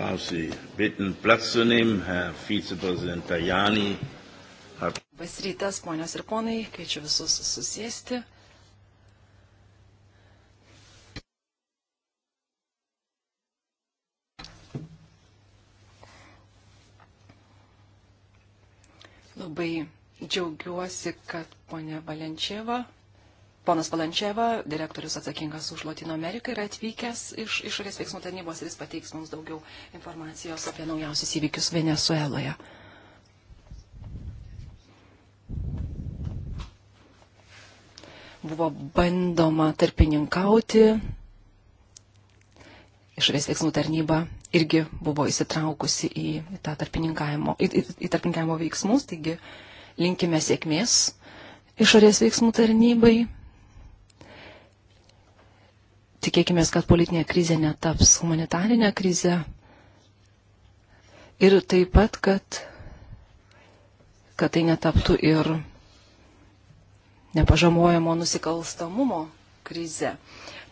darf Sie bitten, Platz zu nehmen. Herr Vizepräsident Tajani hat. Labas rytas, ponios ir ponai, kviečiu visus susėsti. Labai džiaugiuosi, kad ponia Valenčieva Ponas Valančeva, direktorius atsakingas už Latino Ameriką, yra atvykęs iš išorės veiksmų tarnybos ir jis pateiks mums daugiau informacijos apie naujausius įvykius Venezueloje. Buvo bandoma tarpininkauti, išorės veiksmų tarnyba irgi buvo įsitraukusi į, į, tarpininkavimo, į, į, į tarpininkavimo veiksmus, taigi linkime sėkmės išorės veiksmų tarnybai tikėkime, kad politinė krizė netaps humanitarinė krizė. Ir taip pat, kad, kad tai netaptų ir nepažamojamo nusikalstamumo krize.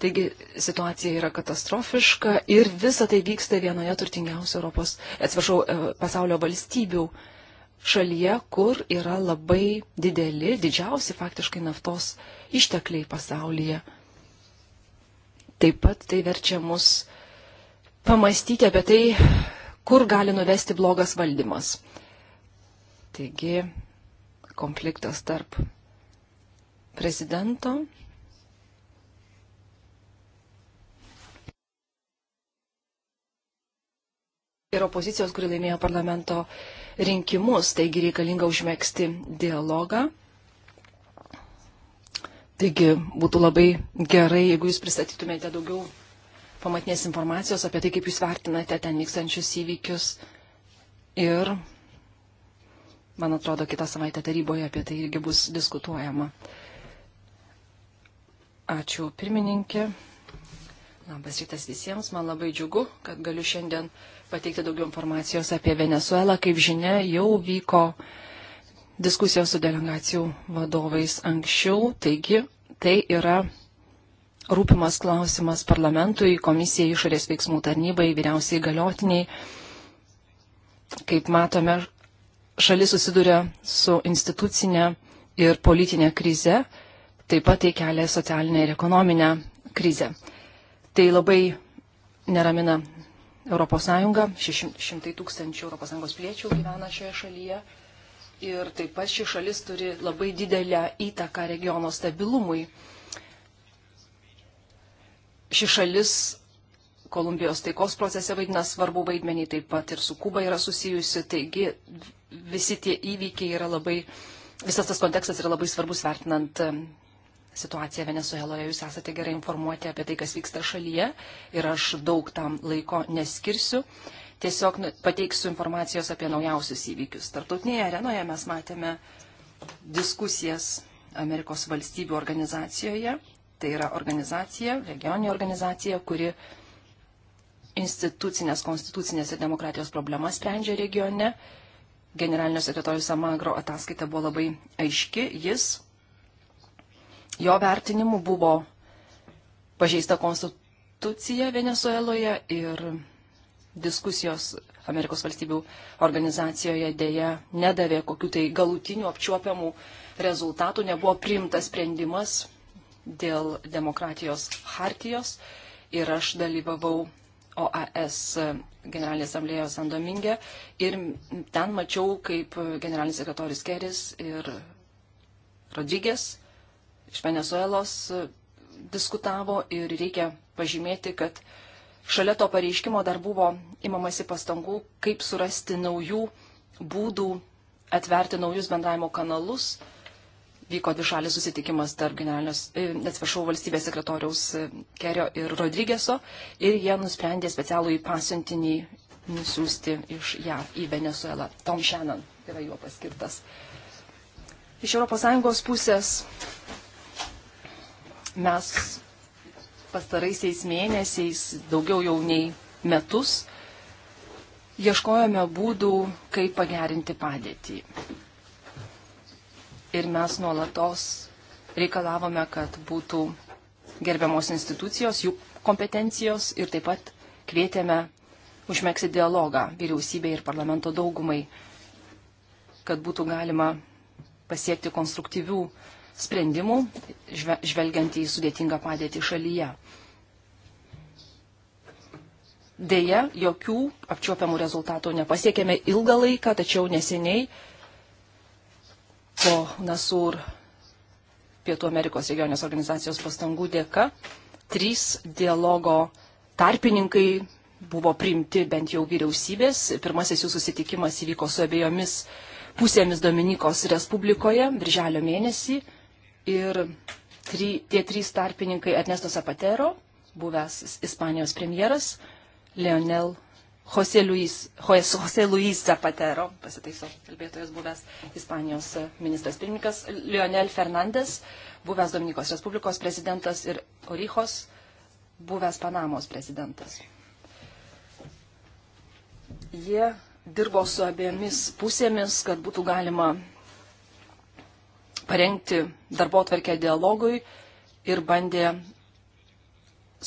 Taigi situacija yra katastrofiška ir visa tai vyksta vienoje turtingiausių Europos, atsiprašau, e, pasaulio valstybių šalyje, kur yra labai dideli, didžiausi faktiškai naftos ištekliai pasaulyje. Taip pat tai verčia mus pamastyti apie tai, kur gali nuvesti blogas valdymas. Taigi, konfliktas tarp prezidento ir opozicijos, kuri laimėjo parlamento rinkimus, taigi reikalinga užmėgsti dialogą Taigi būtų labai gerai, jeigu jūs pristatytumėte daugiau pamatinės informacijos apie tai, kaip jūs vertinate ten vykstančius įvykius. Ir, man atrodo, kitą savaitę taryboje apie tai irgi bus diskutuojama. Ačiū pirmininkė. Labas rytas visiems, man labai džiugu, kad galiu šiandien pateikti daugiau informacijos apie Venezuelą. Kaip žinia, jau vyko uh, diskusijos su delegacijų vadovais anksčiau, taigi tai yra rūpimas klausimas parlamentui, komisijai, išorės veiksmų tarnybai, vyriausiai galiotiniai. Kaip matome, šalis susiduria su institucinė ir politinė krize, taip pat tai kelia socialinę ir ekonominę krizę. Tai labai neramina ES, 600 tūkstančių ES piliečių gyvena šioje šalyje ir taip pat ši šalis turi labai didelę įtaką regiono stabilumui. Ši šalis Kolumbijos taikos procese vaidina svarbu vaidmenį, taip pat ir su Kuba yra susijusi, taigi visi tie įvykiai yra labai, visas tas kontekstas yra labai svarbus vertinant um, situaciją Venezueloje. Jūs esate gerai informuoti apie tai, kas vyksta šalyje ir aš daug tam laiko neskirsiu. Uh, tiesiog nu, pateiksiu informacijos apie naujausius įvykius. Tartautinėje arenoje mes matėme diskusijas Amerikos valstybių organizacijoje. Tai yra organizacija, regioninė organizacija, kuri institucinės, konstitucinės ir demokratijos problemas sprendžia regione. Generalinio sekretorius Samagro ataskaita buvo labai aiški. Jis, jo vertinimu, buvo pažeista konstitucija Venezueloje ir diskusijos Amerikos valstybių organizacijoje dėja nedavė kokių tai galutinių apčiuopiamų rezultatų, nebuvo priimtas sprendimas dėl demokratijos hartijos ir aš dalyvavau OAS Generalinės asamblėjos Sandomingė ir ten mačiau, kaip generalinis sekretorius Keris ir Rodrygės iš Venezuelos diskutavo ir reikia pažymėti, kad uh, Šalia to pareiškimo dar buvo imamasi pastangų, kaip surasti naujų būdų, atverti naujus bendravimo kanalus. Vyko dvišalis susitikimas tarp generalinės, e, atsiprašau, valstybės sekretoriaus e, Kerio ir Rodrygėso ir jie nusprendė specialų įpasiuntinį nusiųsti iš JAV į Venezuelą. Tom Shannon yra juo paskirtas. Iš ES pusės mes pastaraisiais mėnesiais, daugiau jau nei metus, ieškojome būdų, kaip pagerinti padėtį. Ir mes nuolatos reikalavome, kad būtų gerbiamos institucijos, jų kompetencijos ir taip pat kvietėme užmėgsi dialogą vyriausybei ir parlamento daugumai, kad būtų galima pasiekti konstruktyvių sprendimų, žvelgiant į sudėtingą padėtį šalyje. Deja, jokių apčiuopiamų rezultatų nepasiekėme ilgą laiką, tačiau neseniai po Nasur Pietų Amerikos regionės organizacijos pastangų dėka trys dialogo tarpininkai buvo priimti bent jau vyriausybės. Pirmasis jų susitikimas įvyko su abiejomis pusėmis Dominikos Respublikoje, birželio mėnesį ir try, tie trys tarpininkai Ernesto Zapatero, buvęs Ispanijos premjeras, Leonel Jose Luis, Jose Luis Zapatero, pasitaiso kalbėtojas buvęs Ispanijos ministras pirmininkas, Leonel Fernandes, buvęs Dominikos Respublikos prezidentas ir Orijos, buvęs Panamos prezidentas. Jie dirbo su abiemis pusėmis, kad būtų galima parengti darbo tvarkę dialogui ir bandė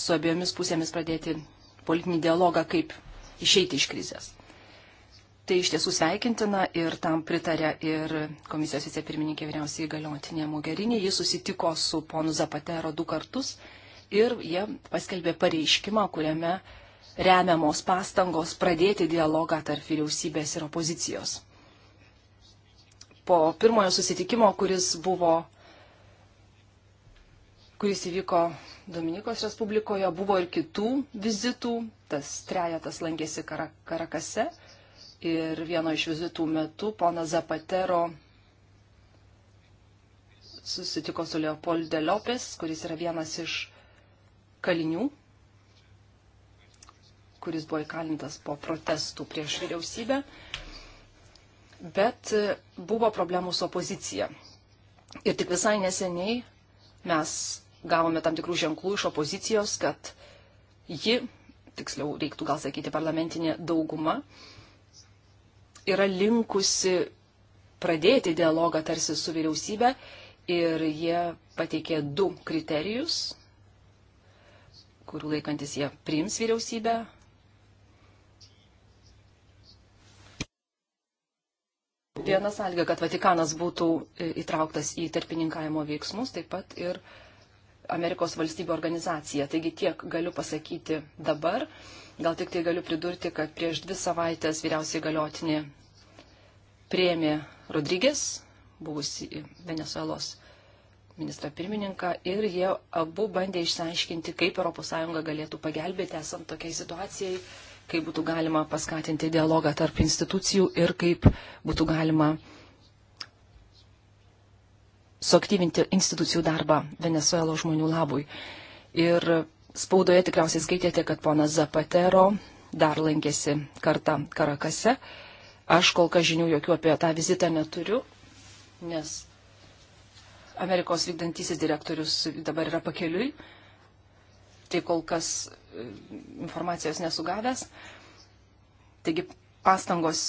su abiejomis pusėmis pradėti politinį dialogą, kaip išeiti iš krizės. Tai iš tiesų sveikintina ir tam pritarė ir komisijos vicepirmininkė vyriausiai galiotinė Mogerinė. Jis susitiko su ponu Zapatero du kartus ir jie paskelbė pareiškimą, kuriame remiamos pastangos pradėti dialogą tarp vyriausybės ir opozicijos po pirmojo susitikimo, kuris buvo kuris įvyko Dominikos Respublikoje, buvo ir kitų vizitų, tas trejatas lankėsi Karakase ir vieno iš vizitų metu pona Zapatero susitiko su Leopolde Lopes, kuris yra vienas iš kalinių, kuris buvo įkalintas po protestų prieš vyriausybę bet e, buvo problemų su opozicija. Ir tik visai neseniai mes gavome tam tikrų ženklų iš opozicijos, kad ji, tiksliau reiktų gal sakyti parlamentinė dauguma, yra linkusi pradėti dialogą tarsi su vyriausybė ir jie pateikė du kriterijus, kurių laikantis jie priims vyriausybę, viena sąlyga, kad Vatikanas būtų e, įtrauktas į tarpininkavimo veiksmus, taip pat ir Amerikos valstybių organizacija. Taigi tiek galiu pasakyti dabar. Gal tik tai galiu pridurti, kad prieš dvi savaitės vyriausiai galiotinė prieimė Rodrygės, buvusi Venezuelos ministrą pirmininką, ir jie abu bandė išsiaiškinti, kaip ES galėtų pagelbėti esant tokiai situacijai kaip būtų galima paskatinti dialogą tarp institucijų ir kaip būtų galima suaktyvinti institucijų darbą Venezuelo žmonių labui. Ir spaudoje tikriausiai skaitėte, kad ponas Zapatero dar lankėsi kartą Karakase. Aš kol kas žinių jokių apie tą vizitą neturiu, nes Amerikos vykdantysis direktorius dabar yra pakeliui. Uh, tai kol kas e, informacijos nesugavęs. Taigi pastangos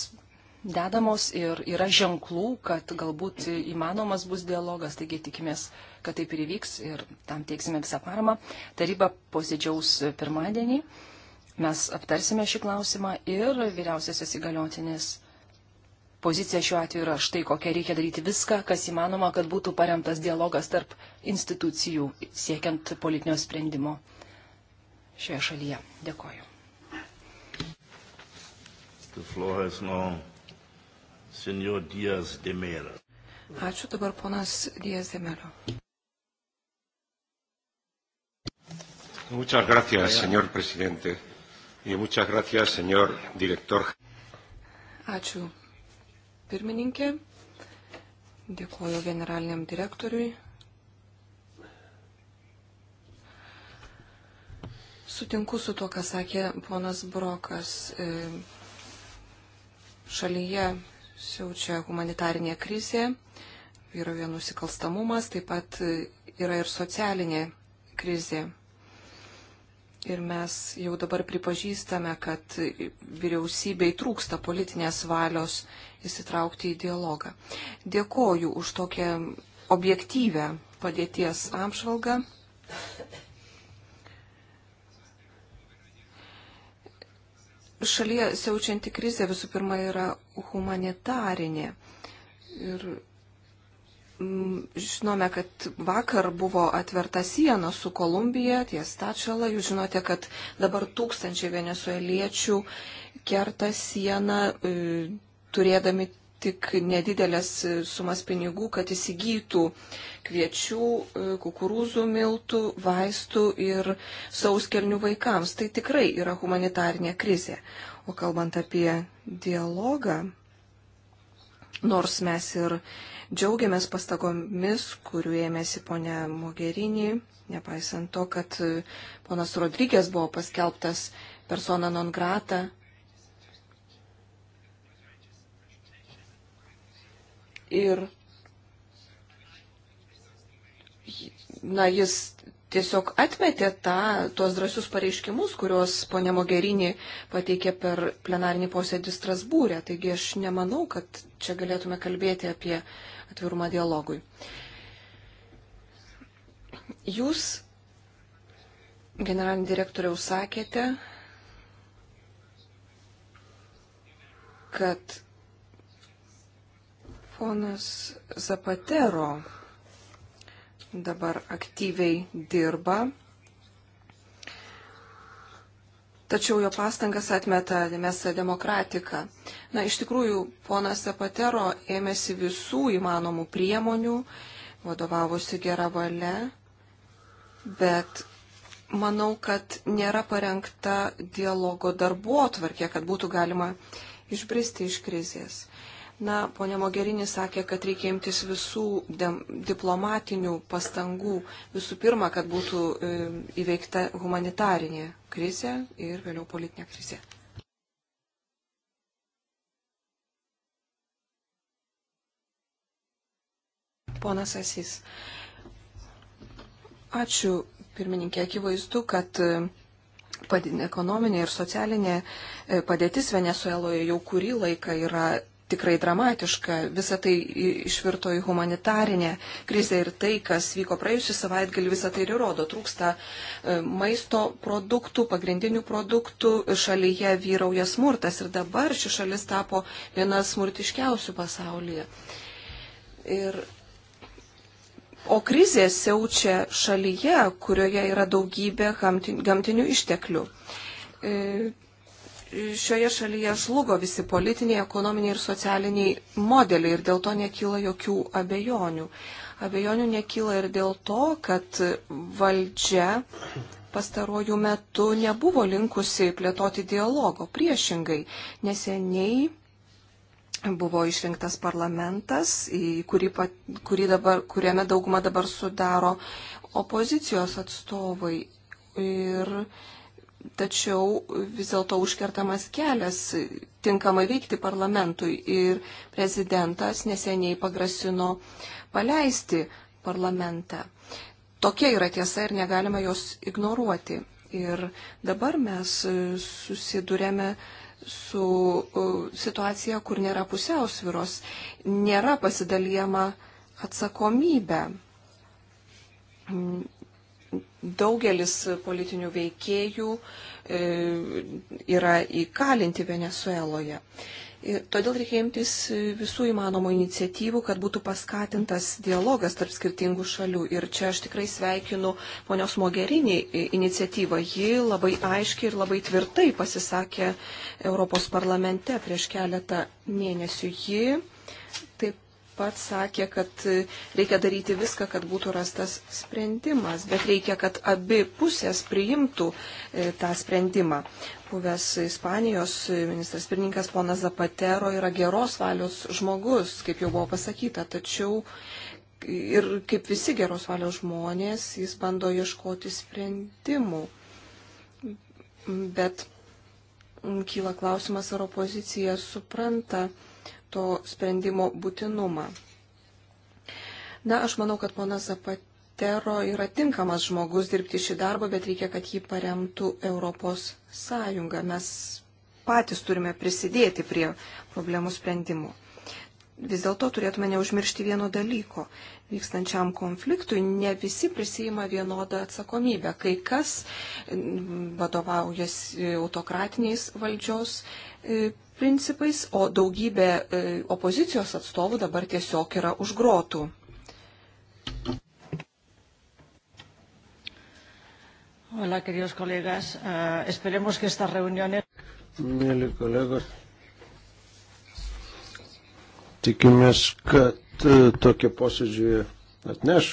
dedamos ir yra ženklų, kad galbūt įmanomas bus dialogas, taigi tikimės, kad taip ir įvyks ir tam teiksime visą paramą. Taryba posėdžiaus pirmadienį, mes aptarsime šį klausimą ir vyriausiasis įgaliotinės pozicija šiuo atveju yra štai kokia reikia daryti viską, kas įmanoma, kad būtų paremtas dialogas tarp institucijų siekiant politinio sprendimo šioje šalyje. Dėkoju. Ačiū dabar ponas Dijas Demelio. Muchas gracias, señor presidente. Y muchas gracias, señor director. Ačiū, pirmininkė. Dėkuoju generaliniam direktoriui Sutinku su to, ką sakė ponas Brokas. E, šalyje siaučia humanitarinė krizė, vyrauja nusikalstamumas, taip pat yra ir socialinė krizė. Ir mes jau dabar pripažįstame, kad vyriausybei trūksta politinės valios įsitraukti į dialogą. Dėkoju už tokią objektyvę padėties apžvalgą. šalyje siaučianti krizė visų pirma yra humanitarinė. Ir mm, žinome, kad vakar buvo atverta siena su Kolumbija, ties Tačala. Jūs žinote, kad dabar tūkstančiai venezueliečių kerta sieną e, turėdami tik nedidelės sumas pinigų, kad įsigytų kviečių, e, kukurūzų, miltų, vaistų ir sauskelnių vaikams. Tai tikrai yra humanitarinė krizė. O kalbant apie dialogą, nors mes ir džiaugiamės pastagomis, kurių ėmėsi ponia Mogerinį, nepaisant to, kad e, ponas Rodrygės buvo paskelbtas persona non grata ir na, jis tiesiog atmetė tą, tuos drąsius pareiškimus, kuriuos ponė Mogerinė pateikė per plenarinį posėdį Strasbūrę. Taigi aš nemanau, kad čia galėtume kalbėti apie atvirumą dialogui. Jūs, generalinį direktoriau, sakėte, kad Ponas Zapatero dabar aktyviai dirba, tačiau jo pastangas atmeta Mesa Demokratika. Na, iš tikrųjų, ponas Zapatero ėmėsi visų įmanomų priemonių, vadovavusi gera valia, bet manau, kad nėra parengta dialogo darbo atvarkė, kad būtų galima išbristi iš krizės. Na, ponė Mogherini sakė, kad reikia imtis visų diplomatinių pastangų, visų pirma, kad būtų e, įveikta humanitarinė krizė ir vėliau politinė krizė. Ponas Asys. Ačiū, pirmininkė, akivaizdu, kad e, ekonominė ir socialinė e, padėtis Venezueloje jau kurį laiką yra tikrai dramatiška. Visa tai išvirto į humanitarinę krizę ir tai, kas vyko praėjusią savaitgalį, visą tai ir įrodo. Trūksta e, maisto produktų, pagrindinių produktų, šalyje vyrauja smurtas ir dabar ši šalis tapo viena smurtiškiausių pasaulyje. Ir O krizė siaučia šalyje, kurioje yra daugybė gamtinių išteklių. E, šioje šalyje žlugo visi politiniai, ekonominiai ir socialiniai modeliai ir dėl to nekyla jokių abejonių. Abejonių nekyla ir dėl to, kad valdžia pastarojų metų nebuvo linkusi plėtoti dialogo. Priešingai, neseniai buvo išrinktas parlamentas, kurį, kurį dabar, kuriame daugumą dabar sudaro opozicijos atstovai. Ir tačiau vis dėlto užkertamas kelias tinkamai veikti parlamentui ir prezidentas neseniai pagrasino paleisti parlamentą. Tokia yra tiesa ir negalima jos ignoruoti. Ir dabar mes susidurėme su uh, situacija, kur nėra pusiausviros, nėra pasidalijama atsakomybė daugelis politinių veikėjų e, yra įkalinti Venezueloje. Todėl reikia imtis visų įmanomų iniciatyvų, kad būtų paskatintas dialogas tarp skirtingų šalių. Ir čia aš tikrai sveikinu ponios Mogerinį iniciatyvą. Ji labai aiškiai ir labai tvirtai pasisakė Europos parlamente prieš keletą mėnesių. Ji taip pats sakė, kad reikia daryti viską, kad būtų rastas sprendimas, bet reikia, kad abi pusės priimtų e, tą sprendimą. Buvęs Ispanijos ministras pirmininkas ponas Zapatero yra geros valios žmogus, kaip jau buvo pasakyta, tačiau ir kaip visi geros valios žmonės, jis bando ieškoti sprendimų. Bet kyla klausimas, ar opozicija supranta, to sprendimo būtinumą. Na, aš manau, kad ponas Zapatero yra tinkamas žmogus dirbti šį darbą, bet reikia, kad jį paremtų Europos Sąjunga. Mes patys turime prisidėti prie problemų sprendimų. Vis dėlto turėtume neužmiršti vieno dalyko. Vykstančiam konfliktui ne visi prisima vienodą atsakomybę. Kai kas mm, vadovaujas autokratiniais valdžios e, principais, o daugybė e, opozicijos atstovų dabar tiesiog yra užgrotų. Hola, queridos colegas. Uh, esperemos que estas reuniones. Mėly kolegos, tikimės, kad e, tokie posėdžiai atneš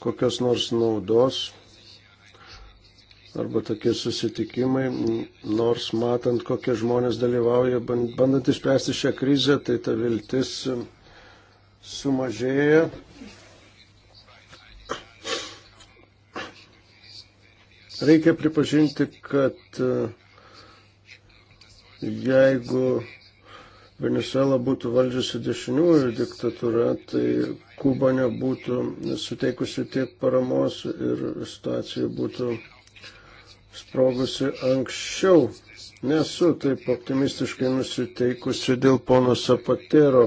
kokios nors naudos arba tokie susitikimai, nors matant, kokie žmonės dalyvauja, bandant išspręsti šią krizę, tai ta viltis um, sumažėja. Reikia pripažinti, kad uh, jeigu Venezuela būtų valdžiusi dešiniųjų diktatūra, tai Kuba nebūtų suteikusi tiek paramos ir situacija būtų sprogusi anksčiau. Nesu taip optimistiškai nusiteikusi dėl pono Sapatero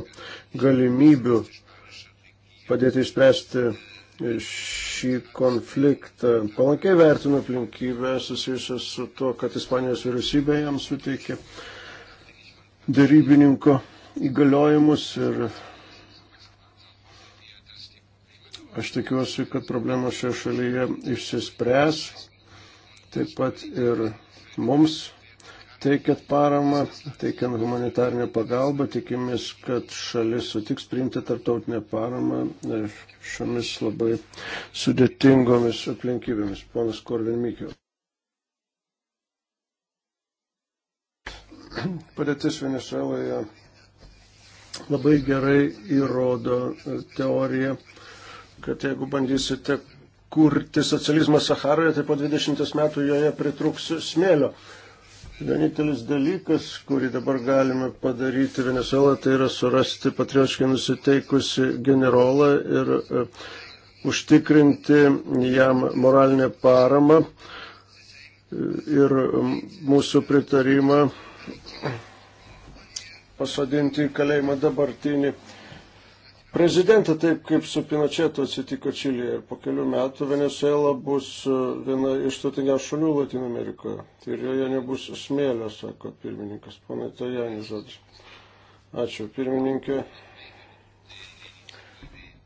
galimybių padėti išspręsti šį konfliktą. Palankiai vertinu aplinkybę susijusios su to, kad Ispanijos vyriausybė jam suteikė darybininko įgaliojimus ir aš tikiuosi, kad problemos šioje šalyje išsispręs taip pat ir mums teikiat paramą, teikiant humanitarinę pagalbą, tikimės, kad šalis sutiks priimti tarptautinę paramą e, šiomis labai sudėtingomis aplinkybėmis. Ponas Korvin Mikio. Padėtis Venezueloje labai gerai įrodo teoriją, kad jeigu bandysite kurti socializmą Saharoje, tai po 20 metų joje pritruks smėlio. Vienintelis dalykas, kurį dabar galime padaryti Venezuelą, tai yra surasti patrioškai nusiteikusi generolą ir uh, užtikrinti jam moralinę paramą e, ir mūsų pritarimą pasodinti į kalėjimą dabartinį prezidentė, taip kaip su Pinochetu atsitiko Čilėje. Ir po kelių metų Venezuela bus e, viena iš turtingiausių šalių Latino Amerikoje. Ir joje nebus smėlio, sako pirmininkas, ponai Tajani žodis. Ačiū, pirmininkė.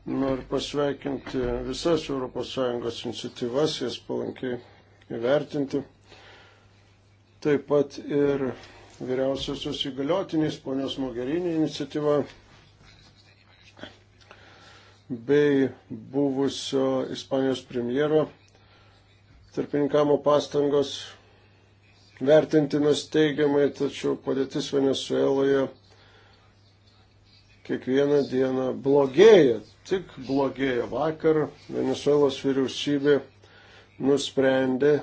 Noriu pasveikinti visas ES iniciatyvas, jas palankiai įvertinti. Taip pat ir vyriausiosios įgaliotinės ponios Mogerinė iniciatyva bei buvusio Ispanijos premjero tarpininkamo pastangos vertintinos teigiamai, tačiau padėtis Venezueloje kiekvieną dieną blogėja, tik blogėja. Vakar Venezuelos vyriausybė nusprendė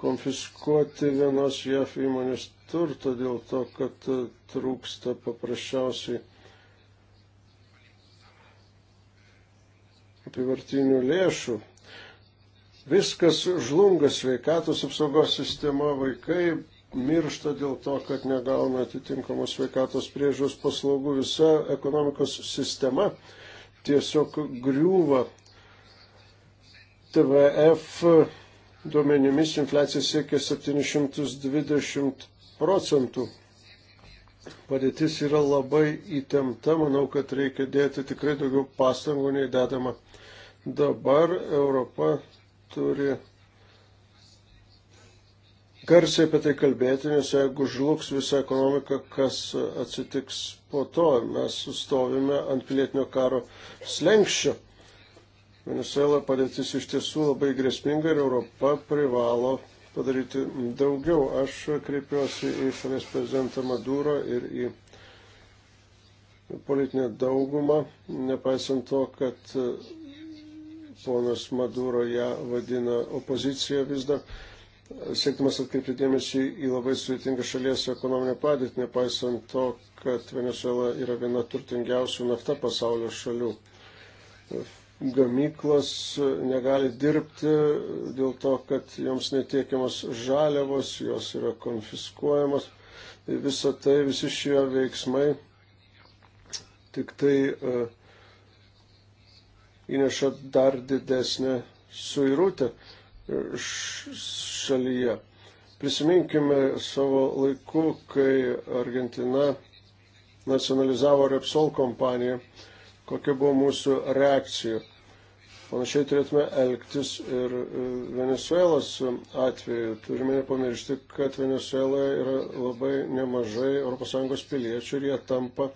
konfiskuoti vienos JAF įmonės turto dėl to, kad e, trūksta paprasčiausiai apivartinių lėšų. Viskas žlunga sveikatos apsaugos sistema, vaikai miršta dėl to, kad negauna atitinkamos sveikatos priežiūros paslaugų, visa ekonomikos sistema tiesiog griūva. TVF duomenimis infliacija siekia 720 procentų. Padėtis yra labai įtempta, manau, kad reikia dėti tikrai daugiau pastangų nei dedama. Dabar Europa turi garsiai apie tai kalbėti, nes jeigu žlugs visa ekonomika, kas atsitiks po to, mes sustovime ant pilietinio karo slengščio. Venezuela padėtis iš tiesų labai grėsminga ir Europa privalo padaryti daugiau. Aš kreipiuosi į šalies prezidentą Maduro ir į politinę daugumą, nepaisant to, kad e, ponas Maduro ją vadina opozicija vis dar siekdamas atkreipti dėmesį į labai sudėtingą šalies ekonominę padėtį, nepaisant to, kad Venezuela yra viena turtingiausių nafta pasaulio šalių gamyklos negali dirbti dėl to, kad joms netiekiamas žaliavos, jos yra konfiskuojamos. Tai Visą tai, visi šie veiksmai tik tai e, įneša dar didesnę suirutę e, šalyje. Prisiminkime savo laiku, kai Argentina nacionalizavo Repsol kompaniją kokia buvo mūsų reakcija. Panašiai turėtume elgtis ir e, Venezuelos atveju. Turime nepamiršti, kad Venezueloje yra labai nemažai ES piliečių ir jie tampa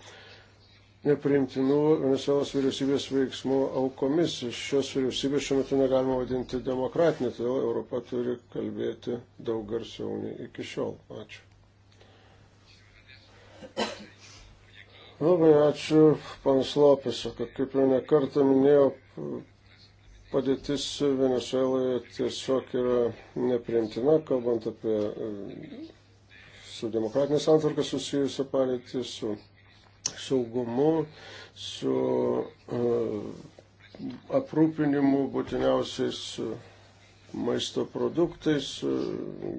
nepriimtinų Venezuelos vyriausybės veiksmų aukomis. Šios vyriausybės šiuo metu negalima vadinti demokratinė, todėl Europa turi kalbėti daug garsiau nei iki šiol. Ačiū. Labai ačiū, panas Lopis, kad kaip jau nekartą minėjau, padėtis Venezueloje tiesiog yra neprimtina, kalbant apie e, su demokratinė santvarka susijusią padėtį, su saugumu, su uh, aprūpinimu būtiniausiais maisto produktais,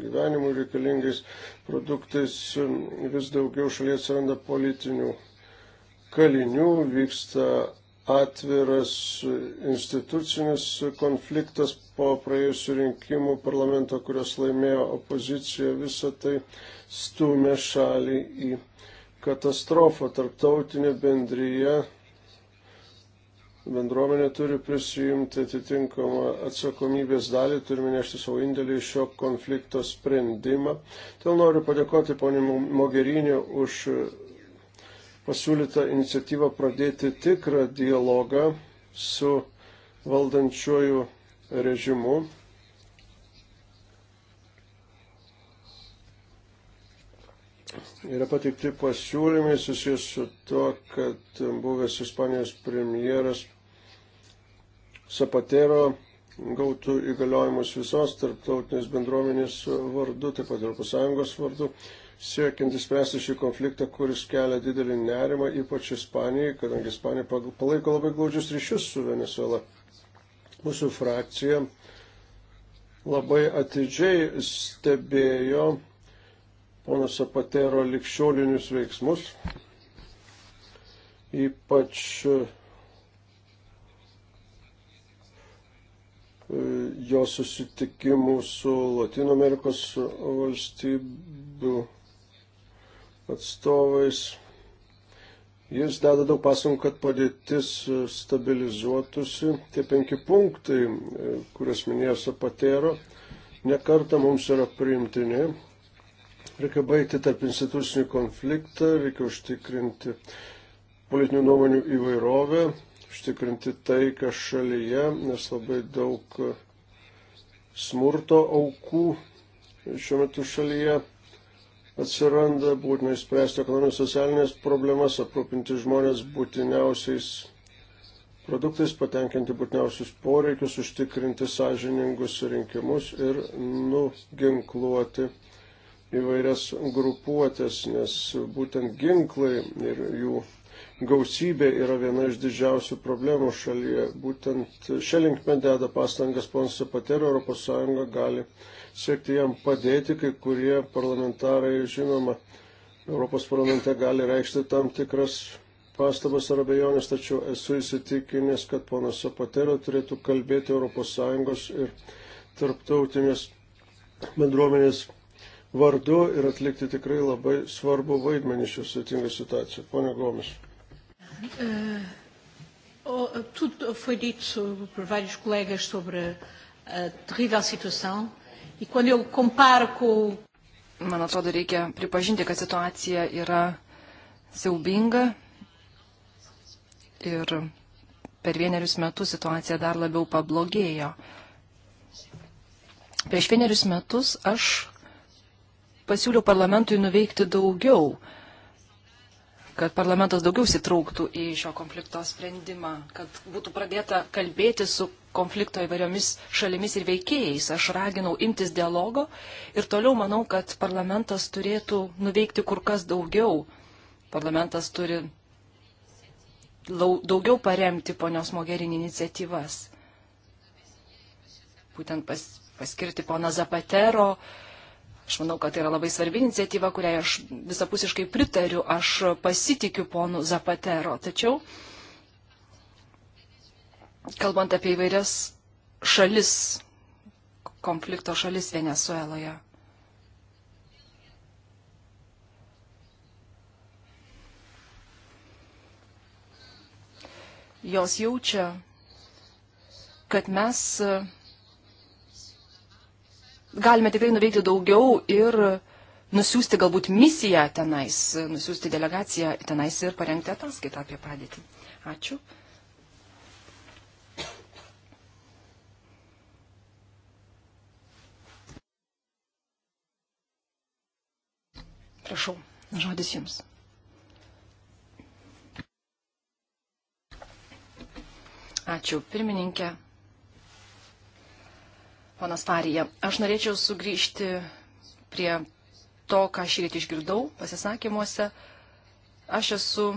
gyvenimui reikalingais produktais vis daugiau šalyje atsiranda politinių kalinių, vyksta atviras institucinis konfliktas po praėjusių rinkimų parlamento, kurios laimėjo opozicija, visą tai stumė šalį į katastrofą. Tarptautinė bendryje bendruomenė turi prisijimti atitinkamą atsakomybės dalį, turime nešti savo indėlį į šio konflikto sprendimą. Todėl noriu padėkoti poniai Mogerinė už pasiūlyta iniciatyva pradėti tikrą dialogą su valdančiuoju režimu. Yra patikti pasiūlymai susijęs su tuo, kad buvęs Ispanijos premjeras Zapatero gautų įgaliojimus visos tarptautinės bendruomenės vardu, taip pat Europos Sąjungos vardu siekiant įspręsti šį konfliktą, kuris kelia didelį nerimą, ypač Ispanijai, kadangi Ispanija palaiko labai glaudžius ryšius su Venezuela. Mūsų frakcija labai atidžiai stebėjo pono Sapatero likščiolinius veiksmus, ypač e, jo susitikimų su Latino Amerikos valstybių atstovais. Jis deda daug pasangų, kad padėtis stabilizuotųsi. Tie penki punktai, e, kuriuos minėjo Sapatero, nekarta mums yra priimtini. Reikia baigti tarp institucinį konfliktą, reikia užtikrinti politinių nuomonių įvairovę, užtikrinti taiką šalyje, nes labai daug smurto aukų šiuo metu šalyje atsiranda, būtina išspręsti ekonominės socialinės problemas, aprūpinti žmonės būtiniausiais produktais, patenkinti būtiniausius poreikius, užtikrinti sąžiningus rinkimus ir nuginkluoti įvairias grupuotės, nes būtent ginklai ir jų gausybė yra viena iš didžiausių problemų šalyje. Būtent šią linkmę deda pastangas ponsa patero, ES gali siekti jam padėti, kai kurie parlamentarai, žinoma, Europos parlamente gali reikšti tam tikras pastabas ar abejonės, tačiau esu įsitikinęs, kad ponas Sapatero turėtų kalbėti ES ir tarptautinės bendruomenės vardu ir atlikti tikrai labai svarbu vaidmenį šią sudėtingą situaciją. Pone Gomis. Uh, tudo foi dito por vários colegas sobre a terrível situação E quando eu comparo com... Man atrodo, reikia pripažinti, kad situacija yra siaubinga ir per vienerius metus situacija dar labiau pablogėjo. Prieš vienerius metus aš pasiūliau parlamentui nuveikti daugiau kad parlamentas daugiau sitrauktų į šio konflikto sprendimą, kad būtų pradėta kalbėti su konflikto įvairiomis šalimis ir veikėjais. Aš raginau imtis dialogo ir toliau manau, kad parlamentas turėtų nuveikti kur kas daugiau. Parlamentas turi daugiau paremti ponios Mogerini iniciatyvas. Būtent pas, paskirti poną Zapatero, uh, Aš manau, kad tai yra labai svarbi iniciatyva, kuriai aš visapusiškai pritariu, aš pasitikiu ponu Zapatero. Tačiau, kalbant apie įvairias šalis, konflikto šalis Venezueloje. Jos jaučia, kad mes galime tikrai nuveikti daugiau ir nusiųsti galbūt misiją tenais, nusiųsti delegaciją tenais ir parengti ataskaitą apie padėtį. Ačiū. Prašau, žodis jums. Ačiū, pirmininkė ponas Farija. Aš norėčiau sugrįžti prie to, ką šį rytį išgirdau pasisakymuose. Aš esu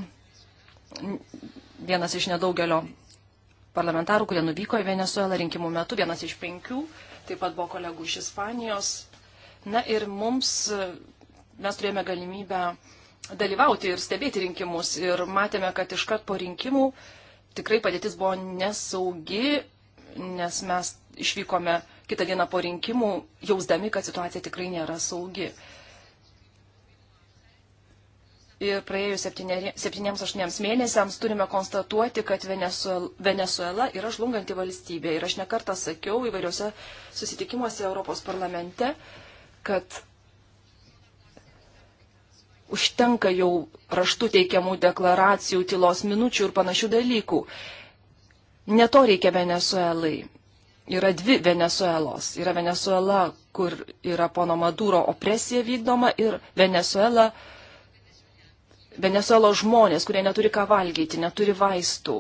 vienas iš nedaugelio parlamentarų, kurie nuvyko į Venezuelą rinkimų metu, vienas iš penkių, taip pat buvo kolegų iš Ispanijos. Na ir mums, mes turėjome galimybę dalyvauti ir stebėti rinkimus ir matėme, kad iškart po rinkimų tikrai padėtis buvo nesaugi, nes mes išvykome kitą dieną po rinkimų, jausdami, kad situacija tikrai nėra saugi. Ir praėjus septyniems, aštuoniems mėnesiams turime konstatuoti, kad Venezuela, Venezuela yra žlunganti valstybė. Ir aš nekartą sakiau įvairiuose susitikimuose Europos parlamente, kad užtenka jau raštų teikiamų deklaracijų, tylos minučių ir panašių dalykų. Neto reikia Venezuelai yra dvi Venezuelos. Yra Venezuela, kur yra pono Maduro opresija vykdoma ir Venezuela, Venezuelos žmonės, kurie neturi ką valgyti, neturi vaistų,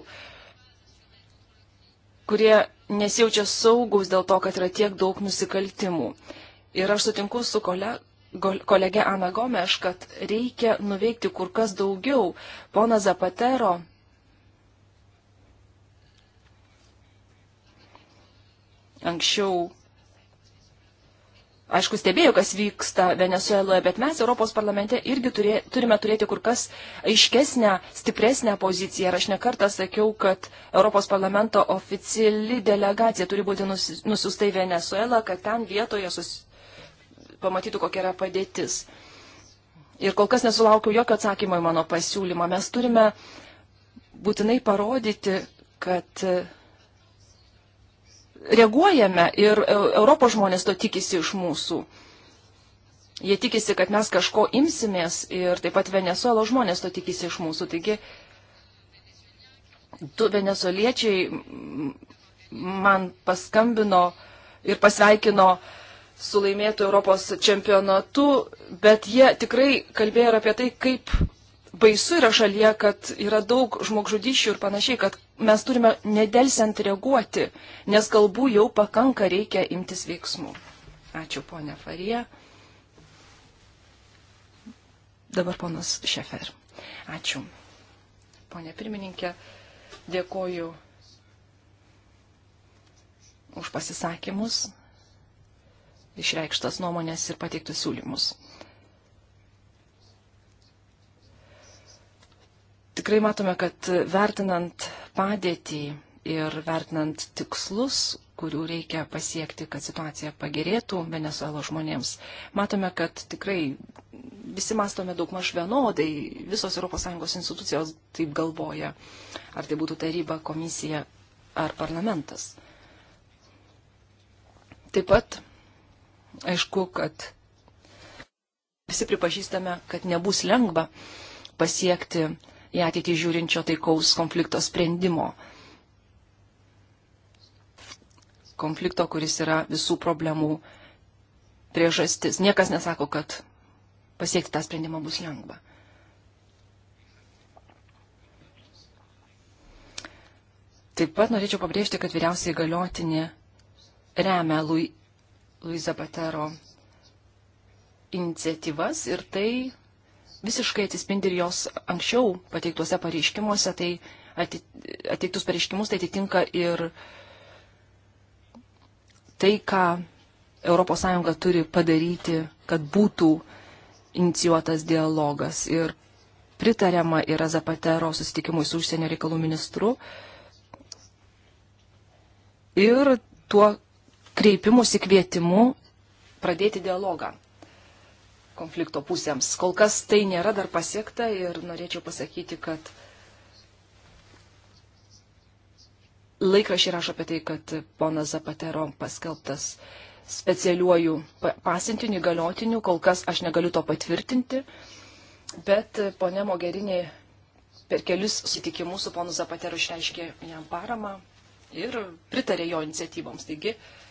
kurie nesijaučia saugus dėl to, kad yra tiek daug nusikaltimų. Ir aš sutinku su kolega kolegė Ana Gomeš, kad reikia nuveikti kur kas daugiau. Pona Zapatero anksčiau, aišku, stebėjo, kas vyksta Venezueloje, bet mes Europos parlamente irgi turė, turime turėti kur kas aiškesnę, stipresnę poziciją. Ir aš nekartą sakiau, kad Europos parlamento oficiali delegacija turi būti nusiusta į Venezuelą, kad ten vietoje sus... pamatytų, kokia yra padėtis. Ir kol kas nesulaukiu jokio atsakymo į mano pasiūlymą. Mes turime būtinai parodyti, kad reaguojame ir Europos žmonės to tikisi iš mūsų. Jie tikisi, kad mes kažko imsimės ir taip pat Venezuelo žmonės to tikisi iš mūsų. Taigi, du venezueliečiai man paskambino ir pasveikino su laimėtų Europos čempionatu, bet jie tikrai kalbėjo ir apie tai, kaip baisu yra šalyje, kad yra daug žmogžudyšių ir panašiai, kad mes turime nedelsiant reaguoti, nes kalbų jau pakanka reikia imtis veiksmų. Ačiū, ponia Farija. Dabar ponas Šefer. Ačiū. Pone pirmininkė, dėkoju už pasisakymus, išreikštas nuomonės ir pateiktus siūlymus. tikrai matome, kad vertinant padėtį ir vertinant tikslus, kurių reikia pasiekti, kad situacija pagerėtų Venezuelo žmonėms, matome, kad tikrai visi mastome daug maž vienodai, visos ES institucijos taip galvoja, ar tai būtų taryba, komisija ar parlamentas. Taip pat, aišku, kad visi pripažįstame, kad nebus lengva pasiekti į ateitį žiūrinčio taikaus konflikto sprendimo. Konflikto, kuris yra visų problemų priežastis. Niekas nesako, kad pasiekti tą sprendimą bus lengva. Taip pat norėčiau pabrėžti, kad vyriausiai galiotinė remia Luiza Patero iniciatyvas ir tai visiškai atsispindi ir jos anksčiau pateiktuose pareiškimuose, tai ateitus pareiškimus tai atitinka ir tai, ką ES turi padaryti, kad būtų inicijuotas dialogas. Ir pritariama yra Zapatero susitikimui su užsienio reikalų ministru. Ir tuo kreipimus įkvietimu pradėti dialogą konflikto pusėms. Kol kas tai nėra dar pasiekta ir norėčiau pasakyti, kad laikrašiai rašo apie tai, kad ponas Zapatero paskelbtas specialiuoju pasintiniu įgaliotiniu, kol kas aš negaliu to patvirtinti, bet ponė Mogerinė per kelis sutikimus su ponu Zapatero išreiškė jam paramą ir pritarė jo iniciatyvoms. Taigi, uh,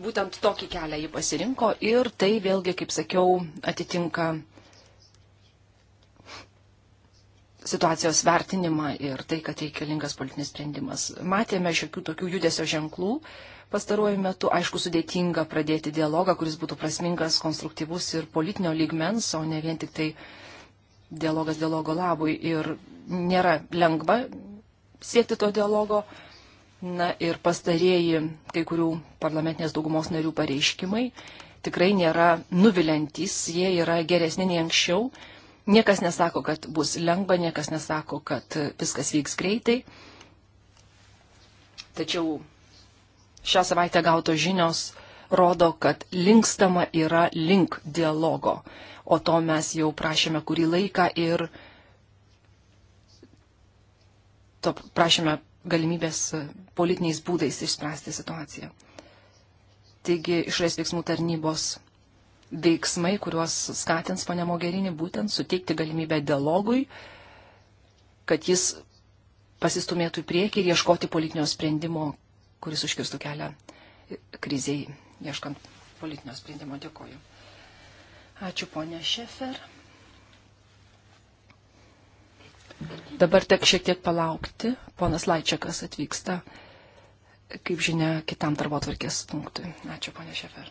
Būtent tokį kelią ji pasirinko ir tai vėlgi, kaip sakiau, atitinka situacijos vertinimą ir tai, kad reikalingas politinis sprendimas. Matėme šiokių tokių judesio ženklų pastaruoju metu, aišku, sudėtinga pradėti dialogą, kuris būtų prasmingas, konstruktyvus ir politinio lygmens, o ne vien tik tai dialogas dialogo labui. Ir nėra lengva siekti to dialogo. Uh, Na ir pastarėjai kai kurių parlamentinės daugumos narių pareiškimai tikrai nėra nuvilintys, jie yra geresni nei anksčiau. Niekas nesako, kad bus lengva, niekas nesako, kad viskas vyks greitai. Tačiau šią savaitę gautos žinios rodo, kad linkstama yra link dialogo, o to mes jau prašėme kurį laiką ir to prašėme galimybės politiniais būdais išspręsti situaciją. Taigi išorės veiksmų tarnybos veiksmai, kuriuos skatins pane Mogerinį, būtent suteikti galimybę dialogui, kad jis pasistumėtų į priekį ir ieškoti politinio sprendimo, kuris užkirstų kelią kriziai, ieškant politinio sprendimo. Dėkoju. Ačiū, ponė Šefer. Dabar tek šiek tiek palaukti. Ponas Laičiakas atvyksta, kaip žinia, kitam darbo tvarkės punktui. Ačiū, ponė Šefer.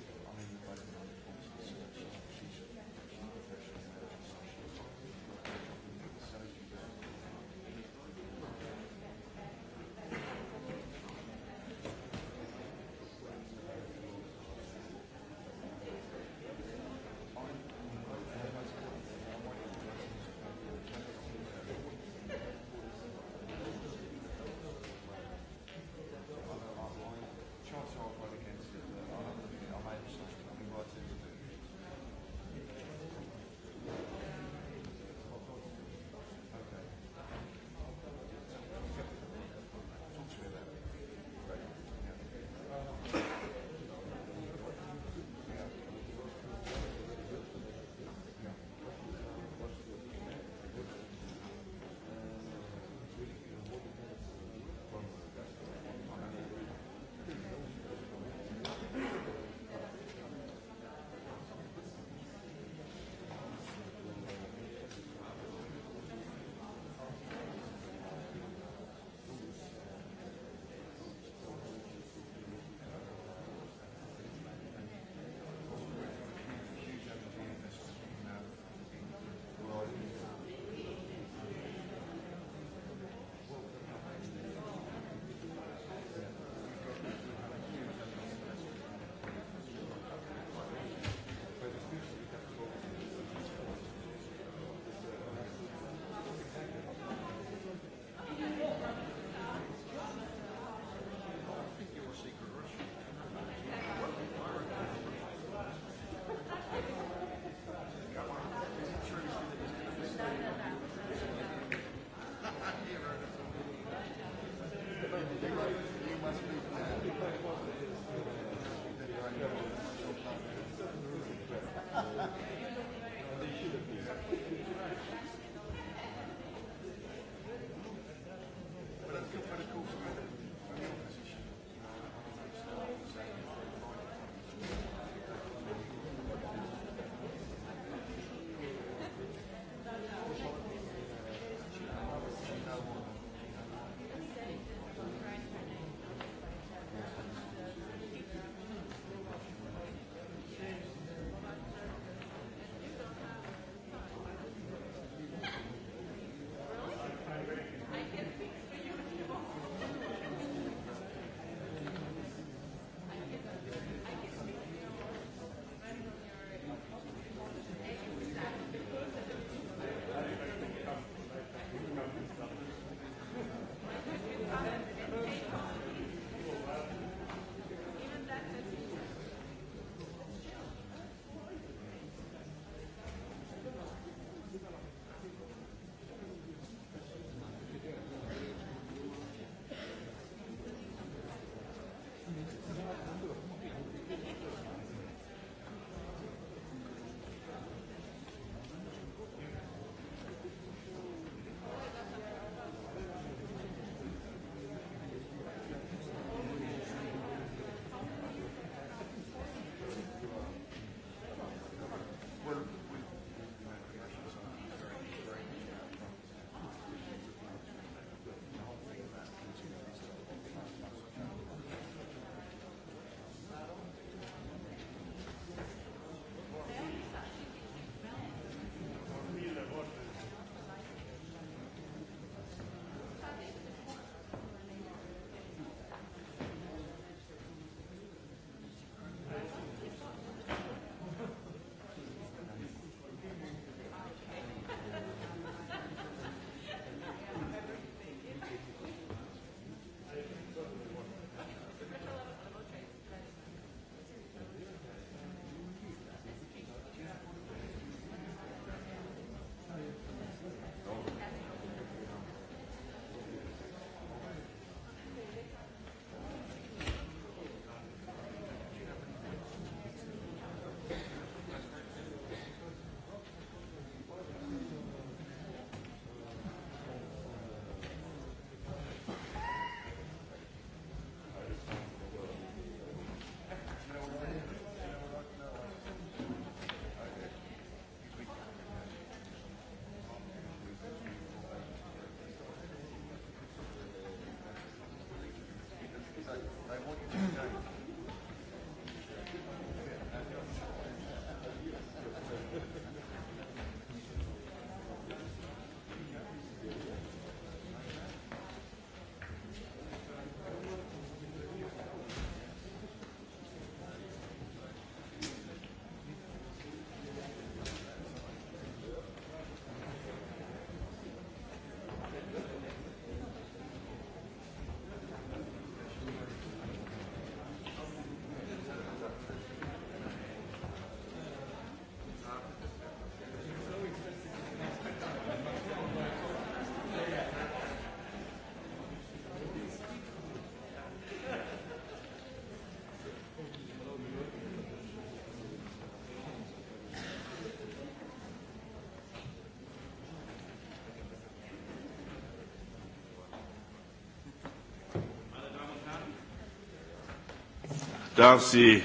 darf Sie.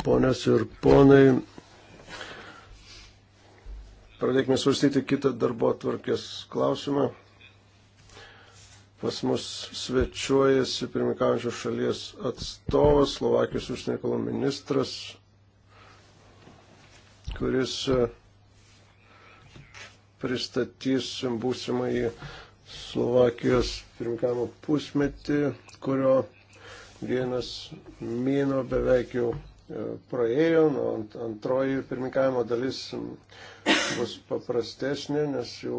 Ponios ir ponai, pradėkime svarstyti kitą darbo atvarkės klausimą. Pas mus svečiuojasi pirmikaujančios šalies atstovas, Slovakijos užsienio reikalų ministras, kuris e, pristatys būsimąjį Slovakijos pirmikavimo pusmetį, kurio Vienas mėno beveik jau e, praėjo, nu, ant, antroji pirmininkavimo dalis bus paprastesnė, nes jau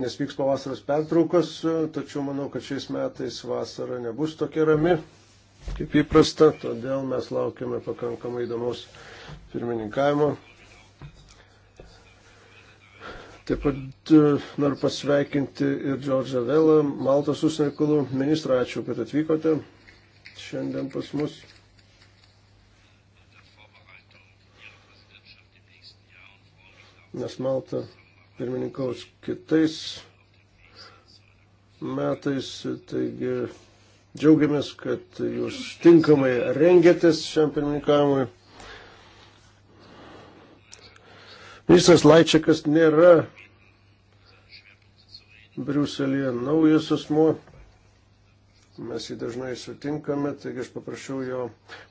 nes vyks pavasaros pertraukos, e, tačiau manau, kad šiais metais vasara nebus tokia rami kaip įprasta, todėl mes laukiame pakankamai įdomus pirmininkavimo Taip pat e, noriu pasveikinti ir Džordžą Velą, Maltos užsienio reikalų ministrą. Ačiū, kad atvykote šiandien pas mus. Nes Malta pirmininkaus kitais metais, taigi džiaugiamės, kad jūs tinkamai rengiatės šiam pirmininkavimui. Ministras Laičiakas nėra Briuselėje naujas asmo. Mes jį dažnai sutinkame, taigi aš paprašiau jo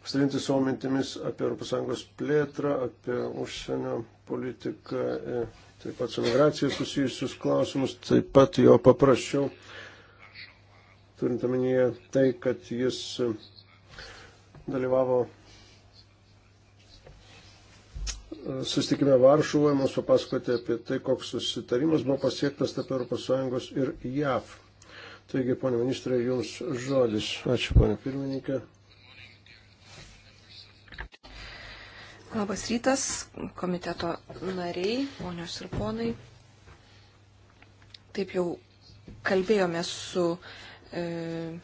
pasidalinti savo mintimis apie ES plėtrą, apie užsienio politiką, e, taip pat su migracija susijusius klausimus, taip pat jo paprašiau, turint omenyje tai, kad jis dalyvavo susitikime Varšuvoje mums papasakoti apie tai, koks susitarimas buvo pasiektas tarp ES ir JAV. Taigi, ponė ministrė, jums žodis. Ačiū, ponė pirmininkė. Labas rytas, komiteto nariai, ponios ir ponai. Taip jau kalbėjome su e,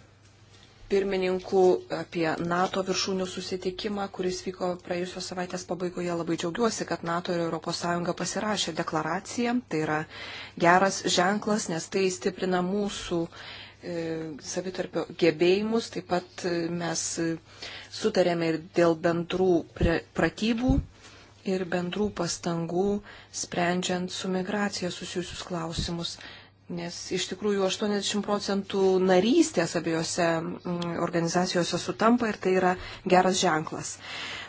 pirmininku apie NATO viršūnių susitikimą, kuris vyko praėjusios savaitės pabaigoje. Labai džiaugiuosi, kad NATO ir ES pasirašė deklaraciją. Tai yra geras ženklas, nes tai stiprina mūsų e, savitarpio gebėjimus. Taip pat e, mes e, sutarėme ir dėl bendrų pratybų ir bendrų pastangų sprendžiant su migracija susijusius klausimus. Nes iš tikrųjų 80 procentų narystės abiejose mm, organizacijose sutampa ir tai yra geras ženklas.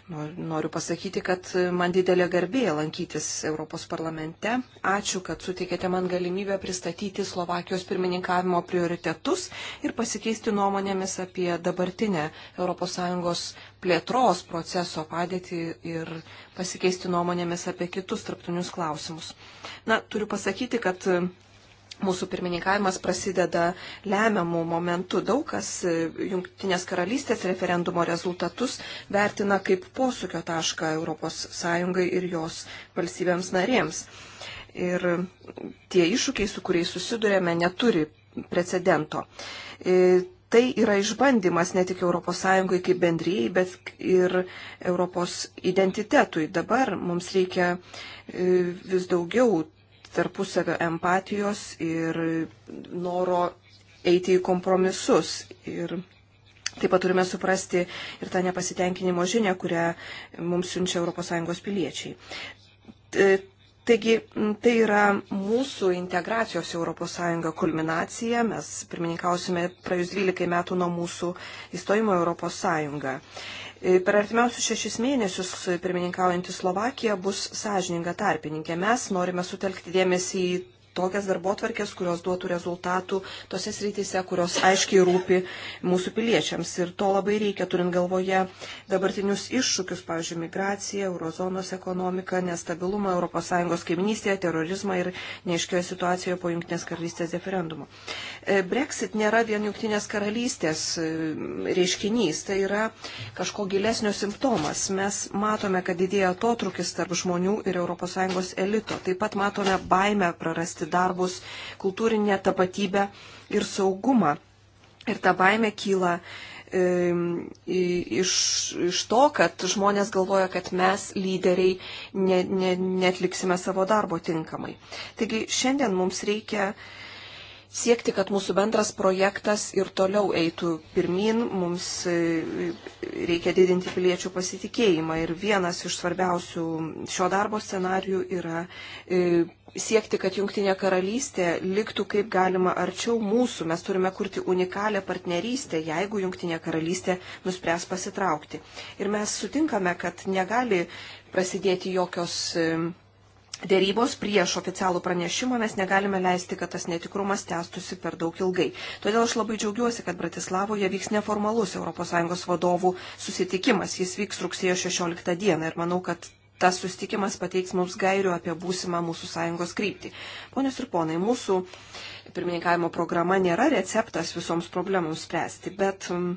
Noriu pasakyti, kad man didelė garbė lankytis Europos parlamente. Ačiū, kad sutikėte man galimybę pristatyti Slovakijos pirmininkavimo prioritetus ir pasikeisti nuomonėmis apie dabartinę ES plėtros proceso padėtį ir pasikeisti nuomonėmis apie kitus tarptautinius klausimus. Na, turiu pasakyti, kad mūsų pirmininkavimas prasideda lemiamų momentų. Daug kas e, Junktinės karalystės referendumo rezultatus vertina kaip posūkio tašką ES ir jos valstybėms narėms. Ir tie iššūkiai, su kuriais susidurėme, neturi precedento. E, tai yra išbandymas ne tik ES kaip bendryjai, bet ir Europos identitetui. Dabar mums reikia e, vis daugiau tarpusavio empatijos ir noro eiti į kompromisus. Ir taip pat turime suprasti ir tą nepasitenkinimo žinę, kurią mums siunčia ES piliečiai. Taigi tai yra mūsų integracijos ES kulminacija. Mes pirmininkausime praėjus 12 metų nuo mūsų įstojimo ES. E, per artimiausius šešis mėnesius e, pirmininkaujantį Slovakiją bus sąžininga tarpininkė. Mes norime sutelkti dėmesį į tokias darbotvarkės, kurios duotų rezultatų tose srityse, kurios aiškiai rūpi mūsų piliečiams. Ir to labai reikia, turint galvoje dabartinius iššūkius, pavyzdžiui, migraciją, eurozonos ekonomiką, nestabilumą ES kaiminystėje, terorizmą ir neiškioje situacijoje po Junktinės karalystės referendumo. Brexit nėra vien jungtinės karalystės e, reiškinys, tai yra kažko gilesnio simptomas. Mes matome, kad didėja atotrukis tarp žmonių ir ES elito. Taip pat matome baimę prarasti darbus, kultūrinę tapatybę ir saugumą. Ir ta baimė kyla e, iš, iš to, kad žmonės galvoja, kad mes, lyderiai, ne, ne, netliksime savo darbo tinkamai. Taigi šiandien mums reikia siekti, kad mūsų bendras projektas ir toliau eitų pirmin, mums e, reikia didinti piliečių pasitikėjimą. Ir vienas iš svarbiausių šio darbo scenarių yra e, siekti, kad Junktinė karalystė liktų kaip galima arčiau mūsų. Mes turime kurti unikalią partnerystę, jeigu Junktinė karalystė nuspręs pasitraukti. Ir mes sutinkame, kad negali prasidėti jokios e, dėrybos prieš oficialų pranešimą mes negalime leisti, kad tas netikrumas tęstusi per daug ilgai. Todėl aš labai džiaugiuosi, kad Bratislavoje vyks neformalus ES vadovų susitikimas. Jis vyks rugsėjo 16 dieną ir manau, kad tas susitikimas pateiks mums gairių apie būsimą mūsų sąjungos kryptį. Ponios ir ponai, mūsų pirmininkavimo programa nėra receptas visoms problemams spręsti, bet mm,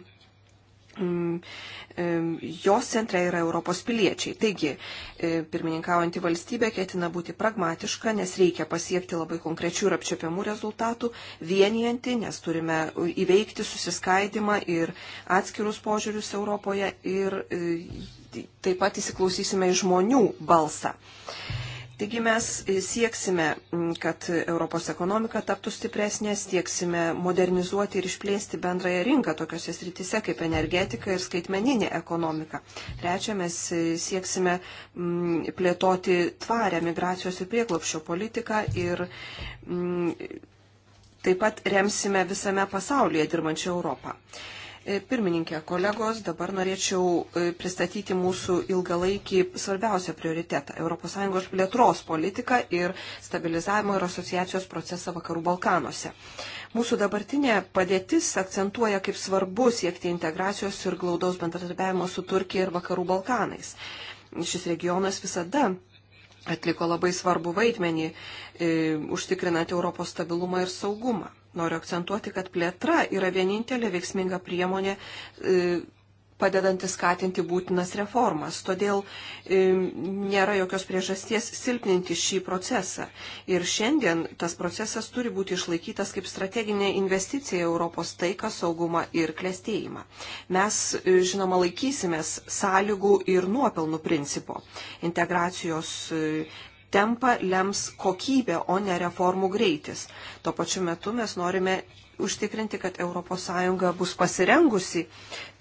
Mm, jos centre yra Europos piliečiai. Taigi, e, pirmininkaujanti valstybė ketina būti pragmatiška, nes reikia pasiekti labai konkrečių ir apčiopiamų rezultatų, vienijanti, nes turime įveikti susiskaidimą ir atskirus požiūrius Europoje ir e, taip pat įsiklausysime į žmonių balsą. Taigi mes e, sieksime, kad Europos ekonomika taptų stipresnė, sieksime modernizuoti ir išplėsti bendrąją rinką tokiuose srityse kaip energetika ir skaitmeninė ekonomika. Trečia, mes e, sieksime plėtoti tvarę migracijos ir prieglopščio politiką ir taip pat remsime visame pasaulyje dirbančią Europą. E, pirmininkė, kolegos, dabar norėčiau e, pristatyti mūsų ilgalaikį svarbiausią prioritetą - ES plėtros politiką ir stabilizavimo ir asociacijos procesą Vakarų Balkanuose. Mūsų dabartinė padėtis akcentuoja, kaip svarbu siekti integracijos ir glaudaus bendradarbiavimo su Turkija ir Vakarų Balkanais. Šis regionas visada atliko labai svarbu vaidmenį, e, užtikrinant Europos stabilumą ir saugumą. Noriu akcentuoti, kad plėtra yra vienintelė veiksminga priemonė e, padedanti skatinti būtinas reformas. Todėl e, nėra jokios priežasties silpninti šį procesą. Ir šiandien tas procesas turi būti išlaikytas kaip strateginė investicija Europos taiką, saugumą ir klėstėjimą. Mes, e, žinoma, laikysimės sąlygų ir nuopelnų principo. Integracijos tempą lems kokybė, o ne reformų greitis. Tuo pačiu metu mes norime užtikrinti, kad ES bus pasirengusi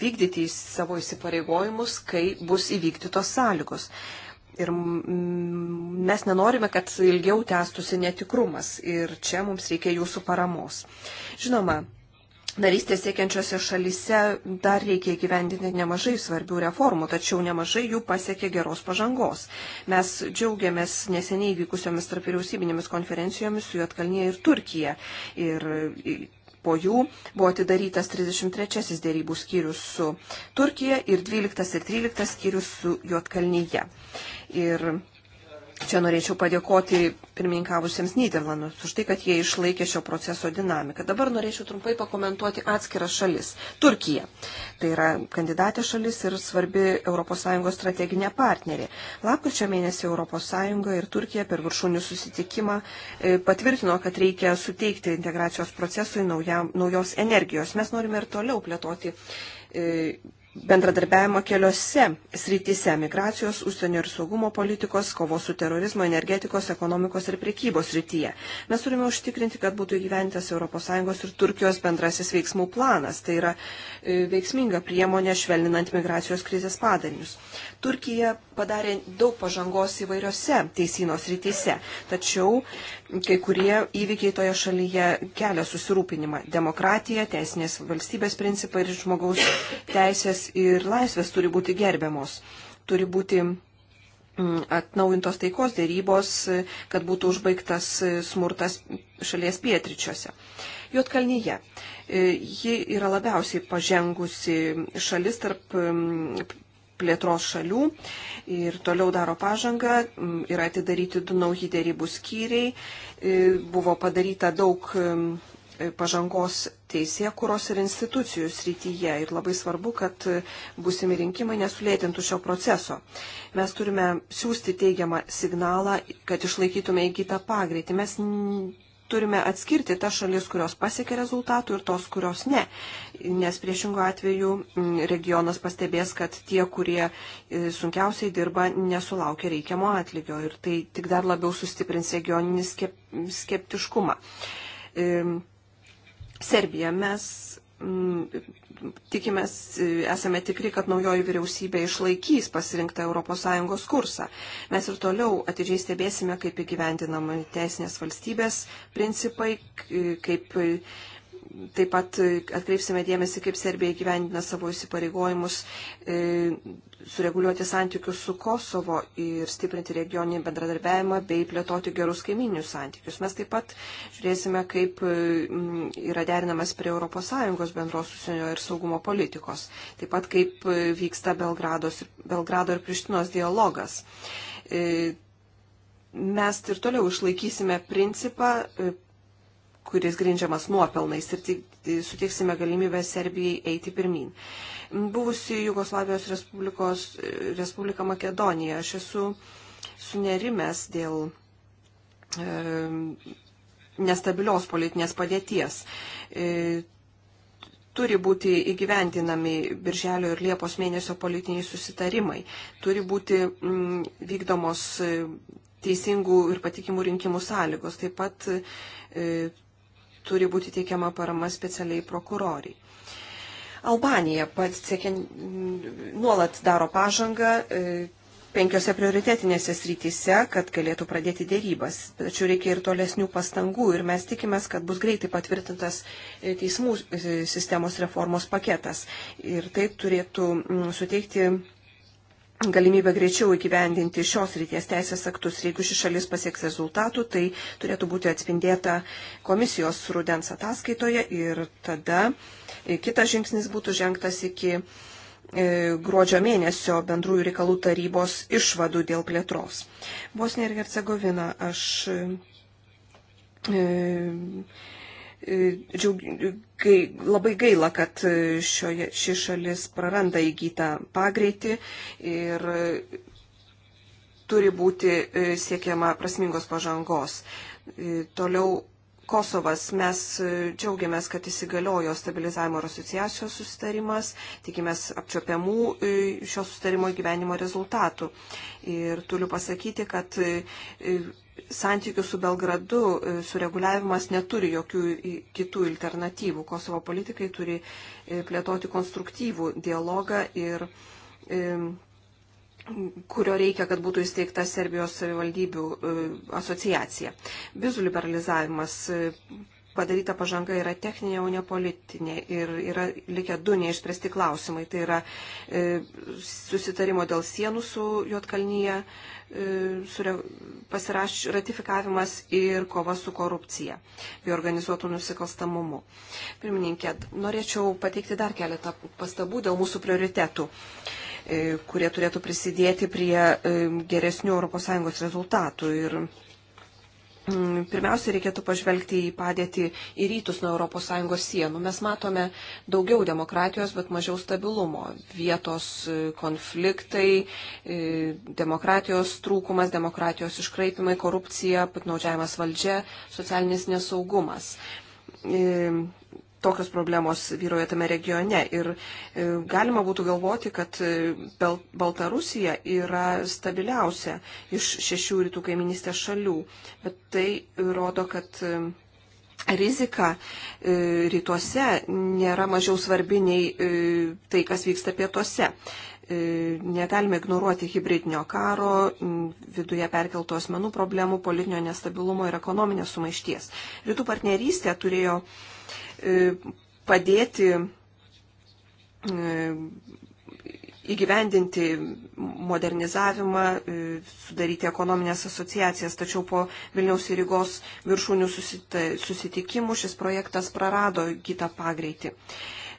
vykdyti savo įsipareigojimus, kai bus įvykdytos sąlygos. Ir mes nenorime, kad ilgiau tęstusi netikrumas. Ir čia mums reikia jūsų paramos. Žinoma, narystės siekiančiose šalise dar reikia įgyvendinti nemažai svarbių reformų, tačiau nemažai jų pasiekė geros pažangos. Mes džiaugiamės neseniai vykusiomis tarp vyriausybinėmis konferencijomis su Juotkalnyje ir Turkija. Ir po jų buvo atidarytas 33-asis dėrybų skyrius su Turkija ir 12 ir 13 skyrius su Juotkalnyje. Ir Čia norėčiau padėkoti pirmininkavusiems Niderlandus už tai, kad jie išlaikė šio proceso dinamiką. Dabar norėčiau trumpai pakomentuoti atskiras šalis. Turkija. Tai yra kandidatė šalis ir svarbi ES strateginė partnerė. Lapkričio mėnesį ES ir Turkija per viršūnių susitikimą e, patvirtino, kad reikia suteikti integracijos procesui nauja, naujos energijos. Mes norime ir toliau plėtoti e, bendradarbiavimo keliose srityse - migracijos, užsienio ir saugumo politikos, kovos su terorizmo, energetikos, ekonomikos ir priekybos srityje. Mes turime užtikrinti, kad būtų įgyventas ES ir Turkijos bendrasis veiksmų planas. Tai yra e, veiksminga priemonė švelninant migracijos krizės padarinius. Turkija padarė daug pažangos įvairiose teisino srityse, tačiau kai kurie įvykiai toje šalyje kelia susirūpinimą. Demokratija, teisinės valstybės principai ir žmogaus teisės ir laisvės turi būti gerbiamos. Turi būti mm, atnaujintos taikos dėrybos, kad būtų užbaigtas smurtas šalies pietričiuose. Jotkalnyje. E, ji yra labiausiai pažengusi šalis tarp mm, plėtros šalių ir toliau daro pažangą. Yra atidaryti du nauji dėrybų skyriai. E, buvo padaryta daug e, pažangos teisėkuros ir institucijų srityje ir labai svarbu, kad e, busimi rinkimai nesulėtintų šio proceso. Mes turime siūsti teigiamą signalą, kad išlaikytume įgytą pagreitį. Mes turime atskirti tas šalis, kurios pasiekė rezultatų ir tos, kurios ne. Nes priešingų atveju mm, regionas pastebės, kad tie, kurie e, sunkiausiai dirba, nesulaukia reikiamo atlygio ir tai tik dar labiau sustiprins regioninį skeptiškumą. Serbija mes Mm, tikimės, esame tikri, kad naujoji vyriausybė išlaikys pasirinktą ES kursą. Mes ir toliau atidžiai stebėsime, kaip įgyvendinama teisinės valstybės principai, kaip Taip pat e, atkreipsime dėmesį, kaip Serbija įgyvendina savo įsipareigojimus e, sureguliuoti santykius su Kosovo ir stiprinti regioninį bendradarbiavimą bei plėtoti gerus kaiminius santykius. Mes taip pat žiūrėsime, kaip e, yra derinamas prie ES bendros užsienio ir saugumo politikos. Taip pat, kaip e, vyksta Belgrados, Belgrado ir Prištinos dialogas. E, mes ir toliau išlaikysime principą kuris grindžiamas nuopelnais ir suteiksime galimybę Serbijai eiti pirmin. Buvusi Jugoslavijos Respublikos, e, Respublika Makedonija, aš esu sunerimęs dėl e, nestabilios politinės padėties. E, turi būti įgyvendinami Birželio ir Liepos mėnesio politiniai susitarimai, turi būti mm, vykdomos e, teisingų ir patikimų rinkimų sąlygos, taip pat e, turi būti teikiama parama specialiai prokuroriai. Albanija pats siekia nuolat daro pažangą e, penkiose prioritetinėse srityse, kad galėtų pradėti dėrybas. Tačiau reikia ir tolesnių pastangų ir mes tikimės, kad bus greitai patvirtintas e, teismų e, sistemos reformos paketas. Ir tai turėtų suteikti galimybę greičiau įgyvendinti šios ryties teisės aktus. Jeigu ši šalis pasieks rezultatų, tai turėtų būti atspindėta komisijos rudens ataskaitoje ir tada e, kitas žingsnis būtų žengtas iki e, gruodžio mėnesio bendrųjų reikalų tarybos išvadų dėl plėtros. Bosnija ir Hercegovina, aš e, džiaug, gai, labai gaila, kad e, šioje, ši šalis praranda įgytą pagreitį ir turi būti e, siekiama prasmingos pažangos. E, toliau Kosovas. Mes džiaugiamės, kad įsigaliojo stabilizavimo ir asociacijos sustarimas, tikimės apčiopiamų šio sustarimo gyvenimo rezultatų. Ir turiu pasakyti, kad santykių su Belgradu e, sureguliavimas neturi jokių kitų alternatyvų. Kosovo politikai turi e, plėtoti konstruktyvų dialogą ir e, kurio reikia, kad būtų įsteigta Serbijos savivaldybių asociacija. Vizų liberalizavimas padaryta pažanga yra techninė, o ne politinė. Ir yra likę du neišspręsti klausimai. Tai yra e, susitarimo dėl sienų su Jotkalnyje, e, su pasiraš, ratifikavimas ir kova su korupcija bei organizuotų nusikalstamumu. Pirmininkė, norėčiau pateikti dar keletą pastabų dėl mūsų prioritetų e, kurie turėtų prisidėti prie e, geresnių ES rezultatų. Ir Mm, pirmiausia, reikėtų pažvelgti į padėtį į rytus nuo ES sienų. Mes matome daugiau demokratijos, bet mažiau stabilumo. Vietos e, konfliktai, e, demokratijos trūkumas, demokratijos iškraipimai, korupcija, patnaudžiavimas valdžia, socialinis nesaugumas. E, tokios problemos vyroja tame regione. Ir e, galima būtų galvoti, kad e, Baltarusija yra stabiliausia iš šešių rytų kaiminystės šalių. Bet tai rodo, kad e, rizika rytuose nėra mažiau svarbi nei tai, kas vyksta pietuose. Negalime ignoruoti hybridinio karo, viduje perkeltų asmenų problemų, politinio nestabilumo ir ekonominės sumaišties. Rytų partnerystė turėjo uh, E, padėti e, įgyvendinti modernizavimą, e, sudaryti ekonominės asociacijas, tačiau po Vilniaus ir Rygos viršūnių susitikimų šis projektas prarado kitą pagreitį.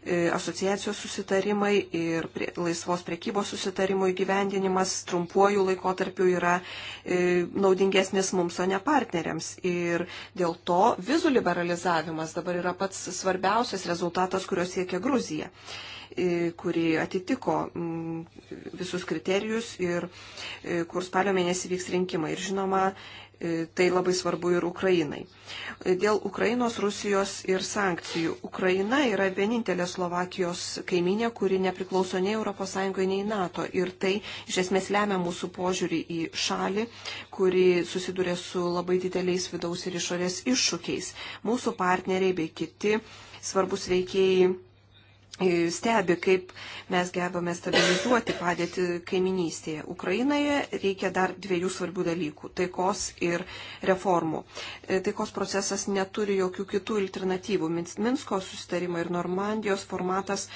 E, asociacijos susitarimai ir prie, laisvos priekybos susitarimų įgyvendinimas trumpuoju laikotarpiu yra e, naudingesnis mums, o ne partneriams. Ir dėl to vizų liberalizavimas dabar yra pats svarbiausias rezultatas, kurio siekia Gruzija e, kuri atitiko mm, visus kriterijus ir e, kur spalio mėnesį vyks rinkimai. Ir žinoma, E, tai labai svarbu ir Ukrainai. E, dėl Ukrainos, Rusijos ir sankcijų. Ukraina yra vienintelė Slovakijos kaiminė, kuri nepriklauso nei ES, nei NATO. Ir tai iš esmės lemia mūsų požiūrį į šalį, kuri susiduria su labai dideliais vidaus ir išorės iššūkiais. Mūsų partneriai bei kiti svarbus veikėjai E, stebi, kaip mes gebame stabilizuoti padėtį kaiminystėje. Ukrainoje reikia dar dviejų svarbių dalykų - taikos ir reformų. E, taikos procesas neturi jokių kitų alternatyvų. Minsko susitarimo ir Normandijos formatas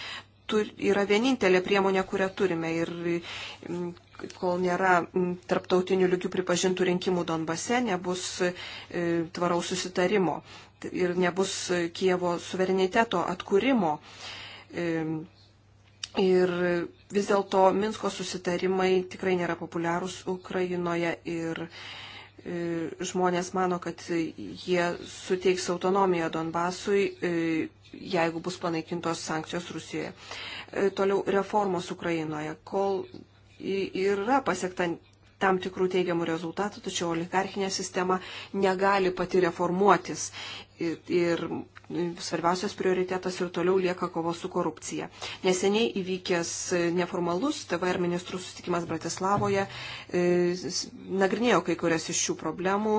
yra vienintelė priemonė, kurią turime. Ir mm, kol nėra mm, tarptautinių lygių pripažintų rinkimų Donbase, nebus e, tvaraus susitarimo ir nebus Kievo suvereniteto atkūrimo. Ir vis dėlto Minsko susitarimai tikrai nėra populiarūs Ukrainoje ir e, žmonės mano, kad jie suteiks autonomiją Donbasui, e, jeigu bus panaikintos sankcijos Rusijoje. E, toliau reformos Ukrainoje. Kol yra pasiekta tam tikrų teigiamų rezultatų, tačiau oligarchinė sistema negali pati reformuotis. Ir svarbiausias prioritetas ir toliau lieka kovos su korupcija. Neseniai įvykęs neformalus TVR ministrų susitikimas Bratislavoje e, nagrinėjo kai kurias iš šių problemų.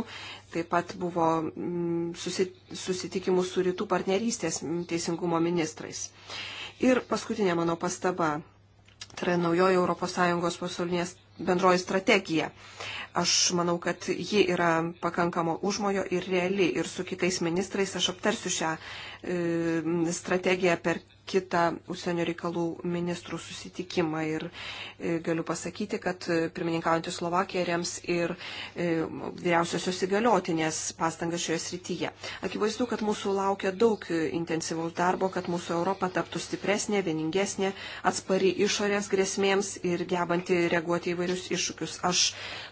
Taip pat buvo mm, susitikimų su rytų partnerystės mm, teisingumo ministrais. Ir paskutinė mano pastaba. Tai yra naujoji ES pasaulinės bendroji strategija. Aš manau, kad ji yra pakankamo užmojo ir reali ir su kitais ministrais aš aptarsiu šią E, strategiją per kitą užsienio reikalų ministrų susitikimą. Ir e, galiu pasakyti, kad pirmininkaujantį Slovakiją rems ir e, vyriausiosios įgaliotinės pastangas šioje srityje. Akivaizdu, kad mūsų laukia daug intensyvaus darbo, kad mūsų Europa taptų stipresnė, vieningesnė, atspari išorės grėsmėms ir gebanti reaguoti į vairius iššūkius. Aš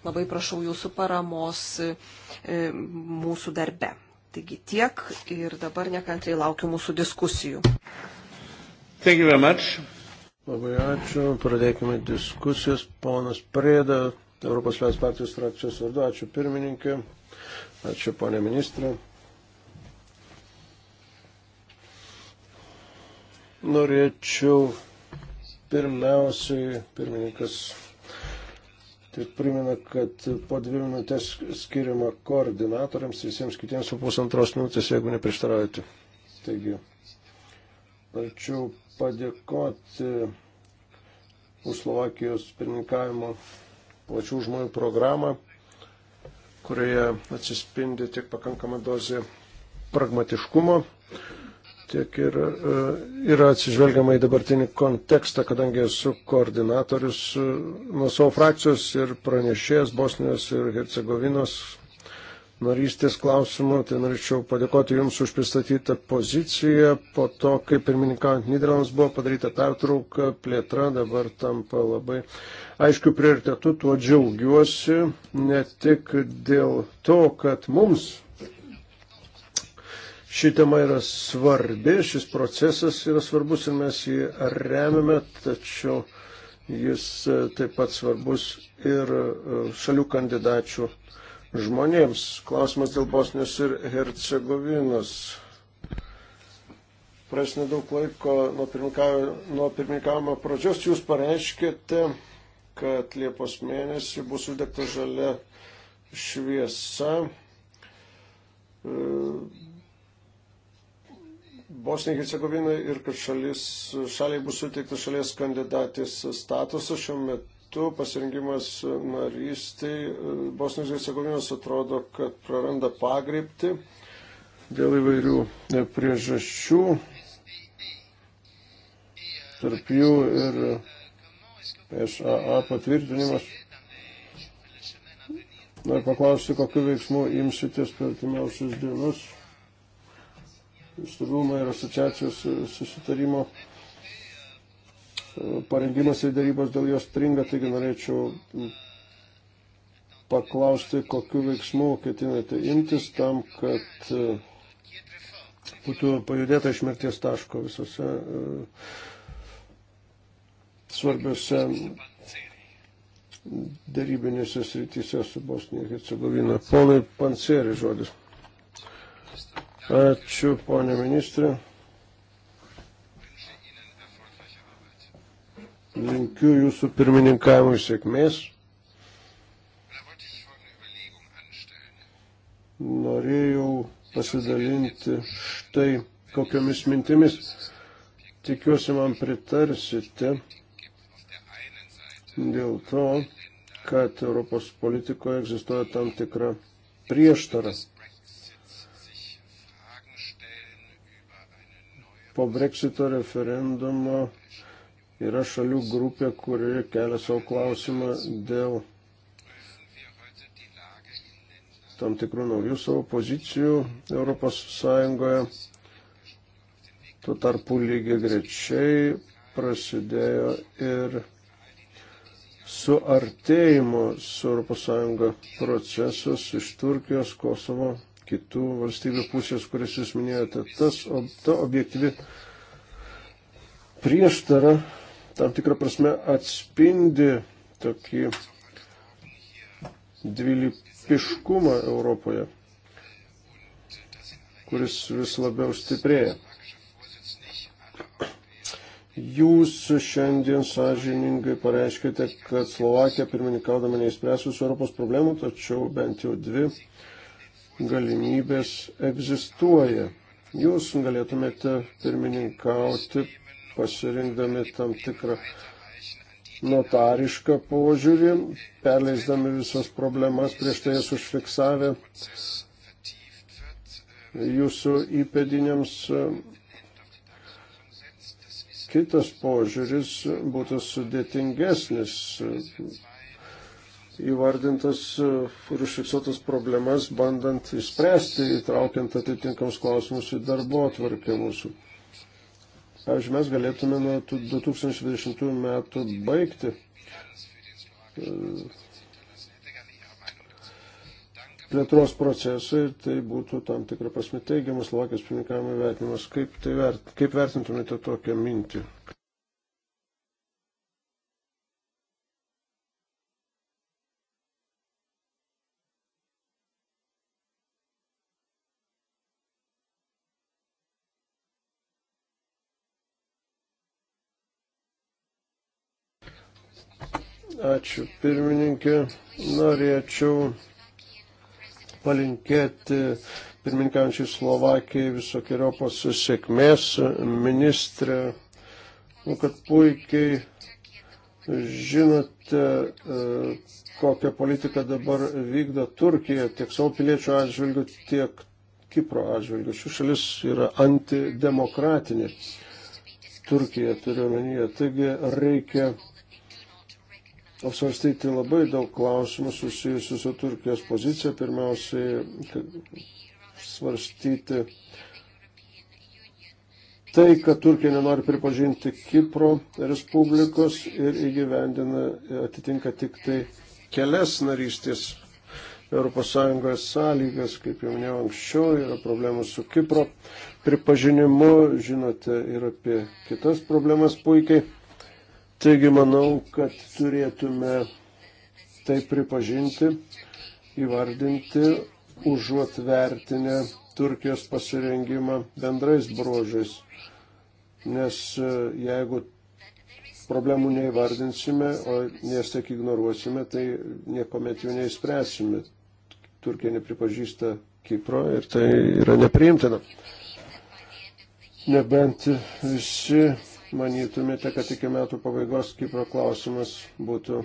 labai prašau jūsų paramos mūsų darbe. Taigi tiek ir dabar nekantrai laukiu mūsų diskusijų. Thank you very much. Labai ačiū. Pradėkime diskusijos. Ponas Prėda, Europos Liaudės partijos frakcijos vardu. Ačiū pirmininkė. Ačiū ponė ministrė. Norėčiau pirmiausiai, pirmininkas Tai primena, kad po dvi minutės skiriama koordinatoriams, visiems kitiems po pusantros minutės, jeigu neprieštaraujate. Taigi, norėčiau padėkoti už Slovakijos pirmininkavimo plačių žmonių programą, kurioje atsispindi tiek pakankama dozė pragmatiškumo, tiek ir e, yra atsižvelgiama į dabartinį kontekstą, kadangi esu koordinatorius e, nuo savo frakcijos ir pranešėjas Bosnijos ir Hercegovinos narystės klausimų. Tai norėčiau padėkoti Jums už pristatytą poziciją. Po to, kai pirmininkaujant Niderlands buvo padaryta pertrauka, plėtra dabar tampa labai aiškių prioritetų. Tuo džiaugiuosi ne tik dėl to, kad mums Ši tema yra svarbi, šis procesas yra svarbus ir mes jį remiame, tačiau jis e, taip pat svarbus ir e, šalių kandidačių žmonėms. Klausimas dėl Bosnijos ir Hercegovinos. Praeis nedaug laiko nuo pirmininkavimo pradžios jūs pareiškėte, kad Liepos mėnesį bus uždegta žalia šviesa e, Bosnijai Hercegovinai ir kad šalis, šaliai bus suteiktas šalies kandidatės statusas šiuo metu pasirinkimas narystiai e, Bosnijos Hercegovinos atrodo, kad praranda pagreipti dėl įvairių e, priežasčių, tarp jų ir SAA patvirtinimas. Noriu paklausti, kokiu veiksmu imsitės per artimiausius dienus stabilumo ir asociacijos susitarimo e, parengimas ir darybos dėl jos stringa, taigi norėčiau paklausti, kokiu veiksmu ketinate imtis tam, kad e, būtų pajudėta iš mirties taško visose e, svarbiose darybinėse srityse su Bosnija ir Hercegovina. Ponai Panseri žodis. Ačiū, ponė ministrė. Linkiu jūsų pirmininkavimui sėkmės. Norėjau pasidalinti štai kokiamis mintimis. Tikiuosi, man pritarsite dėl to, kad Europos politikoje egzistuoja tam tikra prieštaras po Brexito referendumo yra šalių grupė, kuri kelia savo klausimą dėl tam tikrų naujų savo pozicijų Europos Sąjungoje. Tuo tarpu lygiai grečiai prasidėjo ir suartėjimo su ES procesas iš Turkijos, Kosovo kitų valstybių pusės, kurias jūs minėjote, tas, ta objektyvi prieštara tam tikrą prasme atspindi tokį dvilypiškumą Europoje, kuris vis labiau stiprėja. Jūs šiandien sąžiningai pareiškite, kad Slovakija pirmininkaudama neįspręsus Europos problemų, tačiau bent jau dvi galimybės egzistuoja. Jūs galėtumėte pirmininkauti pasirinkdami tam tikrą notarišką požiūrį, perleisdami visas problemas prieš tai užfiksavę jūsų įpėdiniams e, kitas požiūris būtų sudėtingesnis, įvardintas e, ir užfiksuotas problemas, bandant išspręsti, įtraukiant atitinkamus klausimus į darbo atvarkę mūsų. Pavyzdžiui, mes galėtume nuo 2020 metų baigti e, plėtros procesai, tai būtų tam tikra prasme teigiamas Slovakijos pirmininkavimo vertinimas. Kaip, tai vert, kaip vertintumėte tokią mintį? Ačiū pirmininkė. Norėčiau palinkėti pirmininkaujančiai Slovakijai visokiojopos sėkmės ministrė, nu, kad puikiai žinote, e, kokią politiką dabar vykdo Turkija tiek savo piliečių atžvilgių, tiek Kipro atžvilgių. Šių šalis yra antidemokratinė. Turkija turiu omenyje. Taigi reikia apsvarstyti labai daug klausimų susijusių su Turkijos pozicija. Pirmiausiai svarstyti tai, kad Turkija nenori pripažinti Kipro Respublikos ir įgyvendina, atitinka tik tai kelias narystės ES sąlygas, kaip jau minėjau anksčiau, yra problemas su Kipro pripažinimu, žinote ir apie kitas problemas puikiai. Taigi manau, kad turėtume tai pripažinti, įvardinti, užuot vertinę Turkijos pasirengimą bendrais brožais. Nes e, jeigu problemų neįvardinsime, o jas tik ignoruosime, tai niekuomet jų neįspręsime. Turkija nepripažįsta Kipro ir tai yra nepriimtina. Nebent visi manytumėte, kad iki metų pabaigos Kipro klausimas būtų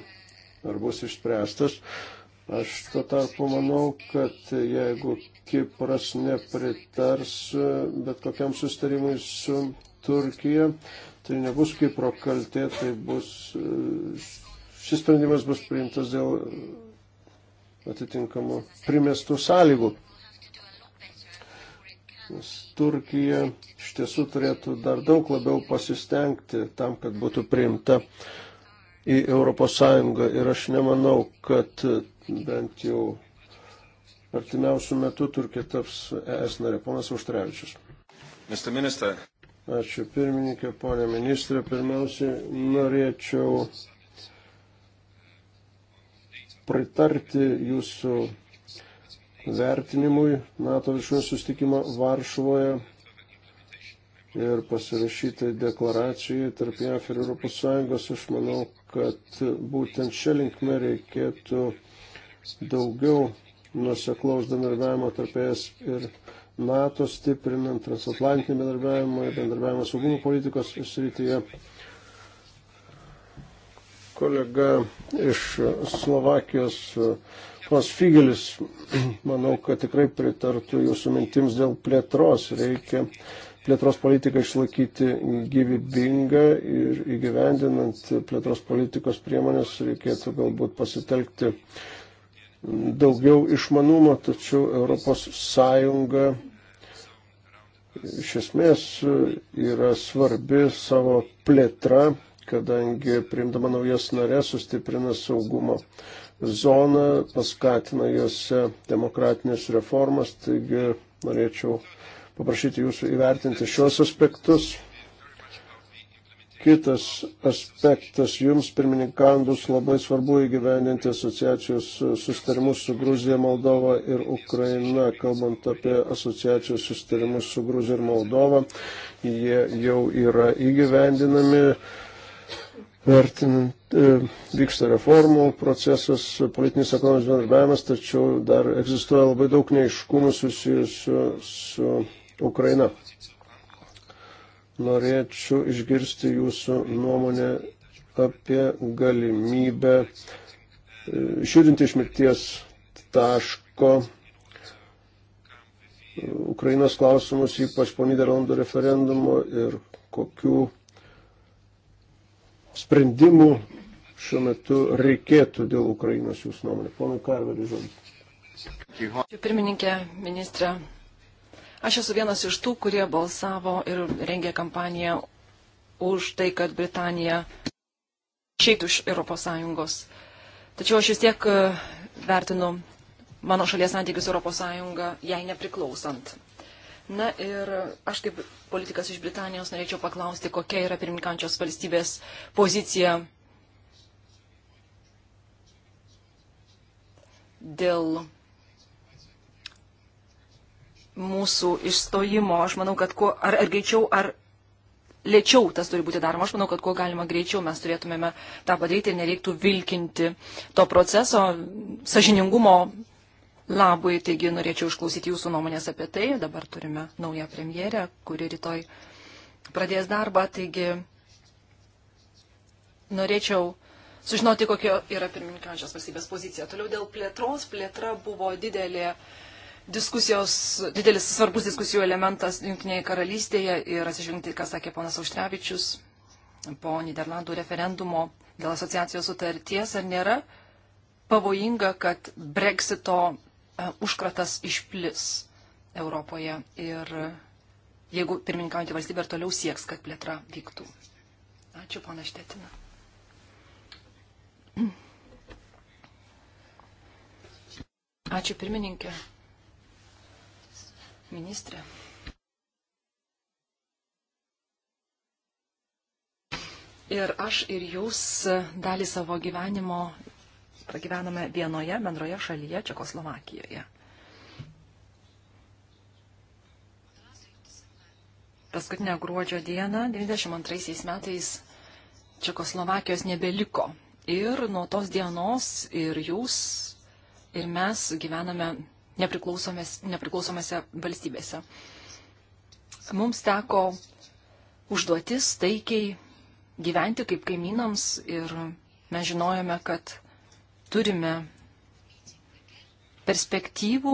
ar bus išspręstas? Aš tuo tarpu manau, kad jeigu Kipras nepritars e, bet kokiam sustarimui su Turkija, tai nebus Kipro kaltė, tai bus, e, šis sprendimas bus priimtas dėl atitinkamų primestų sąlygų. Nes Turkija iš tiesų turėtų dar daug labiau pasistengti tam, kad būtų priimta į ES. Ir aš nemanau, kad bent jau artimiausių metų Turkija taps ES narė. Ponas Užtrevičius. Mr. Minister. Ačiū pirmininkė, ponė ministrė. Pirmiausiai norėčiau pritarti jūsų vertinimui NATO viršūnių sustikimo Varšuvoje ir pasirašytai deklaracijai tarp JAF ir ES, aš manau, kad būtent šią linkmę reikėtų daugiau nuseklaus bendarbiavimo tarp ES ir NATO, stiprinant transatlantinį bendarbiavimą ir bendarbiavimą saugumo politikos srityje. Kolega iš Slovakijos Ponas Figelis, manau, kad tikrai pritartų jūsų mintims dėl plėtros. Reikia plėtros politiką išlaikyti gyvybingą ir įgyvendinant plėtros politikos priemonės reikėtų galbūt pasitelkti daugiau išmanumo, tačiau ES iš esmės yra svarbi savo plėtra, kadangi priimdama naujas narės sustiprina saugumo zoną, paskatina juose demokratinės reformas, taigi norėčiau paprašyti jūsų įvertinti šios aspektus. Kitas aspektas jums pirmininkandus labai svarbu įgyveninti asociacijos sustarimus su Gruzija, Moldova ir Ukraina. Kalbant apie asociacijos sustarimus su Gruzija ir Moldova, jie jau yra įgyvendinami vertinant, e, vyksta reformų procesas, politinis ekonominis bendradarbiavimas, tačiau dar egzistuoja labai daug neiškumų susijusių su, su Ukraina. Norėčiau išgirsti jūsų nuomonę apie galimybę e, išjudinti iš mirties taško e, Ukrainos klausimus, ypač po Niderlandų referendumo ir kokių sprendimų šiuo metu reikėtų dėl Ukrainos jūsų nuomonė? Ponai Karverį žodis. Pirmininkė, ministrė, aš esu vienas iš tų, kurie balsavo ir rengė kampaniją už tai, kad Britanija išeitų iš ES. Tačiau aš vis tiek e, vertinu mano šalies santykius ES jai nepriklausant. Na ir aš kaip politikas iš Britanijos norėčiau paklausti, kokia yra pirmininkančios valstybės pozicija dėl mūsų išstojimo. Aš manau, kad kuo, ar, ar greičiau, ar lėčiau tas turi būti daroma. Aš manau, kad kuo galima greičiau mes turėtumėme tą padaryti ir nereiktų vilkinti to proceso. Sažiningumo labui. Taigi norėčiau išklausyti jūsų nuomonės apie tai. Dabar turime naują premjerę, kuri rytoj pradės darbą. Taigi norėčiau sužinoti, kokia yra pirmininkančios valstybės pozicija. Toliau dėl plėtros. Plėtra buvo didelė diskusijos, didelis svarbus diskusijų elementas Junktinėje karalystėje ir atsižvelgti, ką sakė ponas Auštrevičius po Niderlandų referendumo dėl asociacijos sutarties, ar nėra pavojinga, kad breksito E, užkratas išplis Europoje ir jeigu pirmininkaujantį valstybę ir toliau sieks, kad plėtra vyktų. Ačiū, pana Štetina. Ačiū, pirmininkė. Ministrė. Ir aš ir jūs dalį savo gyvenimo pragyvenome vienoje bendroje šalyje Čekoslovakijoje. Paskutinę gruodžio dieną 92 metais Čekoslovakijos nebeliko. Ir nuo tos dienos ir jūs, ir mes gyvename nepriklausomose valstybėse. Mums teko užduotis taikiai gyventi kaip kaimynams ir mes žinojome, kad turime perspektyvų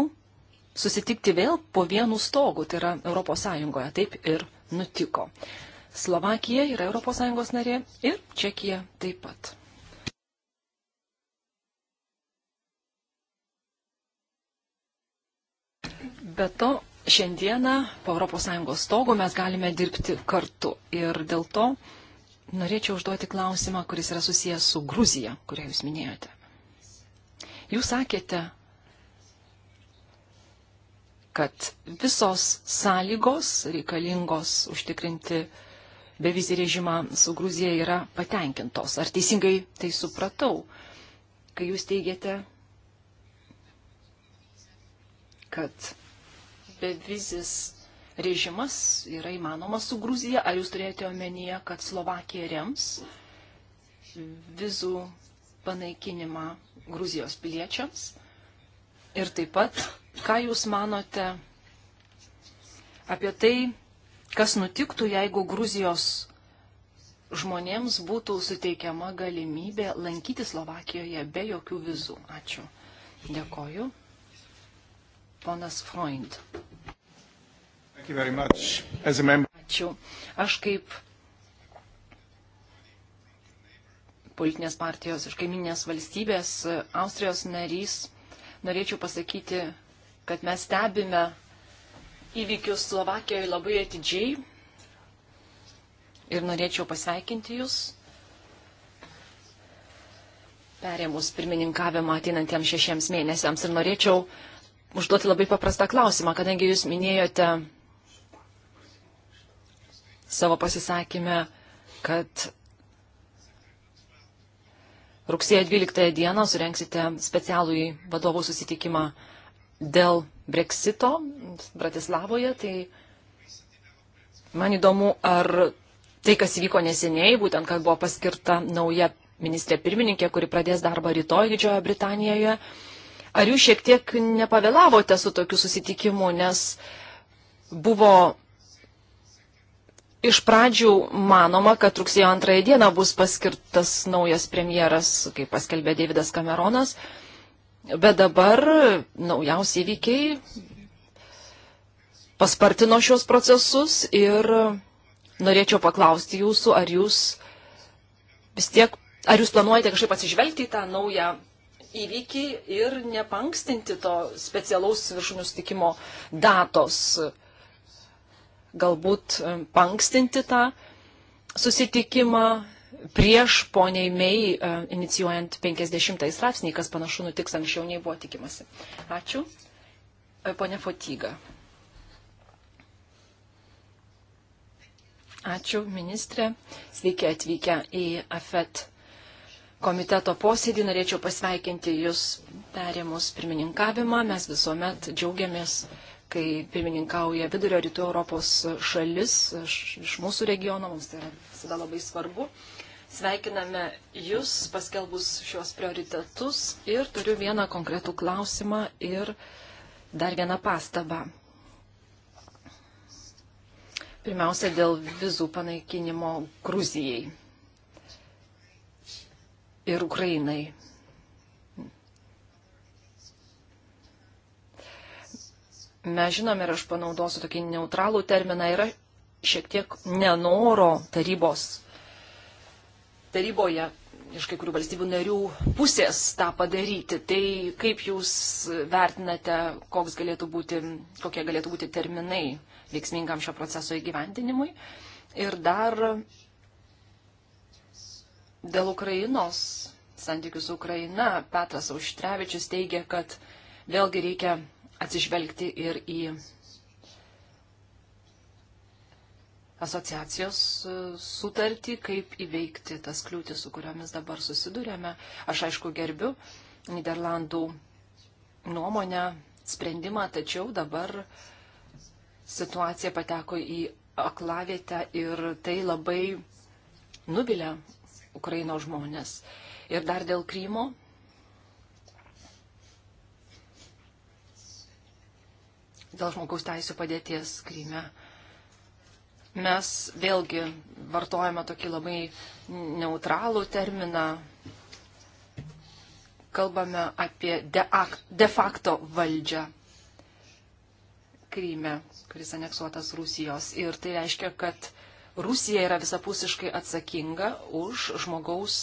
susitikti vėl po vienu stogu, tai yra ES. Taip ir nutiko. Slovakija yra ES narė ir Čekija taip pat. Be to, šiandieną po ES stogu mes galime dirbti kartu ir dėl to norėčiau užduoti klausimą, kuris yra susijęs su Gruzija, kurią jūs minėjote. Jūs sakėte, kad visos sąlygos reikalingos užtikrinti bevizį režimą su Gruzija yra patenkintos. Ar teisingai tai supratau, kai jūs teigiate, kad bevizis režimas yra įmanomas su Gruzija, ar jūs turėjote omenyje, kad Slovakija rems vizų panaikinimą Gruzijos piliečiams? Ir taip pat, ką Jūs manote apie tai, kas nutiktų, jeigu Gruzijos žmonėms būtų suteikiama galimybė lankyti Slovakijoje be jokių vizų? Ačiū. Dėkoju. Ponas Freund. Ačiū. Aš kaip politinės partijos iš kaiminės valstybės, Austrijos narys, norėčiau pasakyti, kad mes stebime įvykius Slovakijoje labai atidžiai ir norėčiau pasveikinti Jūs. Perėmus pirmininkavimą ateinantiems šešiems mėnesiams ir norėčiau užduoti labai paprastą klausimą, kadangi Jūs minėjote savo pasisakymę, kad rugsėjo 12 dieną surenksite specialų į vadovų susitikimą dėl breksito Bratislavoje. Tai man įdomu, ar tai, kas įvyko neseniai, būtent, kad buvo paskirta nauja ministrė pirmininkė, kuri pradės darbą rytoj Didžiojo Britanijoje, ar jūs šiek tiek nepavėlavote su tokiu susitikimu, nes buvo Iš pradžių manoma, kad rugsėjo antrąją dieną bus paskirtas naujas premjeras, kaip paskelbė Davidas Cameronas, bet dabar naujausi įvykiai paspartino šios procesus ir norėčiau paklausti jūsų, ar jūs vis tiek, ar jūs planuojate kažkaip atsižvelgti į tą naują įvykį ir nepankstinti to specialaus viršūnių stikimo datos galbūt e, pankstinti tą susitikimą prieš poniai mei inicijuojant 50 straipsnį, kas panašu nutiks anksčiau nei buvo tikimasi. Ačiū. E, Pone Fotyga. Ačiū, ministrė. Sveiki atvykę į AFET komiteto posėdį. Norėčiau pasveikinti Jūs perėmus pirmininkavimą. Mes visuomet džiaugiamės kai pirmininkauja vidurio rytų Europos šalis iš mūsų regiono, mums tai yra visada labai svarbu. Sveikiname Jūs paskelbus šios prioritetus ir turiu vieną konkretų klausimą ir dar vieną pastabą. Pirmiausia, dėl vizų panaikinimo Gruzijai ir Ukrainai. mes žinome ir aš panaudosiu tokį neutralų terminą, yra šiek tiek nenoro tarybos, taryboje iš kai kurių valstybių narių pusės tą padaryti. Tai kaip jūs vertinate, koks galėtų būti, kokie galėtų būti terminai veiksmingam šio proceso įgyvendinimui? Ir dar dėl Ukrainos, santykių su Ukraina, Petras Auštrevičius teigia, kad vėlgi reikia atsižvelgti ir į asociacijos e, sutartį, kaip įveikti tas kliūtis, su kuriomis dabar susidurėme. Aš aišku gerbiu Niderlandų nuomonę, sprendimą, tačiau dabar situacija pateko į aklavietę ir tai labai nuvilia Ukraino žmonės. Ir dar dėl Krymo dėl žmogaus teisų padėties Kryme. Mes vėlgi vartojame tokį labai neutralų terminą. Kalbame apie de, de facto valdžią Kryme, kuris aneksuotas Rusijos. Ir tai reiškia, kad Rusija yra visapusiškai atsakinga už žmogaus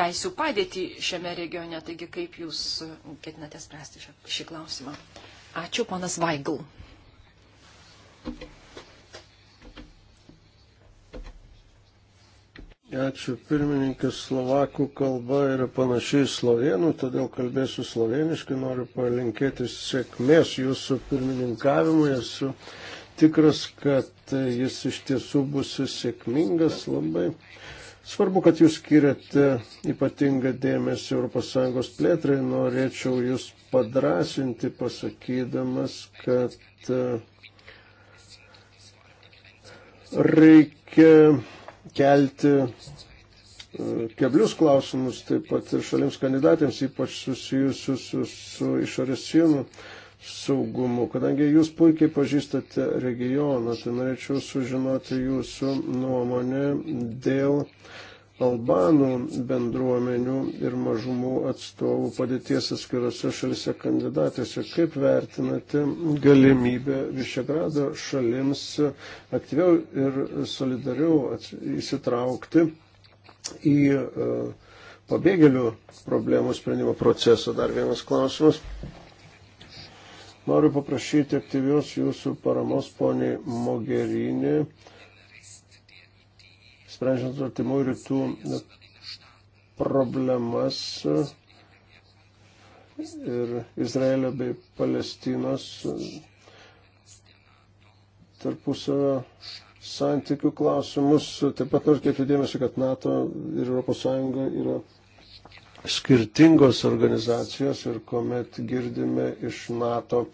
teisų padėtį šiame regione. Taigi kaip jūs ketinate spręsti šį klausimą? Ačiū, ponas Vaigl. Ačiū, pirmininkas Slovakų kalba yra panašiai slovenų, todėl kalbėsiu sloveniškai, noriu palinkėti sėkmės jūsų pirmininkavimui, esu tikras, kad jis iš tiesų bus sėkmingas labai. Svarbu, kad jūs skiriate ypatingą dėmesį ES plėtrai. Norėčiau jūs padrasinti, pasakydamas, kad e, reikia kelti e, keblius klausimus taip pat ir šalims kandidatėms, ypač susijusius su, su išorės sienų saugumu. Kadangi jūs puikiai pažįstate regioną, tai norėčiau sužinoti jūsų nuomonę dėl Albanų bendruomenių ir mažumų atstovų padėties atskirose šalise kandidatėse. Kaip vertinate galimybę Višegrado šalims aktyviau ir solidariau įsitraukti į e, pabėgėlių problemų sprendimo procesą? Dar vienas klausimas. Noriu paprašyti aktyvios jūsų paramos, poniai Mogherini, sprendžiant artimų rytų problemas ir Izraelio bei Palestinos tarpusavio santykių klausimus. Taip pat noriu kreipti dėmesį, kad NATO ir ES yra skirtingos organizacijos ir kuomet girdime iš NATO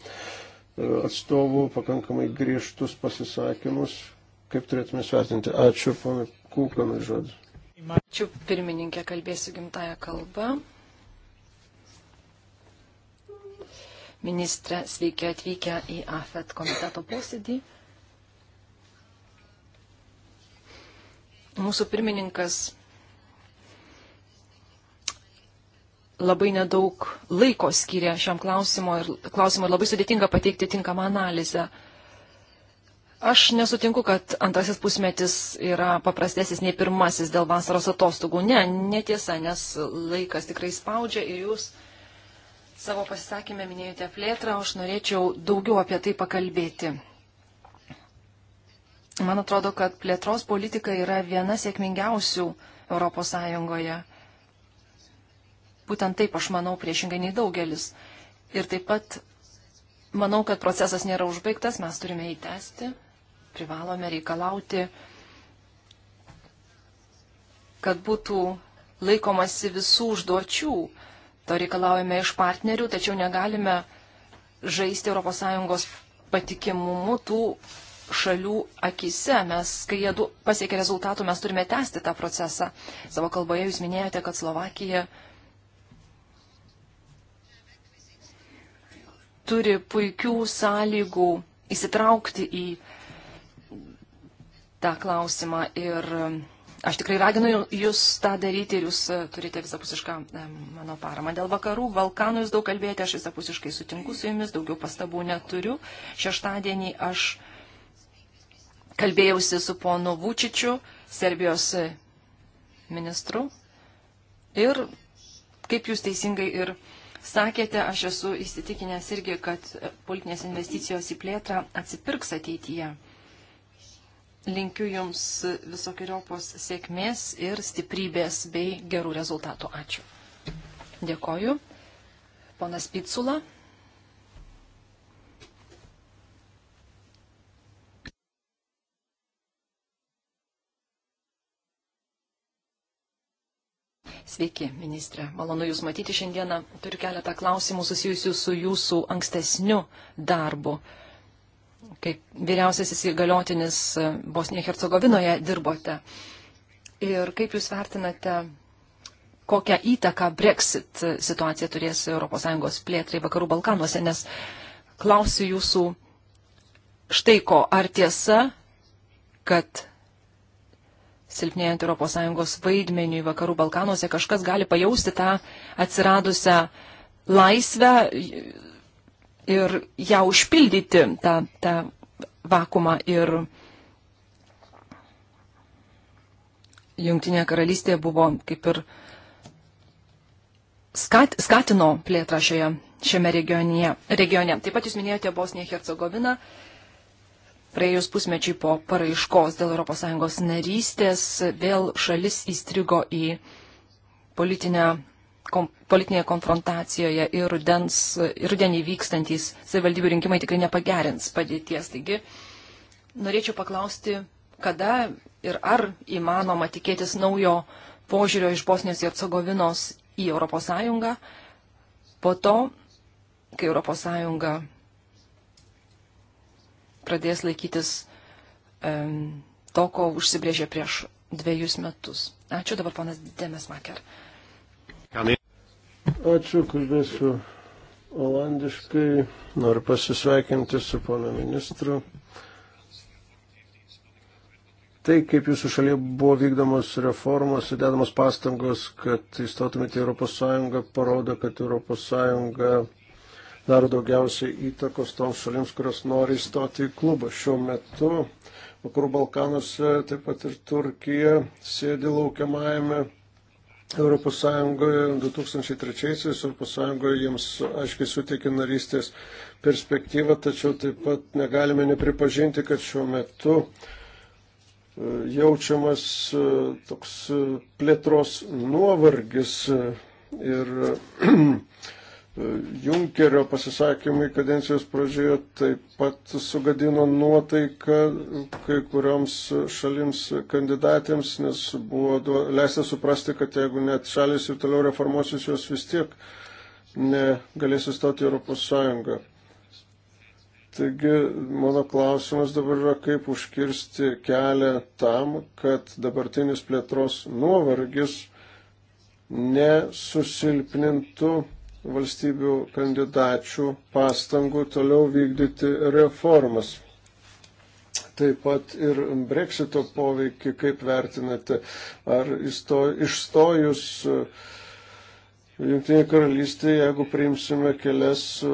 atstovų pakankamai griežtus pasisakymus, kaip turėtume svertinti. Ačiū, ponai Kūkanai, žodis. Ačiū, pirmininkė, kalbėsiu gimtają kalbą. Ministrė, sveiki atvykę į AFET komiteto posėdį. Mūsų pirmininkas labai nedaug laiko skiria šiam klausimui ir, klausimui ir labai sudėtinga pateikti tinkamą analizę. Aš nesutinku, kad antrasis pusmetis yra paprastesnis nei pirmasis dėl vasaros atostogų. Ne, netiesa, nes laikas tikrai spaudžia ir jūs savo pasisakymę minėjote plėtrą, aš norėčiau daugiau apie tai pakalbėti. Man atrodo, kad plėtros politika yra viena sėkmingiausių ES. Būtent taip aš manau priešingai nei daugelis. Ir taip pat manau, kad procesas nėra užbaigtas, mes turime jį tęsti, privalome reikalauti, kad būtų laikomasi visų užduočių. To reikalaujame iš partnerių, tačiau negalime žaisti ES patikimumu tų šalių akise. Mes, kai jie pasiekia rezultatų, mes turime tęsti tą procesą. Savo kalboje jūs minėjote, kad Slovakija turi puikių sąlygų įsitraukti į tą klausimą ir um, aš tikrai raginu jūs tą daryti ir jūs uh, turite visapusišką um, mano paramą. Dėl vakarų Balkanų jūs daug kalbėjote, aš visapusiškai sutinku su jumis, daugiau pastabų neturiu. Šeštadienį aš kalbėjausi su ponu Vučičiu, Serbijos uh, ministru. Ir kaip jūs teisingai ir sakėte, aš esu įsitikinęs irgi, kad politinės investicijos į plėtrą atsipirks ateityje. Linkiu Jums visokiojopos sėkmės ir stiprybės bei gerų rezultatų. Ačiū. Dėkoju. Ponas Pitsula. Sveiki, ministrė. Malonu Jūs matyti šiandieną. Turiu keletą klausimų susijusių su Jūsų ankstesniu darbu. Kaip vyriausiasis įgaliotinis Bosnijoje Hercegovinoje dirbote. Ir kaip Jūs vertinate, kokią įtaką Brexit situacija turės ES plėtrai Vakarų Balkanuose, nes klausiu Jūsų štai ko, ar tiesa, kad silpnėjant ES vaidmeniui Vakarų Balkanuose, kažkas gali pajausti tą atsiradusią laisvę ir ją užpildyti, tą, tą vakumą. Ir Jungtinė karalystė buvo kaip ir skat, skatino plėtrą šioje, šiame regione. regione. Taip pat jūs minėjote Bosniją Hercegoviną. Praėjus pusmečiai po paraiškos dėl ES narystės vėl šalis įstrigo į politinę, kom, politinėje konfrontacijoje ir rudens, rudenį vykstantys savivaldybių rinkimai tikrai nepagerins padėties. Taigi norėčiau paklausti, kada ir ar įmanoma tikėtis naujo požiūrio iš Bosnijos ir Atsagovinos į ES po to, kai ES pradės laikytis um, to, ko užsibrėžė prieš dviejus metus. Ačiū dabar ponas Demes Maker. Ačiū, kalbėsiu olandiškai. Noriu pasisveikinti su pono ministru. Tai, kaip jūsų šalyje buvo vykdomos reformos, sudedamos pastangos, kad įstotumėte į ES, parodo, kad ES daro daugiausiai įtakos toms šalims, kurios nori įstoti į klubą. Šiuo metu Vakarų Balkanuose, taip pat ir Turkija, sėdi laukiamajame Europos Sąjungoje 2003 Europos Sąjungoje jiems aiškiai suteikė narystės perspektyvą, tačiau taip pat negalime nepripažinti, kad šiuo metu e, jaučiamas e, toks e, plėtros nuovargis ir Junkerio pasisakymai kadencijos pradžioje taip pat sugadino nuotaiką kai kurioms šalims kandidatėms, nes buvo leista suprasti, kad jeigu net šalis ir toliau reformuosis, jos vis tiek negalės įstoti Europos Sąjungą. Taigi mano klausimas dabar yra, kaip užkirsti kelią tam, kad dabartinis plėtros nuovargis nesusilpnintų valstybių kandidačių pastangų toliau vykdyti reformas. Taip pat ir breksito poveikį, kaip vertinate, ar įsto, išstojus e, Junktinė karalystė, jeigu priimsime kelias e,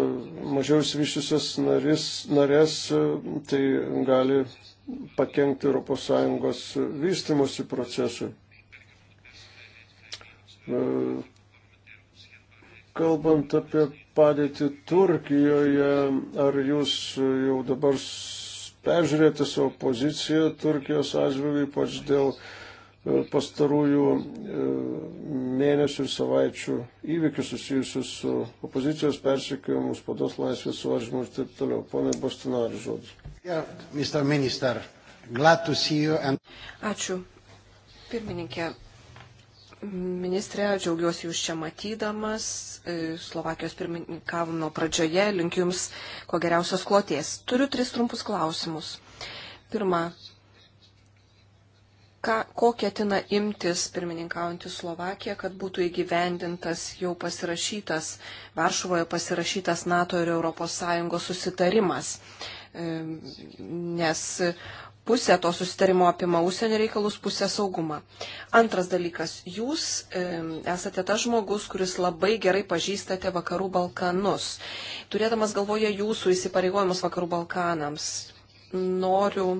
mažiau svišiusias narės, e, tai gali pakengti ES vystimosi procesui. Kalbant apie padėtį Turkijoje, ar jūs jau dabar peržiūrėjote savo poziciją Turkijos atžvilgiu, ypač dėl e, pastarųjų e, mėnesių ir savaičių įvykių susijusių su opozicijos persikėjimu, spados laisvės suvaržymu ir taip toliau. Pone Bostinari, žodis. Ačiū. Pirmininkė, Ministrė, džiaugiuosi Jūs čia matydamas. E, Slovakijos pirmininkavimo pradžioje linkiu Jums ko geriausios kloties. Turiu tris trumpus klausimus. Pirma, ką, ko ketina imtis pirmininkaujantį Slovakiją, kad būtų įgyvendintas jau pasirašytas, Varšuvoje pasirašytas NATO ir ES susitarimas? E, nes pusė to susitarimo apima užsienio reikalus, pusė saugumą. Antras dalykas, jūs e, esate tas žmogus, kuris labai gerai pažįstate Vakarų Balkanus. Turėdamas galvoje jūsų įsipareigojimus Vakarų Balkanams, noriu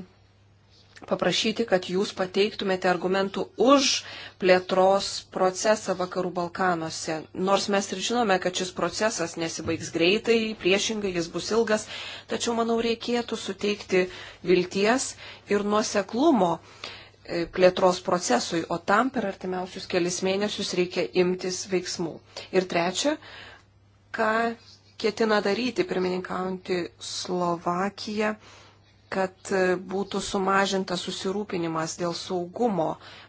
paprašyti, kad jūs pateiktumėte argumentų už plėtros procesą Vakarų Balkanuose. Nors mes ir žinome, kad šis procesas nesibaigs greitai, priešingai jis bus ilgas, tačiau manau reikėtų suteikti vilties ir nuoseklumo e, plėtros procesui, o tam per artimiausius kelias mėnesius reikia imtis veiksmų. Ir trečia, ką ketina daryti pirmininkaujantį Slovakiją kad e, būtų sumažintas susirūpinimas dėl saugumo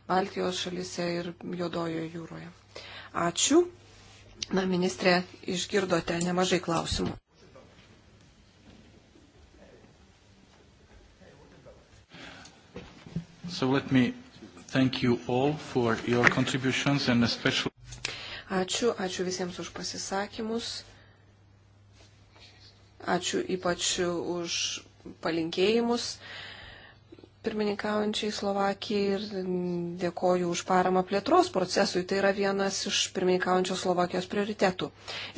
Baltijos šalise ir Jodojoje jūroje. Ačiū. Na, ministrė, išgirdote nemažai klausimų. So let me thank you all for your contributions and especially. Ačiū, ačiū visiems už pasisakymus. Ačiū ypač už palinkėjimus pirmininkaujančiai Slovakijai ir dėkoju už paramą plėtros procesui. Tai yra vienas iš pirmininkaujančios Slovakijos prioritetų.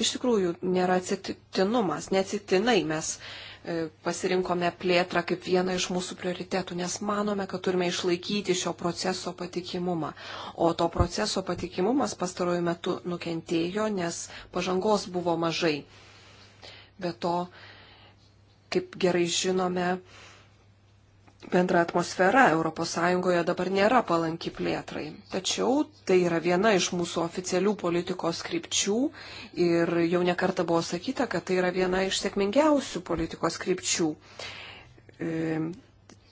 Iš tikrųjų, nėra atsitinumas, neatsitinai mes e, pasirinkome plėtrą kaip vieną iš mūsų prioritetų, nes manome, kad turime išlaikyti šio proceso patikimumą. O to proceso patikimumas pastaruoju metu nukentėjo, nes pažangos buvo mažai. Be to, kaip gerai žinome, bendra atmosfera ES dabar nėra palanki plėtrai. Tačiau tai yra viena iš mūsų oficialių politikos krypčių ir jau nekarta buvo sakyta, kad tai yra viena iš sėkmingiausių politikos krypčių. E,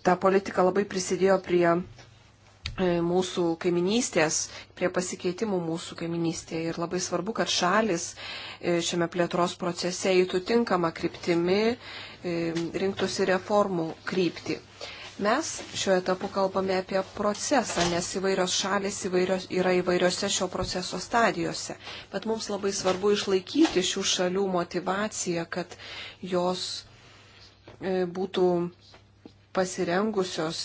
ta politika labai prisidėjo prie e, mūsų kaiminystės, prie pasikeitimų mūsų kaiminystėje. Ir labai svarbu, kad šalis e, šiame plėtros procese eitų tinkama kryptimi, rinktųsi reformų krypti. Mes šiuo etapu kalbame apie procesą, nes įvairios šalis įvairios, yra įvairiose šio proceso stadijose. Bet mums labai svarbu išlaikyti šių šalių motivaciją, kad jos e, būtų pasirengusios,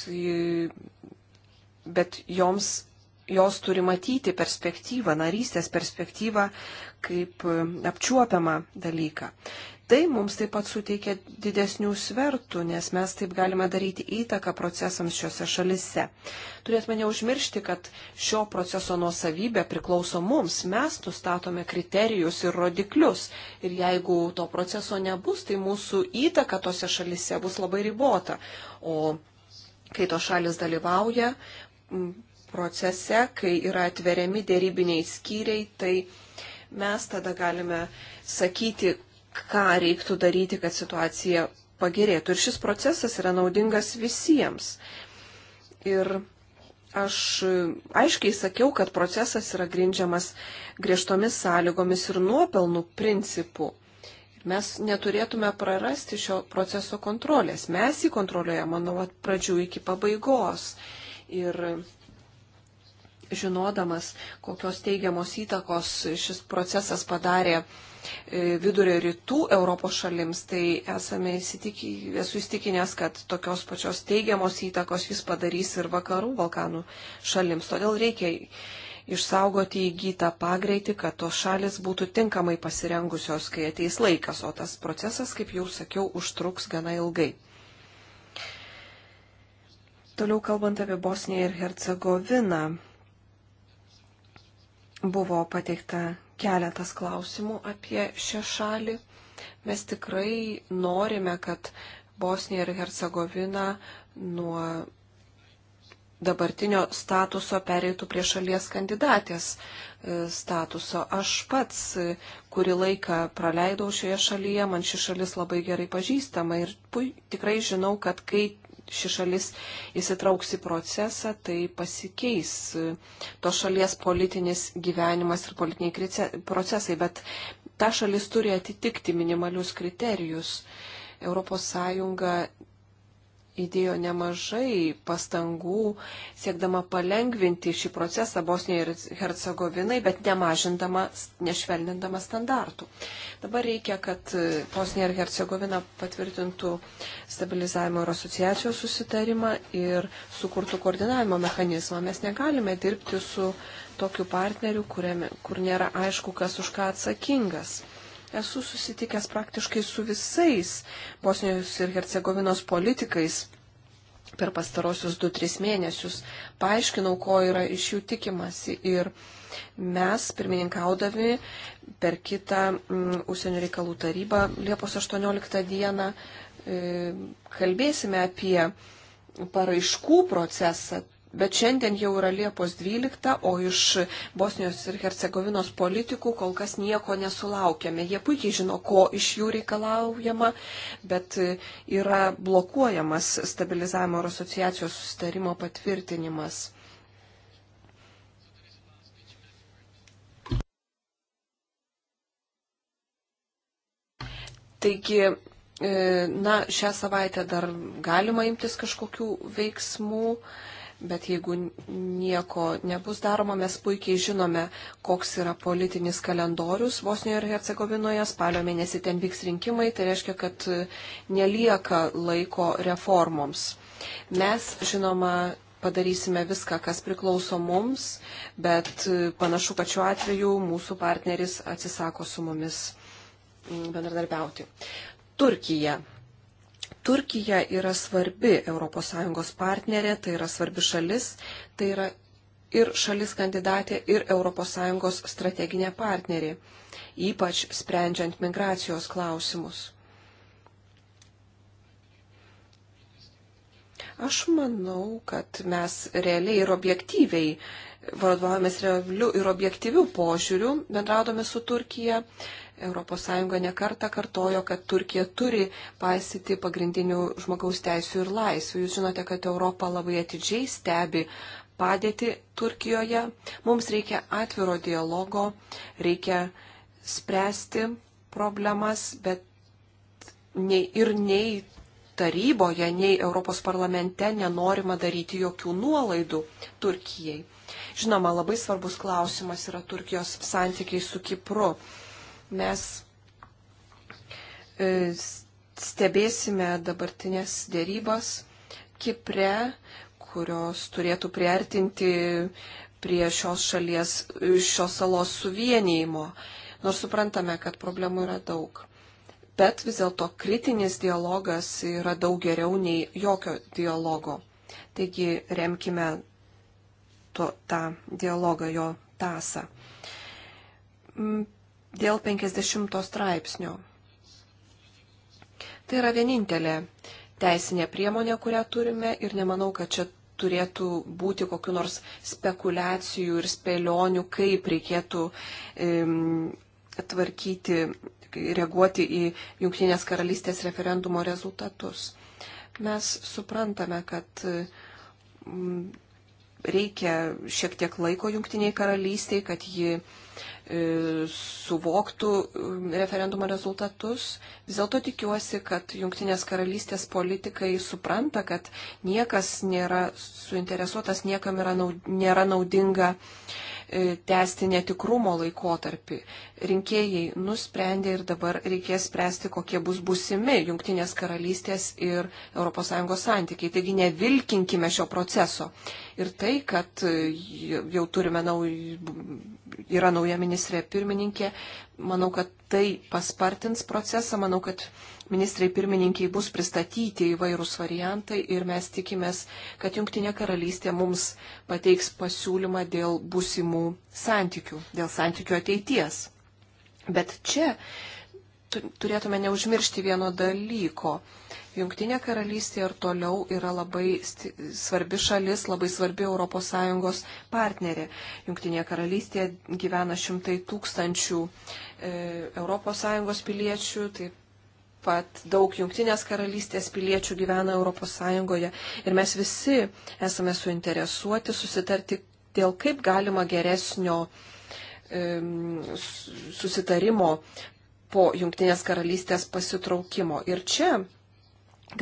bet joms, jos turi matyti perspektyvą, narystės perspektyvą kaip e, apčiuopiamą dalyką tai mums taip pat suteikia didesnių svertų, nes mes taip galime daryti įtaką procesams šiuose šalise. Turėtume neužmiršti, kad šio proceso nuosavybė priklauso mums, mes nustatome kriterijus ir rodiklius ir jeigu to proceso nebus, tai mūsų įtaka tose šalise bus labai ribota. O kai to šalis dalyvauja, procese, kai yra atveriami dėrybiniai skyriai, tai mes tada galime sakyti, ką reiktų daryti, kad situacija pagerėtų. Ir šis procesas yra naudingas visiems. Ir aš aiškiai sakiau, kad procesas yra grindžiamas griežtomis sąlygomis ir nuopelnų principų. Ir mes neturėtume prarasti šio proceso kontrolės. Mes jį kontroliuojame nuo pradžių iki pabaigos. Ir žinodamas, kokios teigiamos įtakos šis procesas padarė e, vidurio rytų Europos šalims, tai esame įsitikį, esu įstikinęs, kad tokios pačios teigiamos įtakos jis padarys ir vakarų Balkanų šalims. Todėl reikia išsaugoti įgytą pagreitį, kad tos šalis būtų tinkamai pasirengusios, kai ateis laikas, o tas procesas, kaip jau sakiau, užtruks gana ilgai. Toliau kalbant apie Bosniją ir Hercegoviną, Buvo pateikta keletas klausimų apie šią šalį. Mes tikrai norime, kad Bosnija ir Hercegovina nuo dabartinio statuso pereitų prie šalies kandidatės e, statuso. Aš pats e, kurį laiką praleidau šioje šalyje, man ši šalis labai gerai pažįstama ir pui, tikrai žinau, kad kai ši šalis įsitrauks į procesą, tai pasikeis e, to šalies politinis gyvenimas ir politiniai procesai, bet ta šalis turi atitikti minimalius kriterijus. ES įdėjo nemažai pastangų, siekdama palengvinti šį procesą Bosnijoje ir Hercegovinai, bet nemažindama, nešvelnindama standartų. Dabar reikia, kad Bosnija ir Hercegovina patvirtintų stabilizavimo ir asociacijos susitarimą ir sukurtų koordinavimo mechanizmą. Mes negalime dirbti su tokiu partneriu, kuriame, kur nėra aišku, kas už ką atsakingas. Esu susitikęs praktiškai su visais Bosnijos ir Hercegovinos politikais per pastarosius 2-3 mėnesius. Paaiškinau, ko yra iš jų tikimasi. Ir mes, pirmininkaudami per kitą mm, užsienio reikalų tarybą Liepos 18 dieną, e, kalbėsime apie paraiškų procesą Bet šiandien jau yra Liepos 12, o iš Bosnijos ir Hercegovinos politikų kol kas nieko nesulaukėme. Jie puikiai žino, ko iš jų reikalaujama, bet yra blokuojamas stabilizavimo ir asociacijos sustarimo patvirtinimas. Taigi, e, na, šią savaitę dar galima imtis kažkokių veiksmų, Bet jeigu nieko nebus daroma, mes puikiai žinome, koks yra politinis kalendorius Bosnijoje ir Hercegovinoje. Spalio mėnesį ten vyks rinkimai, tai reiškia, kad e, nelieka laiko reformoms. Mes, žinoma, padarysime viską, kas priklauso mums, bet e, panašu, kad šiuo atveju mūsų partneris atsisako su mumis bendradarbiauti. Turkija. Turkija yra svarbi ES partnerė, tai yra svarbi šalis, tai yra ir šalis kandidatė, ir ES strateginė partnerė, ypač sprendžiant migracijos klausimus. Aš manau, kad mes realiai ir objektyviai vadovaujamės realiu ir objektyviu požiūriu, bendraudami su Turkija ES nekarta kartojo, kad Turkija turi paisyti pagrindinių žmogaus teisų ir laisvių. Jūs žinote, kad Europa labai atidžiai stebi padėti Turkijoje. Mums reikia atviro dialogo, reikia spręsti problemas, bet nei, ir nei taryboje, nei Europos parlamente nenorima daryti jokių nuolaidų Turkijai. Žinoma, labai svarbus klausimas yra Turkijos santykiai su Kipru. Mes e, stebėsime dabartinės dėrybos Kipre, kurios turėtų priartinti prie šios šalies, šios salos suvienijimo. Nors suprantame, kad problemų yra daug. Bet vis dėlto kritinis dialogas yra daug geriau nei jokio dialogo. Taigi remkime to, tą dialogą, jo tasą. Mm, dėl 50 straipsnio. Tai yra vienintelė teisinė priemonė, kurią turime ir nemanau, kad čia turėtų būti kokiu nors spekulacijų ir spėlionių, kaip reikėtų um, tvarkyti, reaguoti į Junktinės karalystės referendumo rezultatus. Mes suprantame, kad um, reikia šiek tiek laiko Junktiniai karalystiai, kad ji E, suvoktų referendumo rezultatus. Vis dėlto tikiuosi, kad Junktinės karalystės politikai supranta, kad niekas nėra suinteresuotas, niekam yra, nėra naudinga uh, E, tęsti netikrumo laikotarpį. Rinkėjai nusprendė ir dabar reikės spręsti, kokie bus būsimi Junktinės karalystės ir ES santykiai. Taigi nevilkinkime šio proceso. Ir tai, kad e, jau turime nauj, yra nauja ministrė pirmininkė, manau, kad tai paspartins procesą, manau, kad ministrai pirmininkiai bus pristatyti įvairūs variantai ir mes tikimės, kad Junktinė karalystė mums pateiks pasiūlymą dėl būsimų santykių, dėl santykių ateities. Bet čia turėtume neužmiršti vieno dalyko. Junktinė karalystė ir toliau yra labai svarbi šalis, labai svarbi ES partnerė. Junktinė karalystė gyvena šimtai tūkstančių e, ES piliečių, taip pat daug jungtinės karalystės piliečių gyvena ES ir mes visi esame suinteresuoti susitarti dėl kaip galima geresnio e, susitarimo po jungtinės karalystės pasitraukimo. Ir čia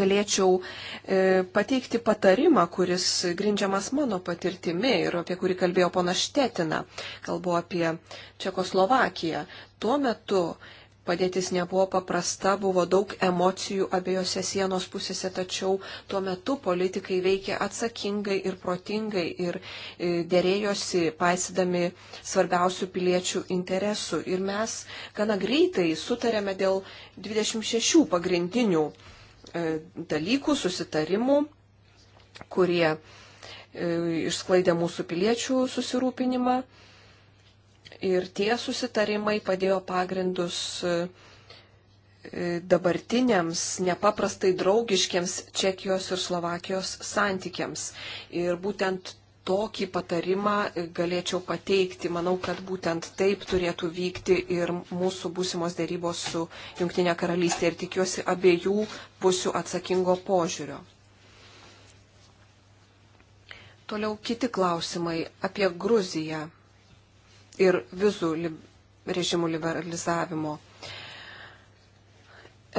galėčiau e, pateikti patarimą, kuris grindžiamas mano patirtimi ir apie kurį kalbėjo pana Štetina. Kalbu apie Čekoslovakiją. Tuo metu Padėtis nebuvo paprasta, buvo daug emocijų abiejose sienos pusėse, tačiau tuo metu politikai veikė atsakingai ir protingai ir e, dėrėjosi, paisydami svarbiausių piliečių interesų. Ir mes gana greitai sutarėme dėl 26 pagrindinių e, dalykų, susitarimų, kurie e, išsklaidė mūsų piliečių susirūpinimą. Ir tie susitarimai padėjo pagrindus e, e, dabartiniams nepaprastai draugiškiams Čekijos ir Slovakijos santykiams. Ir būtent tokį patarimą e, galėčiau pateikti. Manau, kad būtent taip turėtų vykti ir mūsų būsimos dėrybos su Junktinė karalystė ir tikiuosi abiejų pusių atsakingo požiūrio. Toliau kiti klausimai apie Gruziją ir vizų li režimų liberalizavimo.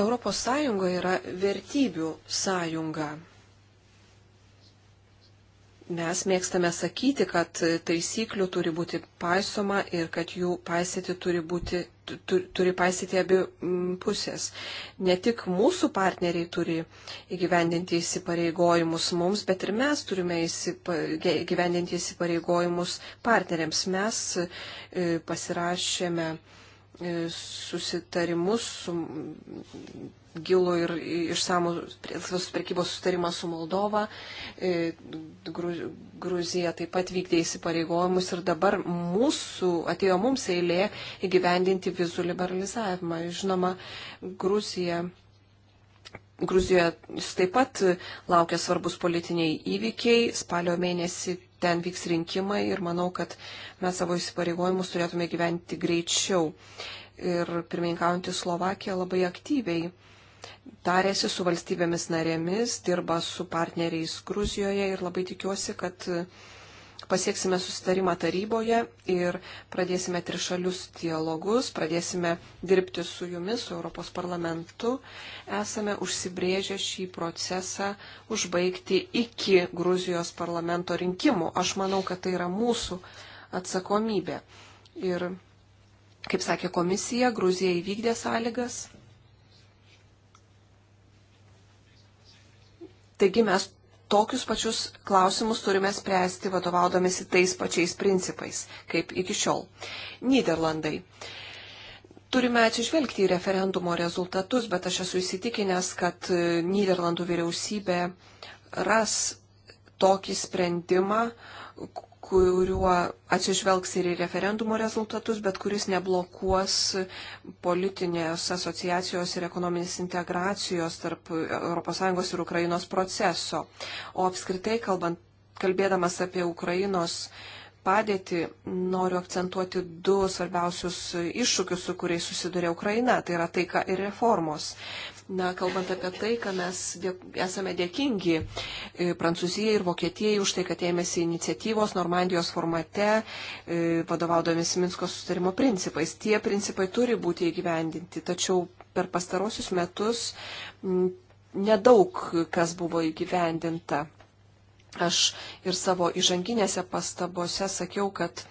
Europos Sąjunga yra vertybių sąjunga. Mes mėgstame sakyti, kad taisyklių turi būti paisoma ir kad jų paisyti turi, būti, turi, turi paisyti abi mm, pusės. Ne tik mūsų partneriai turi įgyvendinti įsipareigojimus mums, bet ir mes turime įsipa, įgyvendinti įsipareigojimus partneriams. Mes e, pasirašėme e, susitarimus su gilų ir išsamų laisvos prekybos sustarimą su Moldova. E, Gruzija taip pat vykdė įsipareigojimus ir dabar mūsų, atėjo mums eilė įgyvendinti vizų liberalizavimą. Žinoma, Gruzija. Gruzijoje taip pat laukia svarbus politiniai įvykiai. Spalio mėnesį ten vyks rinkimai ir manau, kad mes savo įsipareigojimus turėtume gyventi greičiau ir pirmininkaujantį Slovakiją labai aktyviai tarėsi su valstybėmis narėmis, dirba su partneriais Gruzijoje ir labai tikiuosi, kad pasieksime susitarimą taryboje ir pradėsime trišalius dialogus, pradėsime dirbti su jumis, su Europos parlamentu. Esame užsibrėžę šį procesą užbaigti iki Gruzijos parlamento rinkimų. Aš manau, kad tai yra mūsų atsakomybė. Ir, kaip sakė komisija, Gruzija įvykdė sąlygas. Taigi mes tokius pačius klausimus turime spręsti vadovaudomėsi tais pačiais principais, kaip iki šiol. Niderlandai. Turime atsižvelgti į referendumo rezultatus, bet aš esu įsitikinęs, kad e, Niderlandų vyriausybė ras tokį sprendimą, kuriuo atsižvelgs ir į referendumo rezultatus, bet kuris neblokuos politinės asociacijos ir ekonominės integracijos tarp ES ir Ukrainos proceso. O apskritai, kalbant, kalbėdamas apie Ukrainos padėtį, noriu akcentuoti du svarbiausius iššūkius, su kuriais susiduria Ukraina - tai yra taika ir reformos na, kalbant apie tai, kad mes dėk, esame dėkingi e, Prancūzijai ir Vokietijai už tai, kad ėmėsi iniciatyvos Normandijos formate, e, vadovaudomis Minsko sustarimo principais. Tie principai turi būti įgyvendinti, tačiau per pastarosius metus nedaug kas buvo įgyvendinta. Aš ir savo įžanginėse pastabose sakiau, kad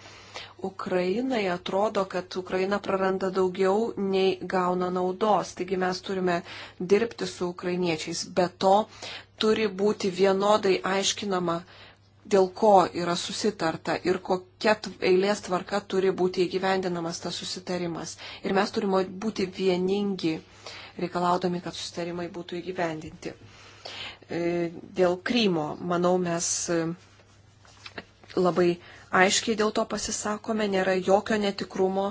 Ukrainai atrodo, kad Ukraina praranda daugiau nei gauna naudos. Taigi mes turime dirbti su ukrainiečiais. Be to, turi būti vienodai aiškinama, dėl ko yra susitarta ir kokia eilės tvarka turi būti įgyvendinamas tas susitarimas. Ir mes turime būti vieningi, reikalaudami, kad susitarimai būtų įgyvendinti. E, dėl Krymo, manau, mes e, labai aiškiai dėl to pasisakome, nėra jokio netikrumo,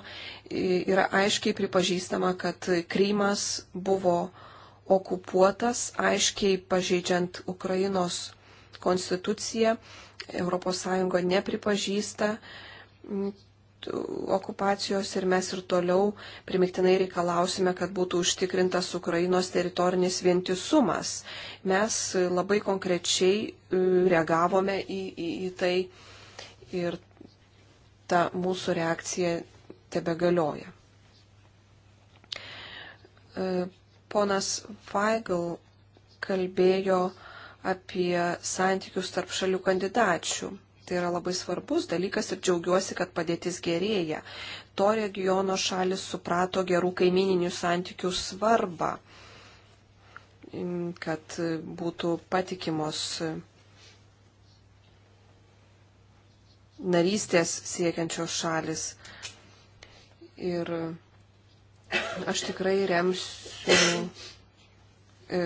yra aiškiai pripažįstama, kad Krymas buvo okupuotas, aiškiai pažeidžiant Ukrainos konstituciją, ES nepripažįsta okupacijos ir mes ir toliau primiktinai reikalausime, kad būtų užtikrintas Ukrainos teritorinis vientisumas. Mes labai konkrečiai e, reagavome į, į, į tai ir ta mūsų reakcija tebegalioja. E, ponas Weigel kalbėjo apie santykius tarp šalių kandidačių. Tai yra labai svarbus dalykas ir džiaugiuosi, kad padėtis gerėja. To regiono šalis suprato gerų kaimininių santykių svarbą, kad būtų patikimos narystės siekiančios šalis. Ir aš tikrai remsiu e,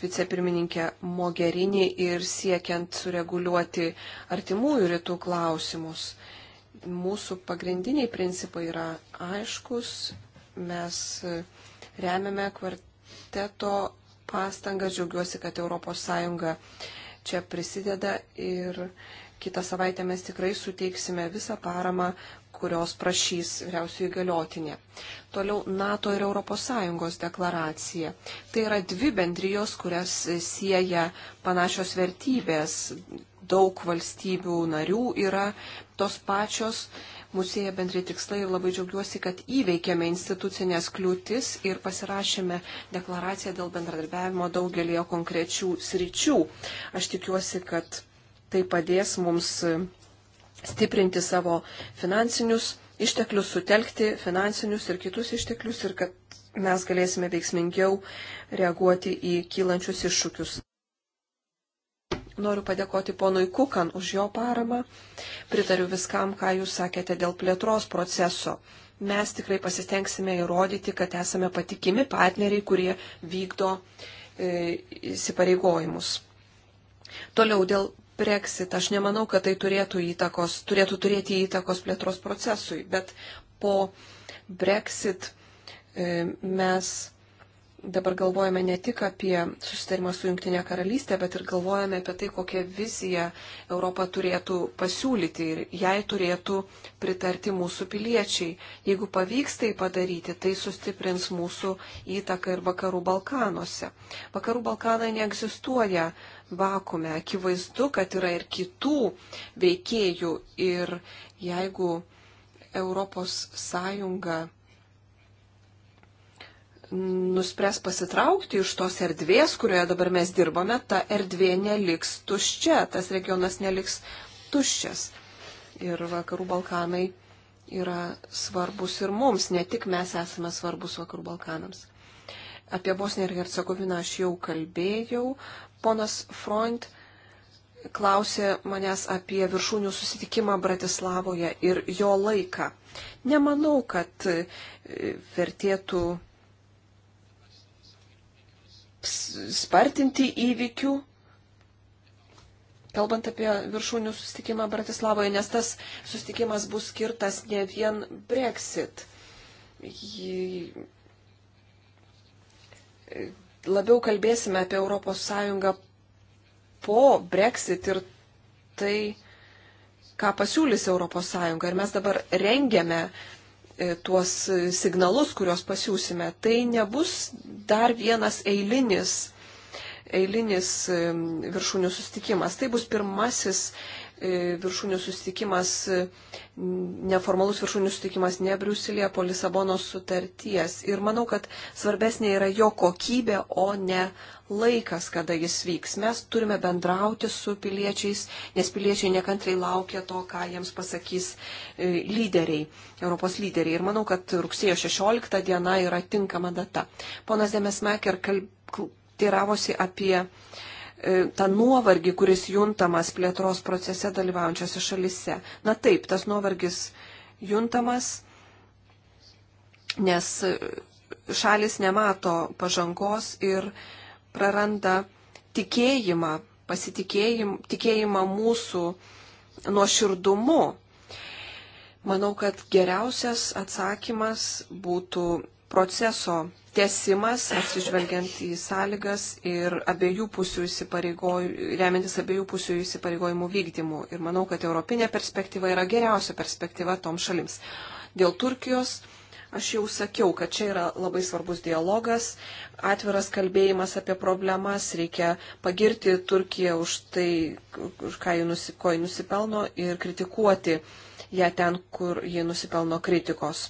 vicepirmininkė Mogerinį ir siekiant sureguliuoti artimųjų rytų klausimus. Mūsų pagrindiniai principai yra aiškus. Mes e, remiame kvarteto pastangas. Džiaugiuosi, kad ES čia prisideda ir Kitą savaitę mes tikrai suteiksime visą paramą, kurios prašys vyriausiųjų galiotinė. Toliau NATO ir ES deklaracija. Tai yra dvi bendrijos, kurias sieja panašios vertybės. Daug valstybių narių yra tos pačios. Mūsų sieja bendri tikslai ir labai džiaugiuosi, kad įveikėme institucinės kliūtis ir pasirašėme deklaraciją dėl bendradarbiavimo daugelio konkrečių sričių. Aš tikiuosi, kad Tai padės mums stiprinti savo finansinius išteklius, sutelkti finansinius ir kitus išteklius ir kad mes galėsime veiksmingiau reaguoti į kylančius iššūkius. Noriu padėkoti ponui Kukan už jo paramą. Pritariu viskam, ką jūs sakėte dėl plėtros proceso. Mes tikrai pasistengsime įrodyti, kad esame patikimi partneriai, kurie vykdo e, įsipareigojimus. Toliau dėl Brexit, aš nemanau, kad tai turėtų, įtakos, turėtų turėti įtakos plėtros procesui, bet po Brexit e, mes dabar galvojame ne tik apie susitarimą su Junktinė karalystė, bet ir galvojame apie tai, kokią viziją Europa turėtų pasiūlyti ir jai turėtų pritarti mūsų piliečiai. Jeigu pavyks tai padaryti, tai sustiprins mūsų įtaką ir Vakarų Balkanuose. Vakarų Balkanai neegzistuoja vakume. Akivaizdu, kad yra ir kitų veikėjų ir jeigu Europos Sąjunga nuspręs pasitraukti iš tos erdvės, kurioje dabar mes dirbame, ta erdvė neliks tuščia, tas regionas neliks tuščias. Ir vakarų Balkanai yra svarbus ir mums, ne tik mes esame svarbus vakarų Balkanams. Apie Bosniją ir Hercegoviną aš jau kalbėjau, Ponas Freund klausė manęs apie viršūnių susitikimą Bratislavoje ir jo laiką. Nemanau, kad e, vertėtų spartinti įvykių, kalbant apie viršūnių susitikimą Bratislavoje, nes tas susitikimas bus skirtas ne vien Brexit. Jį labiau kalbėsime apie ES po Brexit ir tai, ką pasiūlys ES. Ir mes dabar rengiame e, tuos signalus, kuriuos pasiūsime. Tai nebus dar vienas eilinis eilinis e, viršūnių sustikimas. Tai bus pirmasis E, viršūnių susitikimas, e, neformalus viršūnių susitikimas ne Briuselėje po Lisabonos sutarties. Ir manau, kad svarbesnė yra jo kokybė, o ne laikas, kada jis vyks. Mes turime bendrauti su piliečiais, nes piliečiai nekantrai laukia to, ką jiems pasakys e, lyderiai, Europos lyderiai. Ir manau, kad rugsėjo 16 diena yra tinkama data. Ponas Demesmeker kalb... teiravosi apie E, tą nuovargį, kuris juntamas plėtros procese dalyvaujančiose šalise. Na taip, tas nuovargis juntamas, nes šalis nemato pažangos ir praranda tikėjimą, pasitikėjimą tikėjimą mūsų nuoširdumu. Manau, kad geriausias atsakymas būtų proceso tesimas, atsižvelgiant į sąlygas ir abiejų pusių remiantis abiejų pusių įsipareigojimų vykdymų. Ir manau, kad europinė perspektyva yra geriausia perspektyva tom šalims. Dėl Turkijos aš jau sakiau, kad čia yra labai svarbus dialogas, atviras kalbėjimas apie problemas, reikia pagirti Turkiją už tai, už ką ji nusi, nusipelno ir kritikuoti ją ten, kur ji nusipelno kritikos.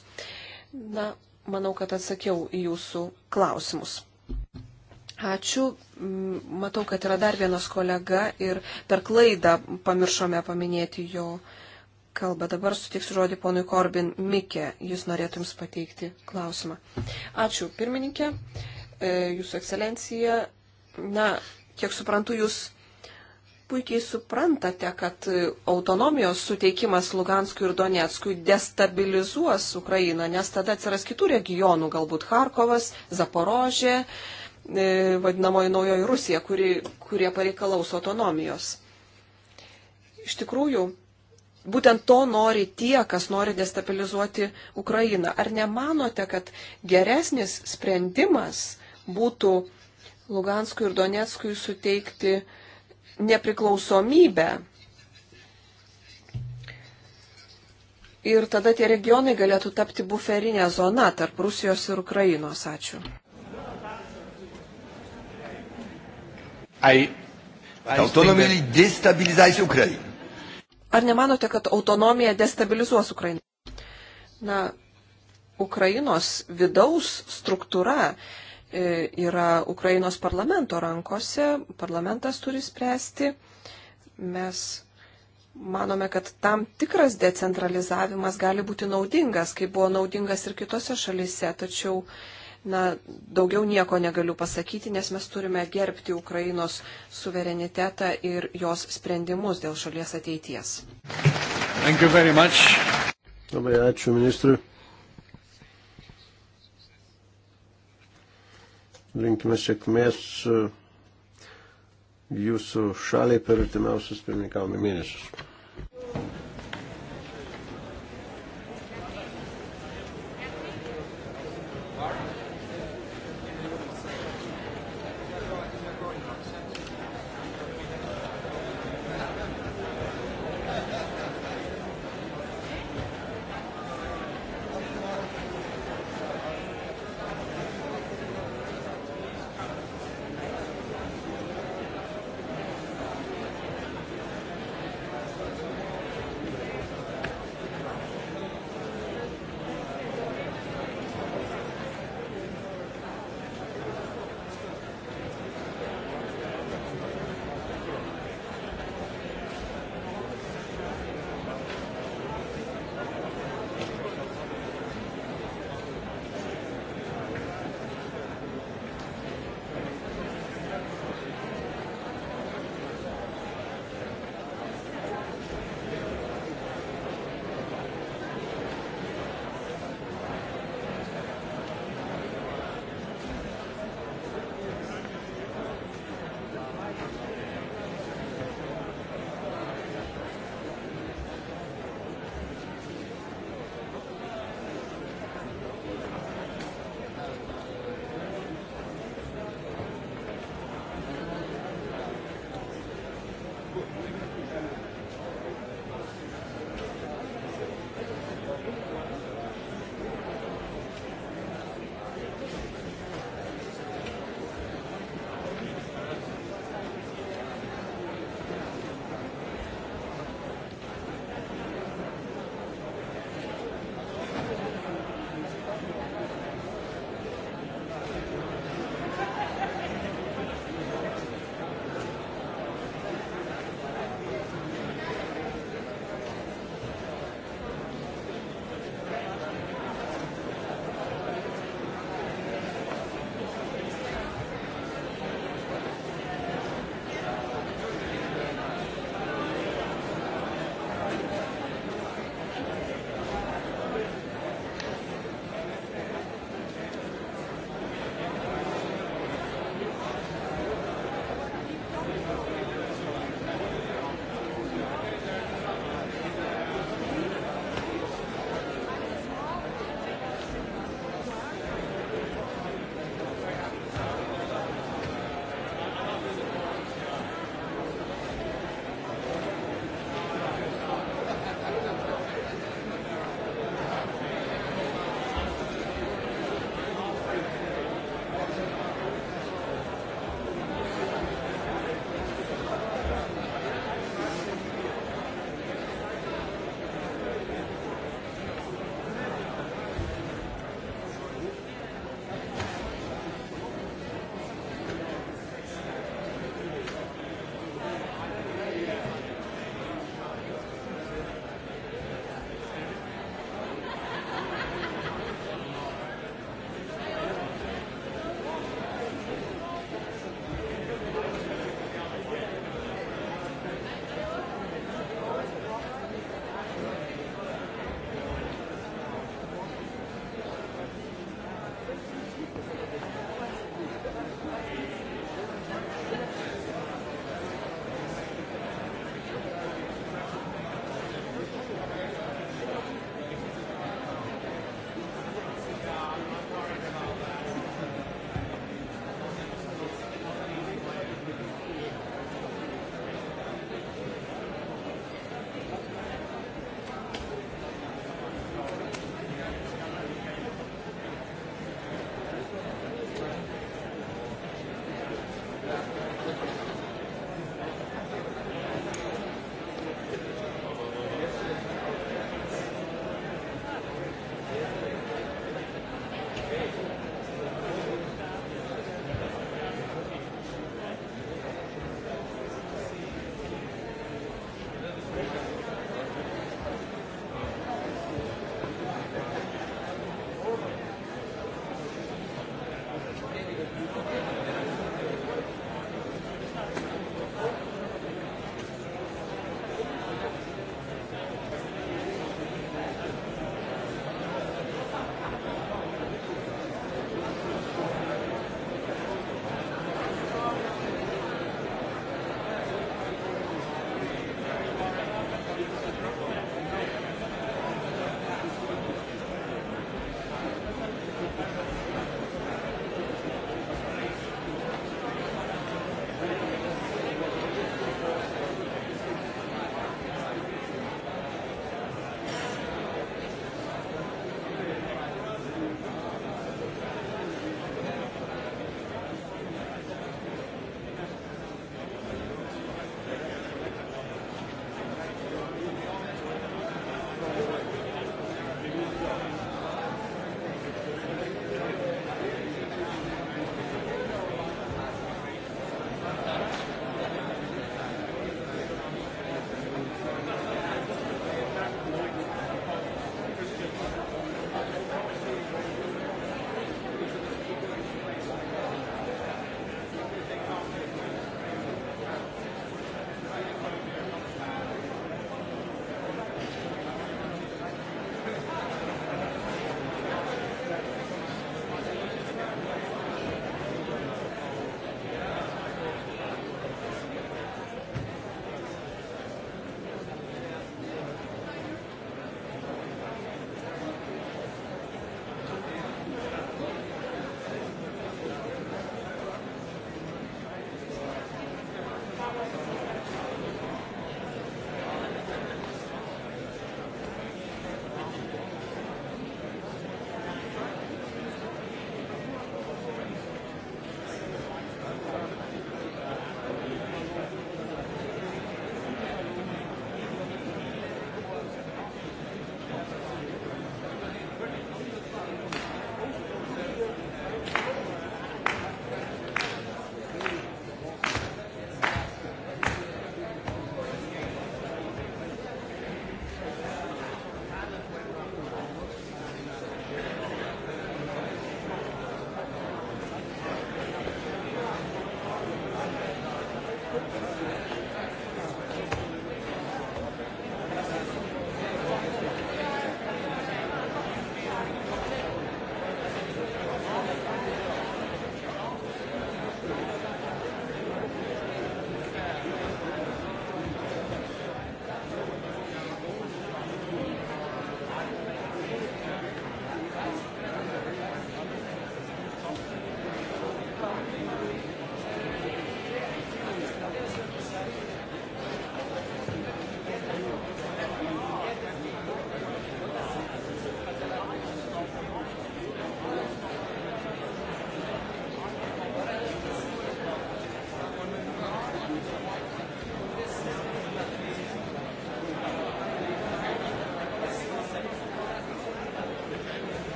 Na, manau, kad atsakiau į jūsų klausimus. Ačiū. Matau, kad yra dar vienas kolega ir per klaidą pamiršome paminėti jo kalbą. Dabar sutiksiu žodį ponui Korbin Mikė. Jis norėtų jums pateikti klausimą. Ačiū, pirmininkė. E, jūsų ekscelencija. Na, kiek suprantu, jūs puikiai suprantate, kad autonomijos suteikimas Luganskui ir Donetskui destabilizuos Ukrainą, nes tada atsiras kitų regionų, galbūt Harkovas, Zaporožė, e, vadinamoji naujoji Rusija, kuri, kurie pareikalaus autonomijos. Iš tikrųjų, būtent to nori tie, kas nori destabilizuoti Ukrainą. Ar nemanote, kad geresnis sprendimas būtų Luganskui ir Donetskui suteikti nepriklausomybę. Ir tada tie regionai galėtų tapti buferinė zona tarp Rusijos ir Ukrainos. Ačiū. I, autonomija destabilizuos Ukrainą. Ar nemanote, kad autonomija destabilizuos Ukrainą? Na, Ukrainos vidaus struktūra E, yra Ukrainos parlamento rankose, parlamentas turi spręsti. Mes manome, kad tam tikras decentralizavimas gali būti naudingas, kaip buvo naudingas ir kitose šalise, tačiau na, daugiau nieko negaliu pasakyti, nes mes turime gerbti Ukrainos suverenitetą ir jos sprendimus dėl šalies ateities. Labai ačiū ministrui. Linkime sėkmės e, jūsų šaliai per artimiausius pirmininkavimo mėnesius.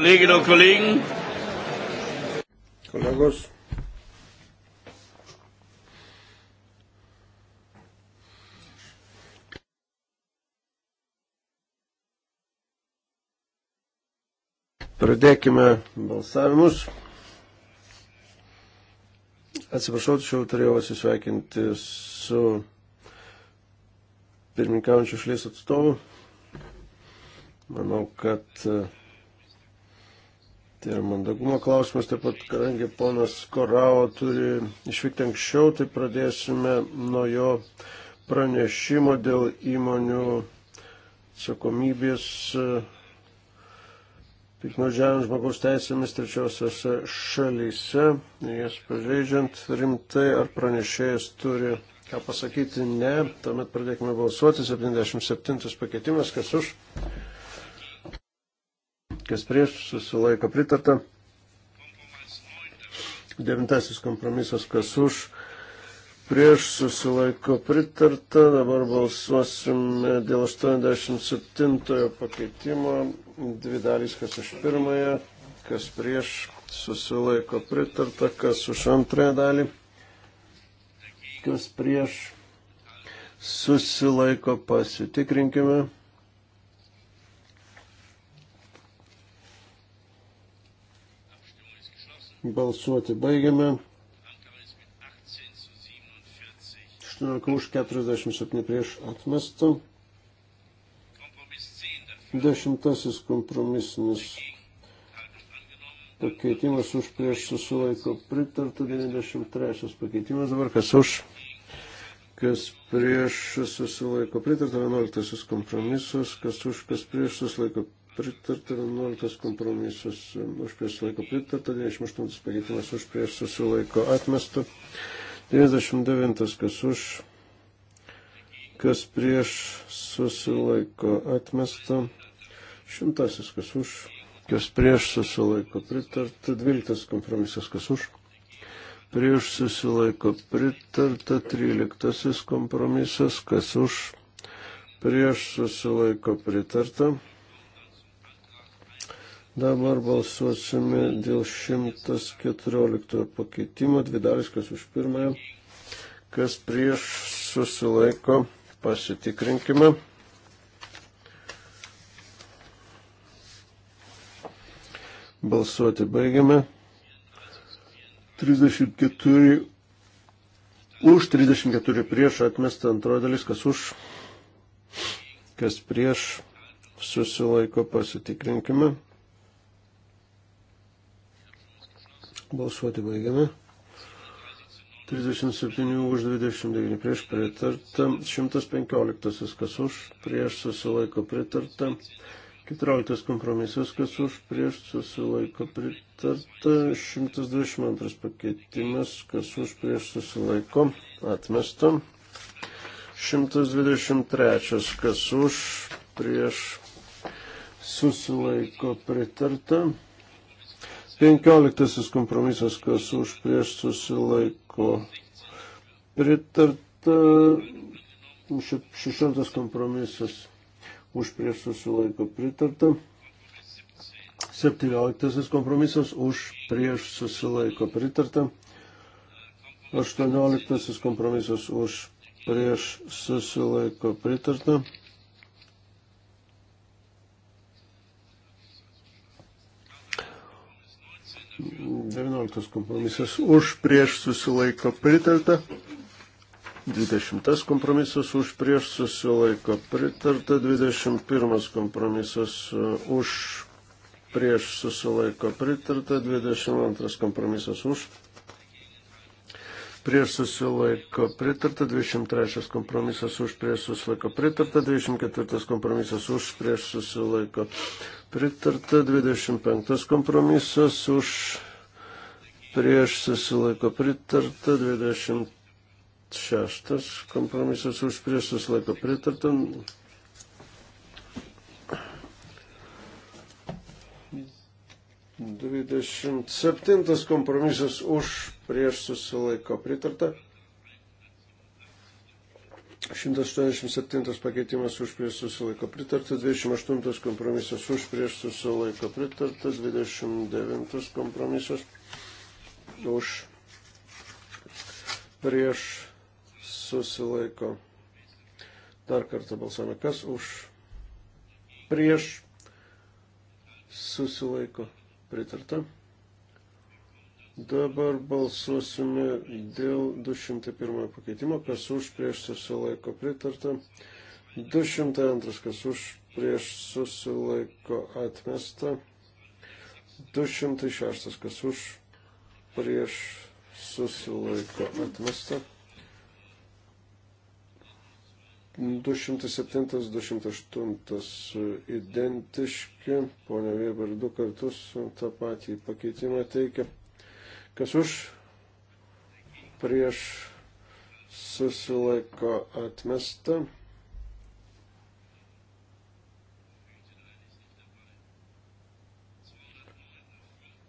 Kolleginnen und Kollegen. Kolegos. Pradėkime balsavimus. Atsiprašau, tačiau turėjau atsisveikinti su pirmininkaujančiu šalies atstovu. Manau, kad uh, Tai yra mandagumo klausimas, taip pat, kadangi ponas Korao turi išvykti anksčiau, tai pradėsime nuo jo pranešimo dėl įmonių atsakomybės e, piknaudžiavant žmogaus teisėmis trečiosiose šalyse, jas pažeidžiant rimtai, ar pranešėjas turi ką pasakyti, ne, tuomet pradėkime balsuoti, 77 pakeitimas, kas už, kas prieš, susilaiko pritarta. Devintasis kompromisas, kas už, prieš, susilaiko pritarta. Dabar balsuosime dėl 87 pakeitimo. Dvi dalys, kas už pirmąją, kas prieš, susilaiko pritarta, kas už antrąją dalį, kas prieš, susilaiko pasitikrinkime. Balsuoti baigiame. 18 už 47 prieš atmestą. Dešimtasis kompromisinis pakeitimas už prieš susilaiko pritartų 93 pakeitimas dabar kas už kas prieš susilaiko pritartų 11 kompromisas kas už kas prieš susilaiko pritarta, 11 kompromisas um, už prieš sulaiko pritarta, 28 pakeitimas už prieš susilaiko atmesta, 99 kas už, kas prieš susilaiko atmesta, 100 kas už, kas prieš susilaiko pritarta, 12 kompromisas kas už prieš susilaiko pritarta 13 kompromisas, kas už prieš susilaiko pritarta Dabar balsuosime dėl 114 pakeitimo, dvi dalis, kas už pirmąją, kas prieš susilaiko, pasitikrinkime. Balsuoti baigiame. 34 už, 34 prieš, atmesta antroji dalis, kas už, kas prieš, susilaiko, pasitikrinkime. Balsuoti baigiame. 37 už 29 prieš pritarta, 115 kas už, prieš susilaiko pritarta, 14 kompromisas kas už, prieš susilaiko pritarta, 122 pakeitimas kas už, prieš susilaiko atmesta, 123 kas už, prieš susilaiko pritarta. Penkioliktasis kompromisas, kas už prieš susilaiko. Pritarta šešioliktas kompromisas, už prieš susilaiko. Pritarta. Septynioliktasis kompromisas, už prieš susilaiko. Pritarta. Aštuonioliktasis kompromisas, už prieš susilaiko. Pritarta. 19 kompromisas už prieš susilaiko pritarta. 20 kompromisas už prieš susilaiko pritarta. 21 uh, kompromisas už prieš susilaiko pritarta. 22 kompromisas už prieš susilaiko pritarta, 23 kompromisas už prieš susilaiko pritarta, 24 kompromisas už prieš susilaiko pritarta, 25 kompromisas už prieš susilaiko pritarta, 26 kompromisas už prieš susilaiko pritarta. Dvidešimt septintas kompromisas už prieš susilaiko pritarta. 187 pakeitimas už prieš susilaiko pritarta, 28 kompromisas už prieš susilaiko pritarta, 29 kompromisas už prieš susilaiko. Dar kartą balsuojame, kas už prieš susilaiko pritarta. Dabar balsuosime dėl 201 pakeitimo, kas už prieš susilaiko pritarta. 202, kas už prieš susilaiko atmesta. 206, kas už prieš susilaiko atmesta. 207-208 identiški, ponia Weber du kartus tą patį pakeitimą teikia. Kas už? Prieš susilaiko atmesta.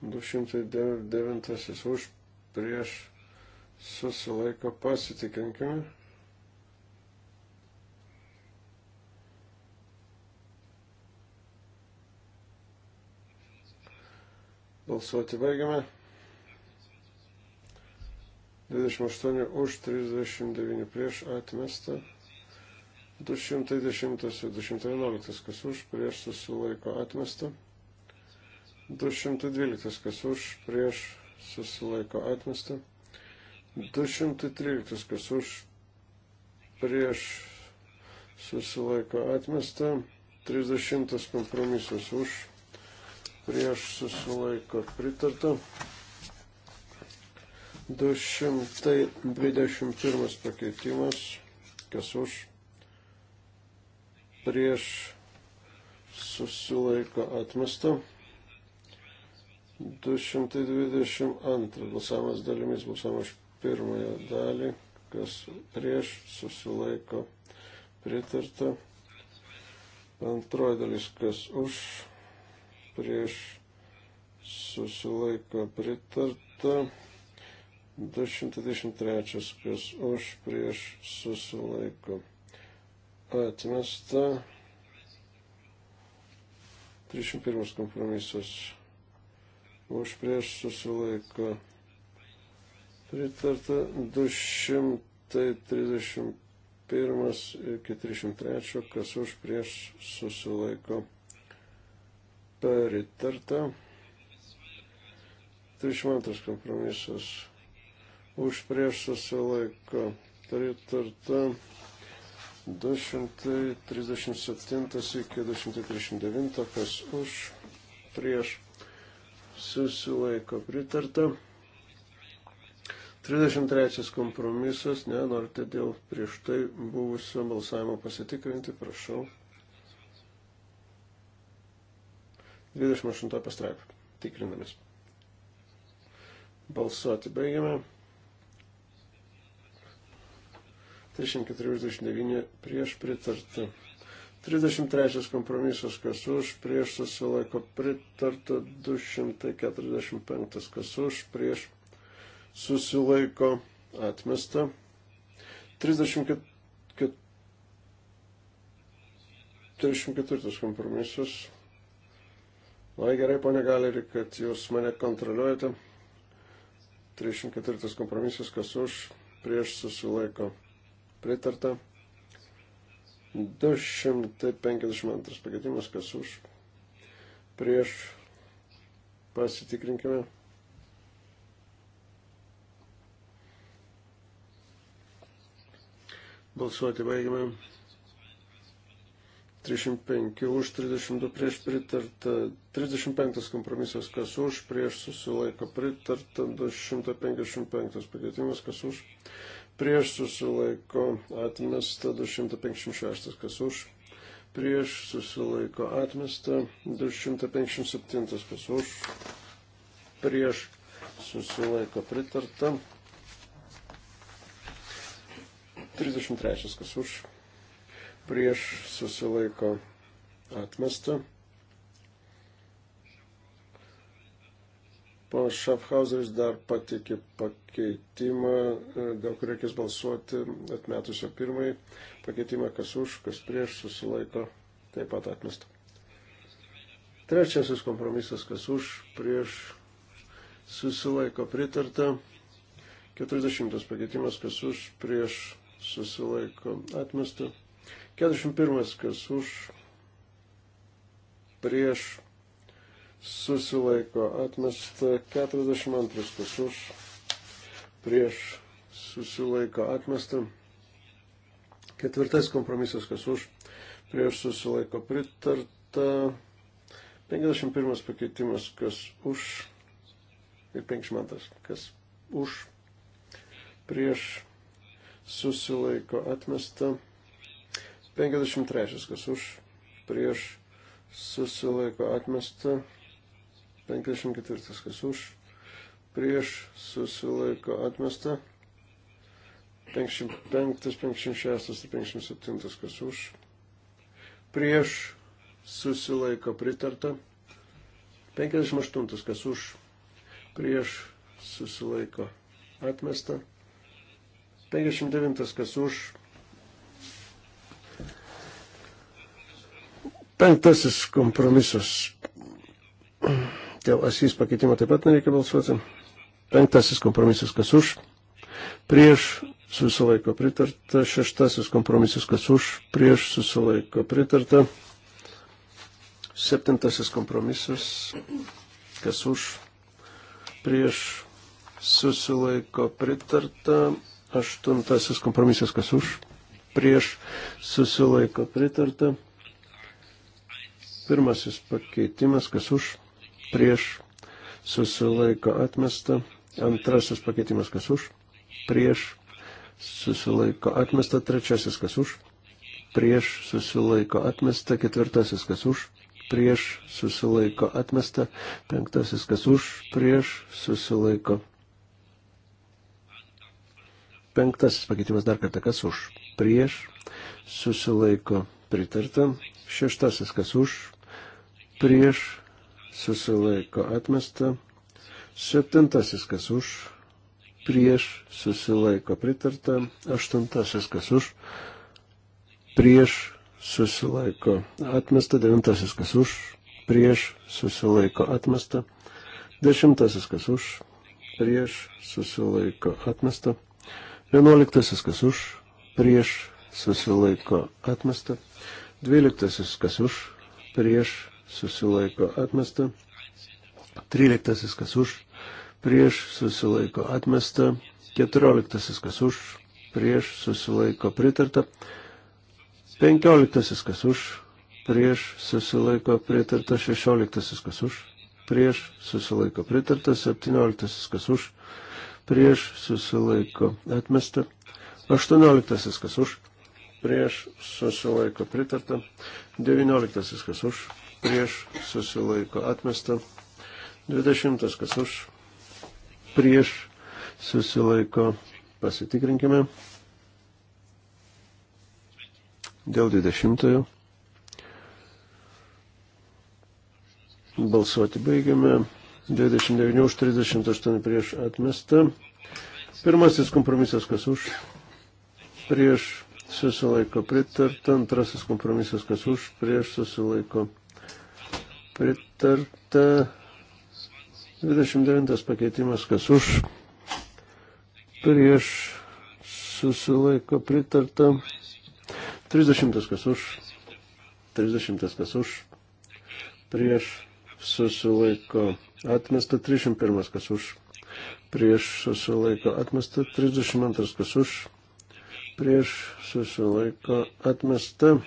Du šimtai devintasis už prieš susilaiko pasitikinkime. Balsuoti baigiame. 28 už 39 prieš atmestą. 210 ir 211 kas už prieš susilaiko atmestą. 212 kas už prieš susilaiko atmestą. 213 kas už prieš susilaiko atmestą. 30 kompromisas už prieš susilaiko pritarta. 221 pakeitimas, kas už, prieš susilaiko atmestą. 222 balsavimas dalimis, balsavimas pirmąją dalį, kas prieš susilaiko pritarta. Antroji dalis, kas už, prieš susilaiko pritarta. 223, kas už prieš susilaiko atmesta. 31 kompromisas už prieš susilaiko pritarta 231 iki 303, kas už prieš susilaiko pritarta. 32 kompromisas už prieš susilaiko pritarta 237 iki 239, kas už prieš susilaiko pritarta. 33 kompromisas, ne, norite dėl prieš tai buvusio balsavimo pasitikrinti, prašau. 28 pastraipą tikrinamės. Balsuoti baigiame. 24-29 prieš pritartą. 33 kompromisas, kas už, prieš susilaiko pritarta, 245 kas už, prieš susilaiko atmesta. 34 34 kompromisas. Labai gerai, ponė Galerį, kad jūs mane kontroliuojate. 34 kompromisas, kas už, prieš susilaiko pritarta. 252 pakeitimas, kas už, prieš, pasitikrinkime. Balsuoti baigime. 35 už, 32 prieš pritarta, 35 kompromisas kas už, prieš susilaiko pritarta, 255 pakeitimas kas už, prieš susilaiko atmesta 256, kas už, prieš susilaiko atmesta 257, kas už, prieš susilaiko pritarta 33, kas už, prieš susilaiko atmesta Ponas Šafhauseris dar patikė pakeitimą, e, dėl kurio reikės balsuoti atmetusio pirmąjį pakeitimą, kas už, kas prieš, susilaiko, taip pat atmesta. Trečiasis kompromisas, kas už, prieš, susilaiko pritarta. Keturiasdešimtas pakeitimas, kas už, prieš, susilaiko atmesta. Keturiasdešimt pirmas, kas už, prieš, susilaiko atmesta 42, kas už, prieš susilaiko atmesta. Ketvirtas kompromisas, kas už, prieš susilaiko pritarta. 51 pakeitimas, kas už ir 52, kas už, prieš susilaiko atmesta. 53, kas už, prieš susilaiko atmesta. 54 kas už, prieš susilaiko atmesta, 55, 56 ir 57 kas už, prieš susilaiko pritarta, 58 kas už, prieš susilaiko atmesta, 59 kas už, penktasis kompromisas. Dėl asys pakeitimo taip pat nereikia balsuoti. Penktasis kompromisas kas už. Prieš susilaiko pritarta. Šeštasis kompromisas kas už. Prieš susilaiko pritarta. Septintasis kompromisas kas už. Prieš susilaiko pritarta. Aštuntasis kompromisas kas už. Prieš susilaiko pritarta. Pirmasis pakeitimas kas už prieš susilaiko atmesta. Antrasis pakeitimas kas už, prieš susilaiko atmesta. Trečiasis kas už, prieš susilaiko atmesta. Ketvirtasis kas už, prieš susilaiko atmesta. Penktasis kas už, prieš susilaiko. Penktasis pakeitimas dar kartą kas už, prieš susilaiko pritarta. Šeštasis kas už, prieš susilaiko atmesta. Septintasis, kas už, prieš, susilaiko pritarta. Aštuntasis, kas už, prieš, susilaiko atmesta. Devintasis, kas už, prieš, susilaiko atmesta. Dešimtasis, kas už, prieš, susilaiko atmesta. Vienuoliktasis, kas už, prieš, susilaiko atmesta. Dvyliktasis, kas už, prieš, susilaiko atmesta. 13 kas už, prieš susilaiko atmesta. 14 kas už, prieš susilaiko pritarta. 15 kas už, prieš susilaiko pritarta. 16 kas už, prieš susilaiko pritarta. 17 kas už, prieš susilaiko atmesta. 18 kas už, prieš susilaiko pritarta. 19 kas už, prieš susilaiko atmesta. 20. Kas už prieš susilaiko pasitikrinkime. Dėl 20. Balsuoti baigiame. 29 už 38 prieš atmestą. Pirmasis kompromisas kas už prieš susilaiko pritarta, antrasis kompromisas, kas už, prieš susilaiko Pritarta 29 pakeitimas, kas už, prieš susilaiko pritarta 30 kas už, 30 kas už, prieš susilaiko atmesta 31 kas už, prieš susilaiko atmesta 32 kas už, prieš susilaiko atmesta.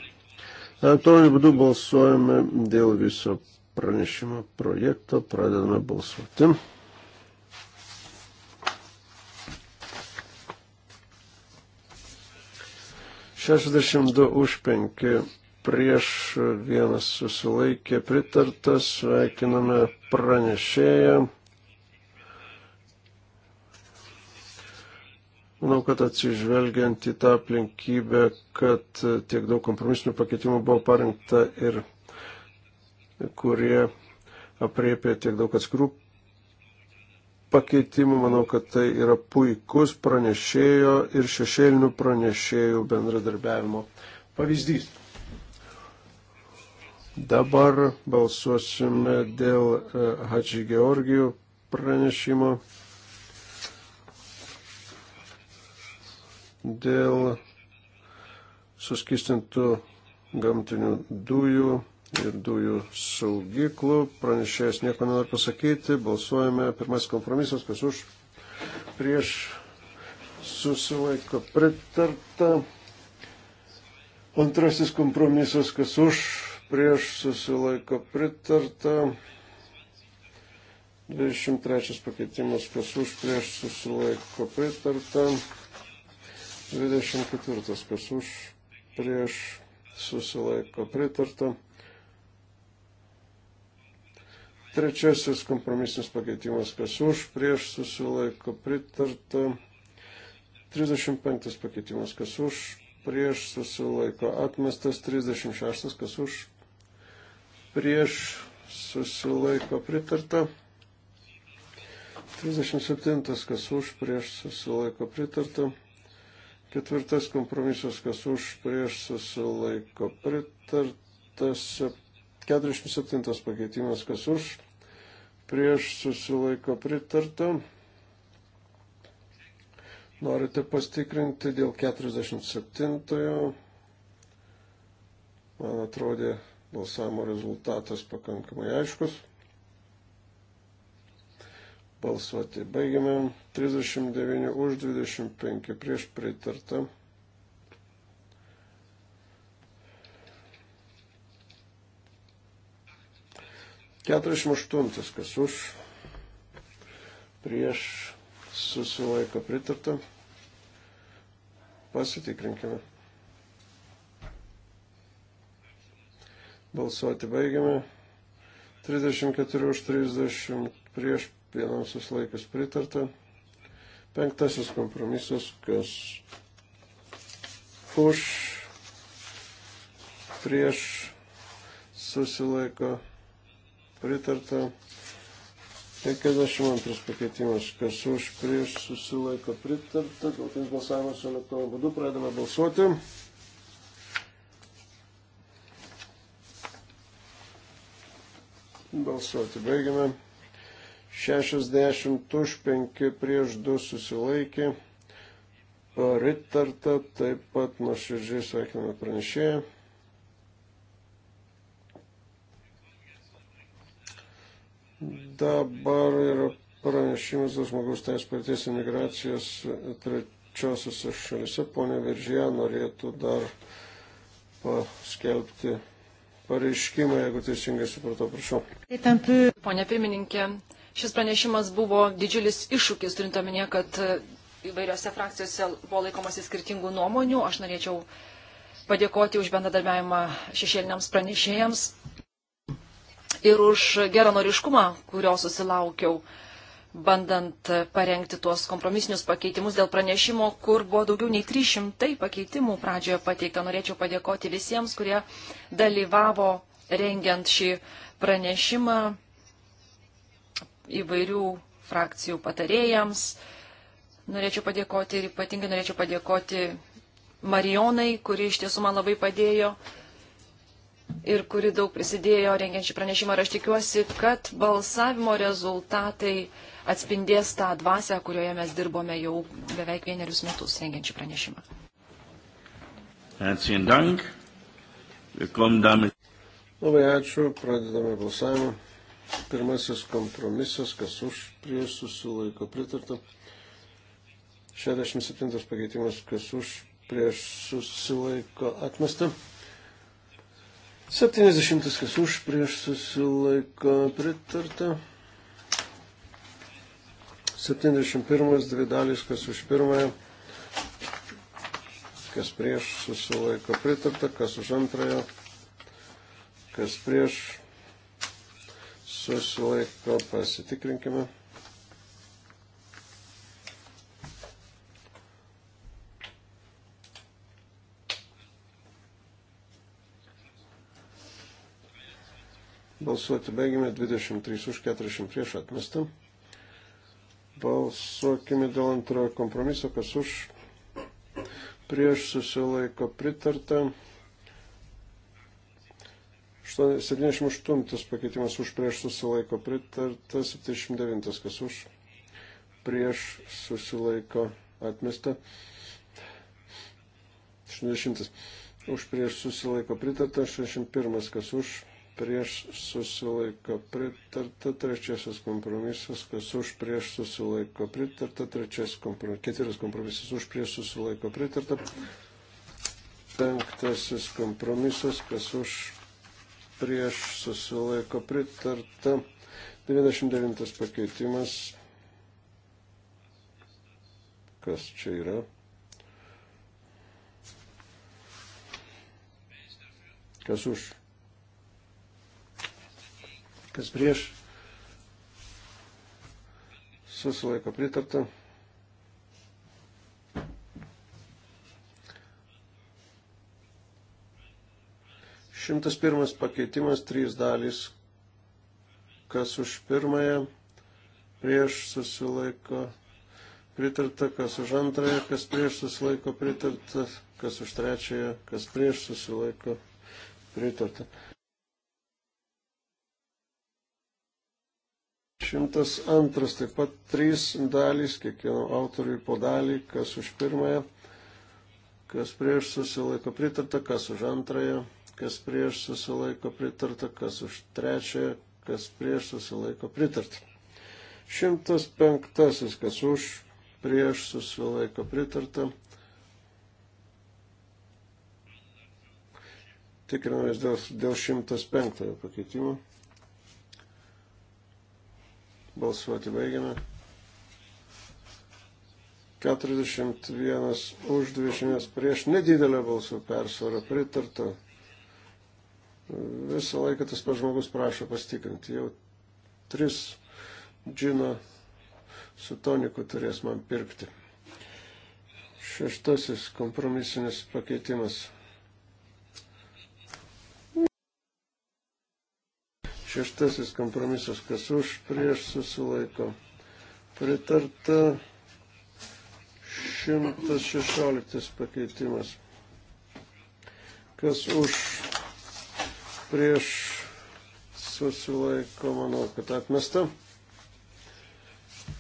Elektroniniu būdu balsuojame dėl viso pranešimo projekto. Pradedame balsuoti. Šešdešimt du už penki prieš vienas susilaikė pritartas, sveikiname pranešėją. Manau, kad atsižvelgiant į tą aplinkybę, kad tiek daug kompromisinių pakeitimų buvo parinkta ir kurie apriepia tiek daug atskirų pakeitimų. Manau, kad tai yra puikus pranešėjo ir šešėlinių pranešėjų bendradarbiavimo pavyzdys. Dabar balsuosime dėl e, Hadži Georgijų pranešimo. Dėl suskistintų gamtinių dujų ir dujų saugyklų. Pranešėjas nieko nenori pasakyti. Balsuojame. Pirmasis kompromisas, kas už prieš susilaiko pritarta. Antrasis kompromisas, kas už prieš susilaiko pritarta. 23 pakeitimas, kas už prieš susilaiko pritarta. 24 kas už prieš susilaiko pritarta. Trečiasis kompromisinis pakeitimas, kas už, prieš susilaiko pritarta. 35 pakeitimas, kas už, prieš susilaiko atmestas. 36, kas už, prieš susilaiko pritarta. 37, kas už, prieš susilaiko pritarta. Ketvirtas kompromisas, kas už, prieš susilaiko pritarta. 7 47 pakeitimas, kas už, prieš susilaiko pritarta. Norite pastikrinti dėl 47-ojo. Man atrodė balsavimo rezultatas pakankamai aiškus. Balsuoti baigiame. 39 už 25 prieš pritarta. 48. Kas už? Prieš susilaiko pritarta. Pasitikrinkime. Balsuoti baigiame. 34 už 30 prieš vienam susilaikas pritarta. Penktasis kompromisas, kas už prieš susilaiko pritarta pritarta. 52 pakeitimas, kas už prieš susilaiko pritarta, galtinis balsavimas elektroniniu būdu, pradedame balsuoti. Balsuoti baigiame. 60 už 5 prieš 2 susilaikė. Pritarta, taip pat nuoširdžiai sveikiname pranešėją. Dabar yra pranešimas dėl žmogaus teisų paties imigracijos trečiosiuose šalise. Pone Viržė norėtų dar paskelbti pareiškimą, jeigu teisingai supratau, prašau. Pone pirmininkė, šis pranešimas buvo didžiulis iššūkis, turint omenyje, kad įvairiose frakcijose buvo laikomasi skirtingų nuomonių. Aš norėčiau padėkoti už bendradarbiavimą šešėliniams pranešėjams ir už geranoriškumą, kurio susilaukiau, bandant parengti tuos kompromisinius pakeitimus dėl pranešimo, kur buvo daugiau nei 300 pakeitimų pradžioje pateikta. Norėčiau padėkoti visiems, kurie dalyvavo rengiant šį pranešimą įvairių frakcijų patarėjams. Norėčiau padėkoti ir ypatingai norėčiau padėkoti Marijonai, kuri iš tiesų man labai padėjo ir kuri daug prisidėjo rengiant šį pranešimą. Ir aš tikiuosi, kad balsavimo rezultatai atspindės tą dvasę, kurioje mes dirbome jau beveik vienerius metus rengiant šį pranešimą. Labai ačiū, pradedame balsavimą. Pirmasis kompromisas, kas už prieš susilaiko pritarta. 67 pakeitimas, kas už prieš susilaiko atmesta. 70 kas už prieš susilaiko pritarta. 71 dvi dalys kas už pirmąją, kas prieš susilaiko pritarta, kas už antrąją, kas prieš susilaiko pasitikrinkime. Balsuoti baigime 23 už 40 prieš atmestą. Balsuokime dėl antrojo kompromiso, kas už prieš susilaiko pritarta. 78 pakeitimas už prieš susilaiko pritarta, 79 kas už prieš susilaiko atmesta. 60 už prieš susilaiko pritarta, 61 kas už prieš susilaiko pritarta, trečiasis kompromisas, kas už prieš susilaiko pritarta, trečiasis kompromisas, ketvirtas kompromisas už prieš susilaiko pritarta, penktasis kompromisas, kas už prieš susilaiko pritarta, 99 pakeitimas, kas čia yra. Kas už? kas prieš, susilaiko pritarta. Šimtas pirmas pakeitimas, trys dalys, kas už pirmąją, prieš susilaiko pritarta, kas už antrąją, kas prieš susilaiko pritarta, kas už trečiąją, kas prieš susilaiko pritarta. 102, taip pat trys dalys, kiekvieno autoriui po dalį, kas už pirmąją, kas prieš susilaiko pritarta, kas už antrąją, kas prieš susilaiko pritarta, kas už trečiąją, kas prieš susilaiko pritarta. 105, kas už prieš susilaiko pritarta. Tikrinamės dėl, dėl 105 pakeitimo. Balsuoti baigiame. 41 už 20 prieš nedidelę balsų persvarą pritarta. Visą laiką tas pats žmogus prašo pastikrinti. Jau tris džino su toniku turės man pirkti. Šeštasis kompromisinis pakeitimas. Šeštasis kompromisas, kas už prieš susilaiko. Pritarta 116 pakeitimas. Kas už prieš susilaiko, manau, kad atmesta.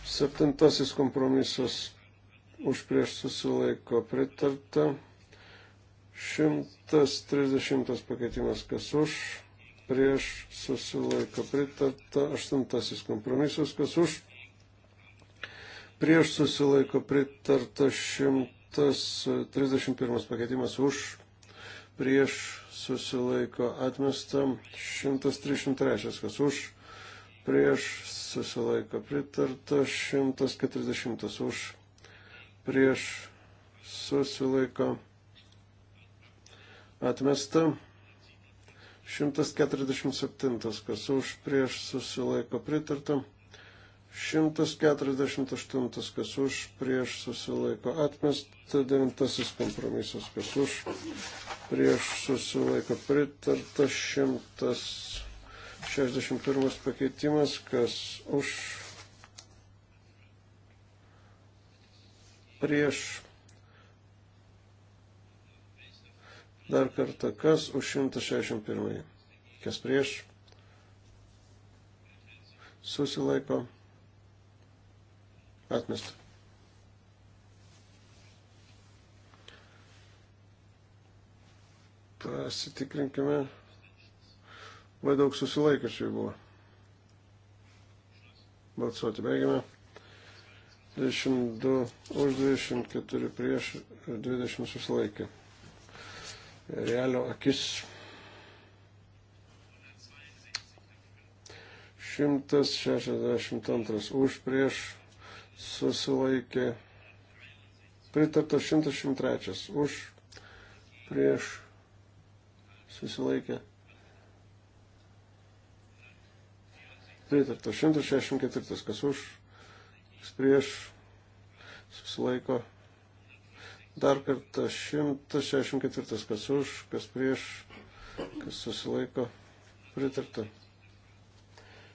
Septintasis kompromisas už prieš susilaiko pritarta. 130 pakeitimas, kas už prieš susilaiko pritarta, aštuntasis kompromisas, kas už, prieš susilaiko pritarta, šimtas trisdešimt pirmas pakeitimas už, prieš susilaiko atmesta, šimtas trisdešimt trečias, kas už, prieš susilaiko pritarta, šimtas keturiasdešimtas už, prieš susilaiko atmesta. 147, kas už prieš susilaiko pritarta. 148, kas už prieš susilaiko atmesta. 9 kompromisas, kas už prieš susilaiko pritarta. 161 pakeitimas, kas už prieš Dar kartą, kas už 161? Kas prieš? Susilaiko. Atmesta. Pasitikrinkime. Vai daug susilaikiusių buvo? Balsuoti baigiame. 22 už 24 prieš 20 susilaikė realio akis. 162 už prieš susilaikė. Pritarta 103 už prieš susilaikė. Pritarta 164 kas už prieš susilaiko. Dar kartą 164, kas už, kas prieš, kas susilaiko, pritarta.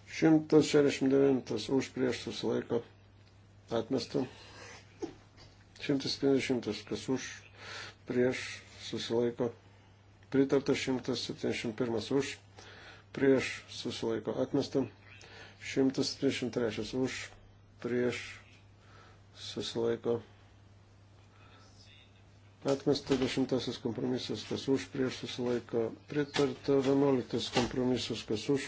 169, už prieš susilaiko, atmesta. 170, kas už, prieš susilaiko, pritarta. 171, už, prieš susilaiko, atmesta. 173, už, prieš susilaiko, atmesta. Atmesta dešimtasis kompromisas, kas už, prieš susilaiko. Pritarta vienuoliktas kompromisas, kas už,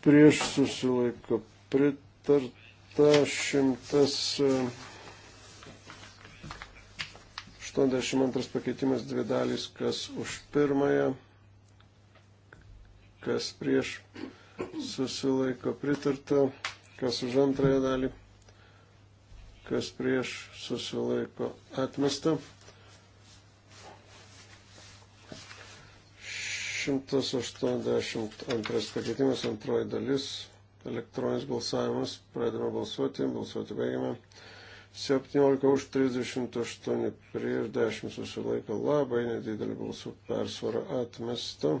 prieš susilaiko. Pritarta šimtas. 82 pakeitimas dvi dalys, kas už pirmąją, kas prieš susilaiko pritarta, kas už antrąją dalį kas prieš susilaiko atmesta. 182 pakeitimas, antroji dalis, elektroninis balsavimas, pradedame balsuoti, balsuoti baigiame. 17 už 38 prieš 10 susilaiko labai nedidelį balsų persvarą atmesta.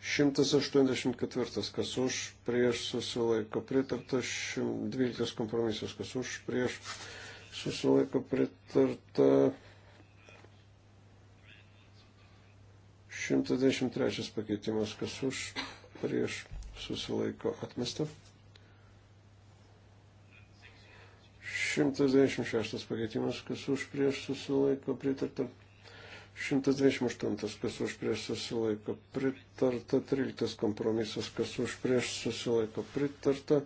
184, kas už, prieš susilaiko pritarta, 12 kompromisas, kas už, prieš susilaiko pritarta, 123 pakeitimas, kas už, prieš susilaiko atmesta. 126 pakeitimas, kas už prieš susilaiko pritarta. 128, kas už prieš susilaiko pritarta, 13 kompromisas, kas už prieš susilaiko pritarta.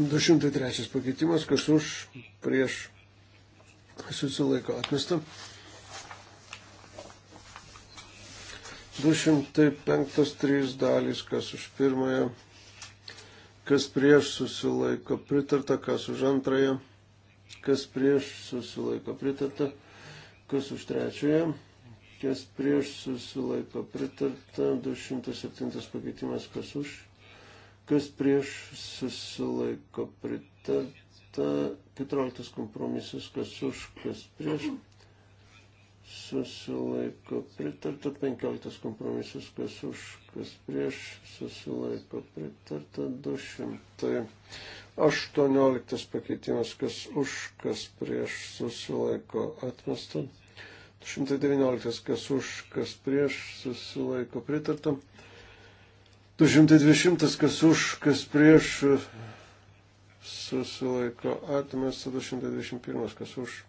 203 pakeitimas, kas už prieš susilaiko atmesta. 205.3 dalys, kas už pirmąją, kas prieš susilaiko pritarta, kas už antrąją kas prieš susilaiko pritarta, kas už trečiąją, kas prieš susilaiko pritarta, 207 pakeitimas, kas už, kas prieš susilaiko pritarta, 14 kompromisas, kas už, kas prieš susilaiko pritarta, 15 kompromisas, kas už, kas prieš, susilaiko pritarta, 218 pakeitimas, kas už, kas prieš, susilaiko atmesta, 219 kas už, kas prieš, susilaiko pritarta, 220 kas už, kas prieš, susilaiko atmesta, 221 kas už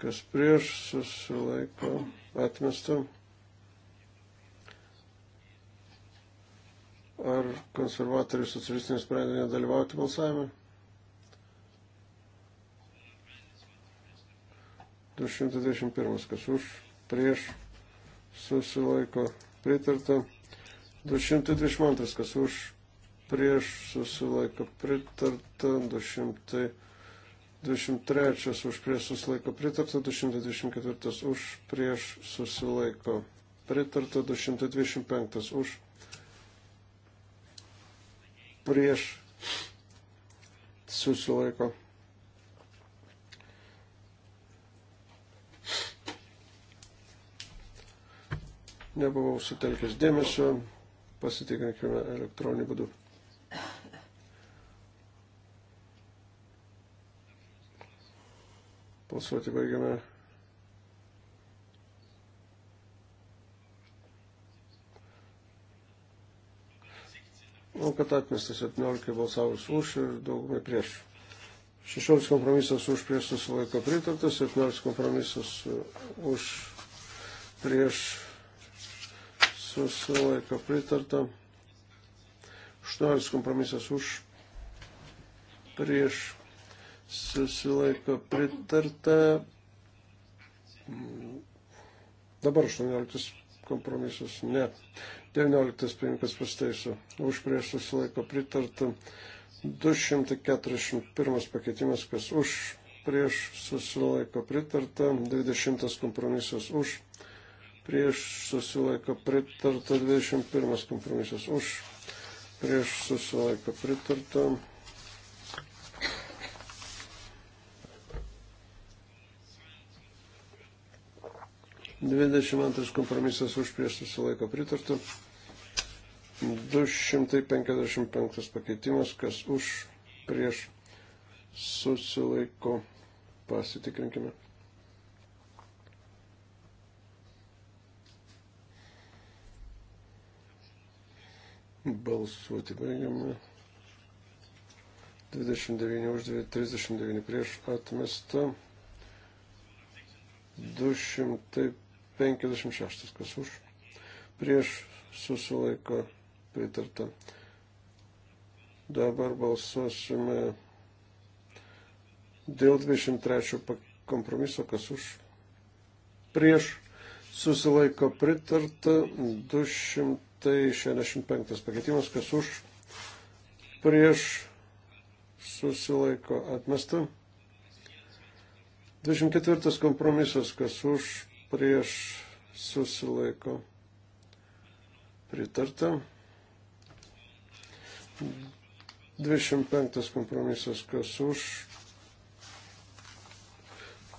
kas prieš susilaiko atmesta. Ar konservatoriai socialistai nusprendė nedalyvauti balsavime? 221. Kas už, prieš, susilaiko, pritarta. 222. Kas už, prieš, susilaiko, pritarta. 200. 23 už prieš susilaiko pritarta, 224 už prieš susilaiko pritarta, 225 už prieš susilaiko. Nebuvau sutelkęs dėmesio, pasitikrinkime elektroninį būdų. Balsuoti baigiame. Nu, kad atmestas 17 balsavus už ir daugumai prieš. 16 kompromisas už prieš susilaiko pritartas, 17 kompromisas už prieš susilaiko pritarta, 18 kompromisas už prieš susilaiko pritarta. Dabar 18 kompromisas, ne. 19 pirmininkas pasteiso. Už prieš susilaiko pritarta. 241 pakeitimas, kas už prieš susilaiko pritarta. 20 kompromisas už prieš susilaiko pritarta. 21 kompromisas už prieš susilaiko pritarta. 22 kompromisas už prieš susilaiko pritartų. 255 pakeitimas, kas už prieš susilaiko pasitikrinkime. Balsuoti baigiame. 29 už 2, 39 prieš atmestą. 200. 56 kas už, prieš susilaiko pritarta. Dabar balsuosime dėl 23 kompromiso, kas už, prieš susilaiko pritarta 265 pakeitimas, kas už, prieš susilaiko atmesta. 24 kompromisas, kas už, prieš susilaiko pritarta. 25 kompromisas, kas už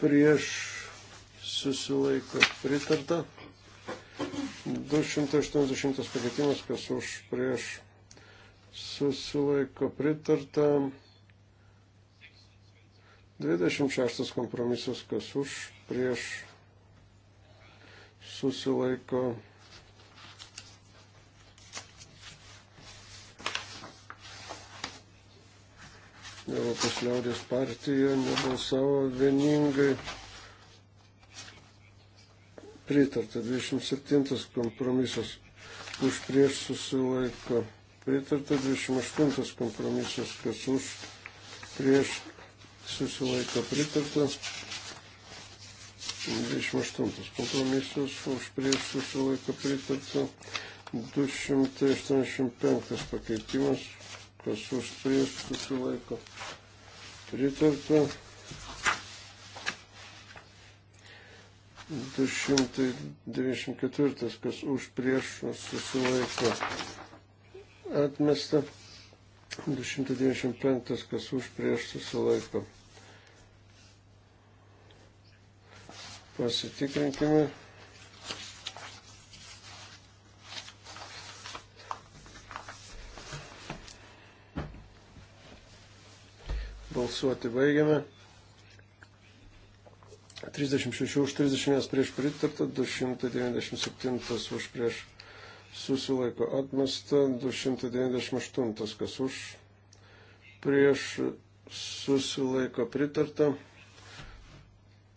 prieš susilaiko pritarta. 280 pakeitimas, kas už prieš susilaiko pritarta. 26 kompromisas, kas už prieš susilaiko. Europos liaudės partija nebalsavo vieningai. Pritarta 27 kompromisas už prieš susilaiko. Pritarta 28 kompromisas, kas už prieš susilaiko. Pritarta 28 kompromisas už prieš susilaiką pritarta. 285 pakeitimas, kas už prieš susilaiko pritarta. 294, kas už prieš susilaiko atmesta. 295, kas už prieš susilaiko pritarta. Pasitikrinkime. Balsuoti baigiame. 36 už 31 prieš pritarta, 297 už prieš susilaiko atmesta, 298 kas už prieš susilaiko pritarta.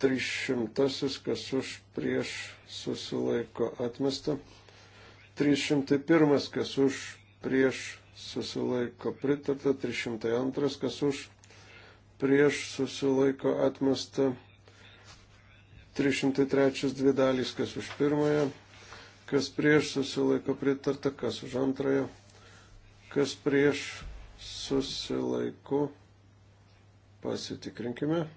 300, kas už prieš susilaiko atmesta. 301, kas už prieš susilaiko pritarta. 302, kas už prieš susilaiko atmesta. 303 dvi dalys, kas už pirmąją, kas prieš susilaiko pritarta, kas už antrąją, kas prieš susilaiko. Pasitikrinkime.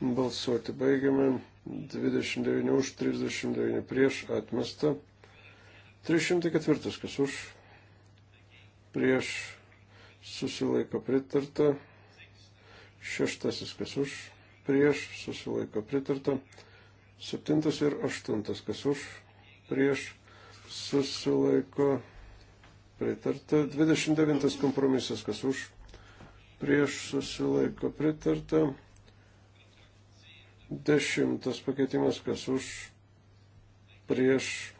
Balsuoti baigiame. 29 už, 39 prieš, atmesta. 304 kas už, prieš, susilaiko pritarta. Šeštasis kas už, prieš, susilaiko pritarta. Septintas ir aštuntas kas už, prieš, susilaiko pritarta. 29 kompromisas kas už, prieš, susilaiko pritarta. Dešimtas pakeitimas, kas už, prieš,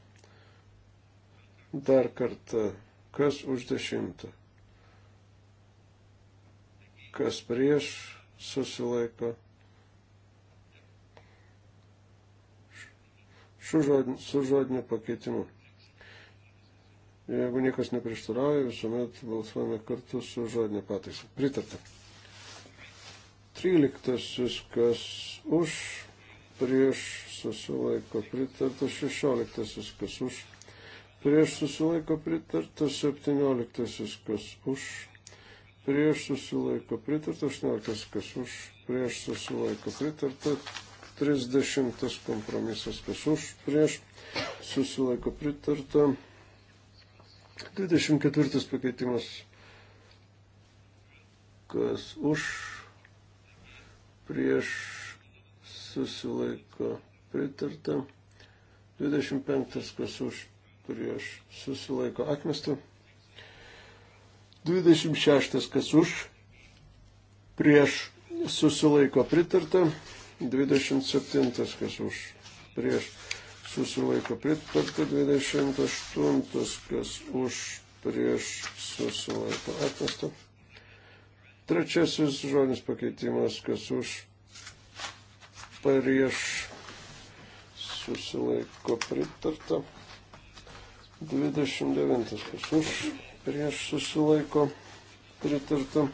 dar kartą, kas už dešimtą, kas prieš, susilaiko. Žodin, su žodiniu pakeitimu. Jeigu niekas neprieštarauja, visuomet balsuojame kartu su žodiniu pataisu. Pritartam. 13, kas už, prieš susilaiko pritarta, 16, kas už, prieš susilaiko pritarta, 17, kas už, prieš susilaiko pritarta, 18, kas už, prieš susilaiko pritarta, 30 kompromisas, kas už, prieš susilaiko pritarta, 24 pakeitimas, kas už prieš susilaiko pritarta. 25 kas už prieš susilaiko atmestą. 26 kas už prieš susilaiko pritarta. 27 kas už prieš susilaiko pritarta. 28 kas už prieš susilaiko atmestą. Trečiasis žodis pakeitimas, kas už prieš susilaiko pritarta. 29. Kas už prieš susilaiko pritarta.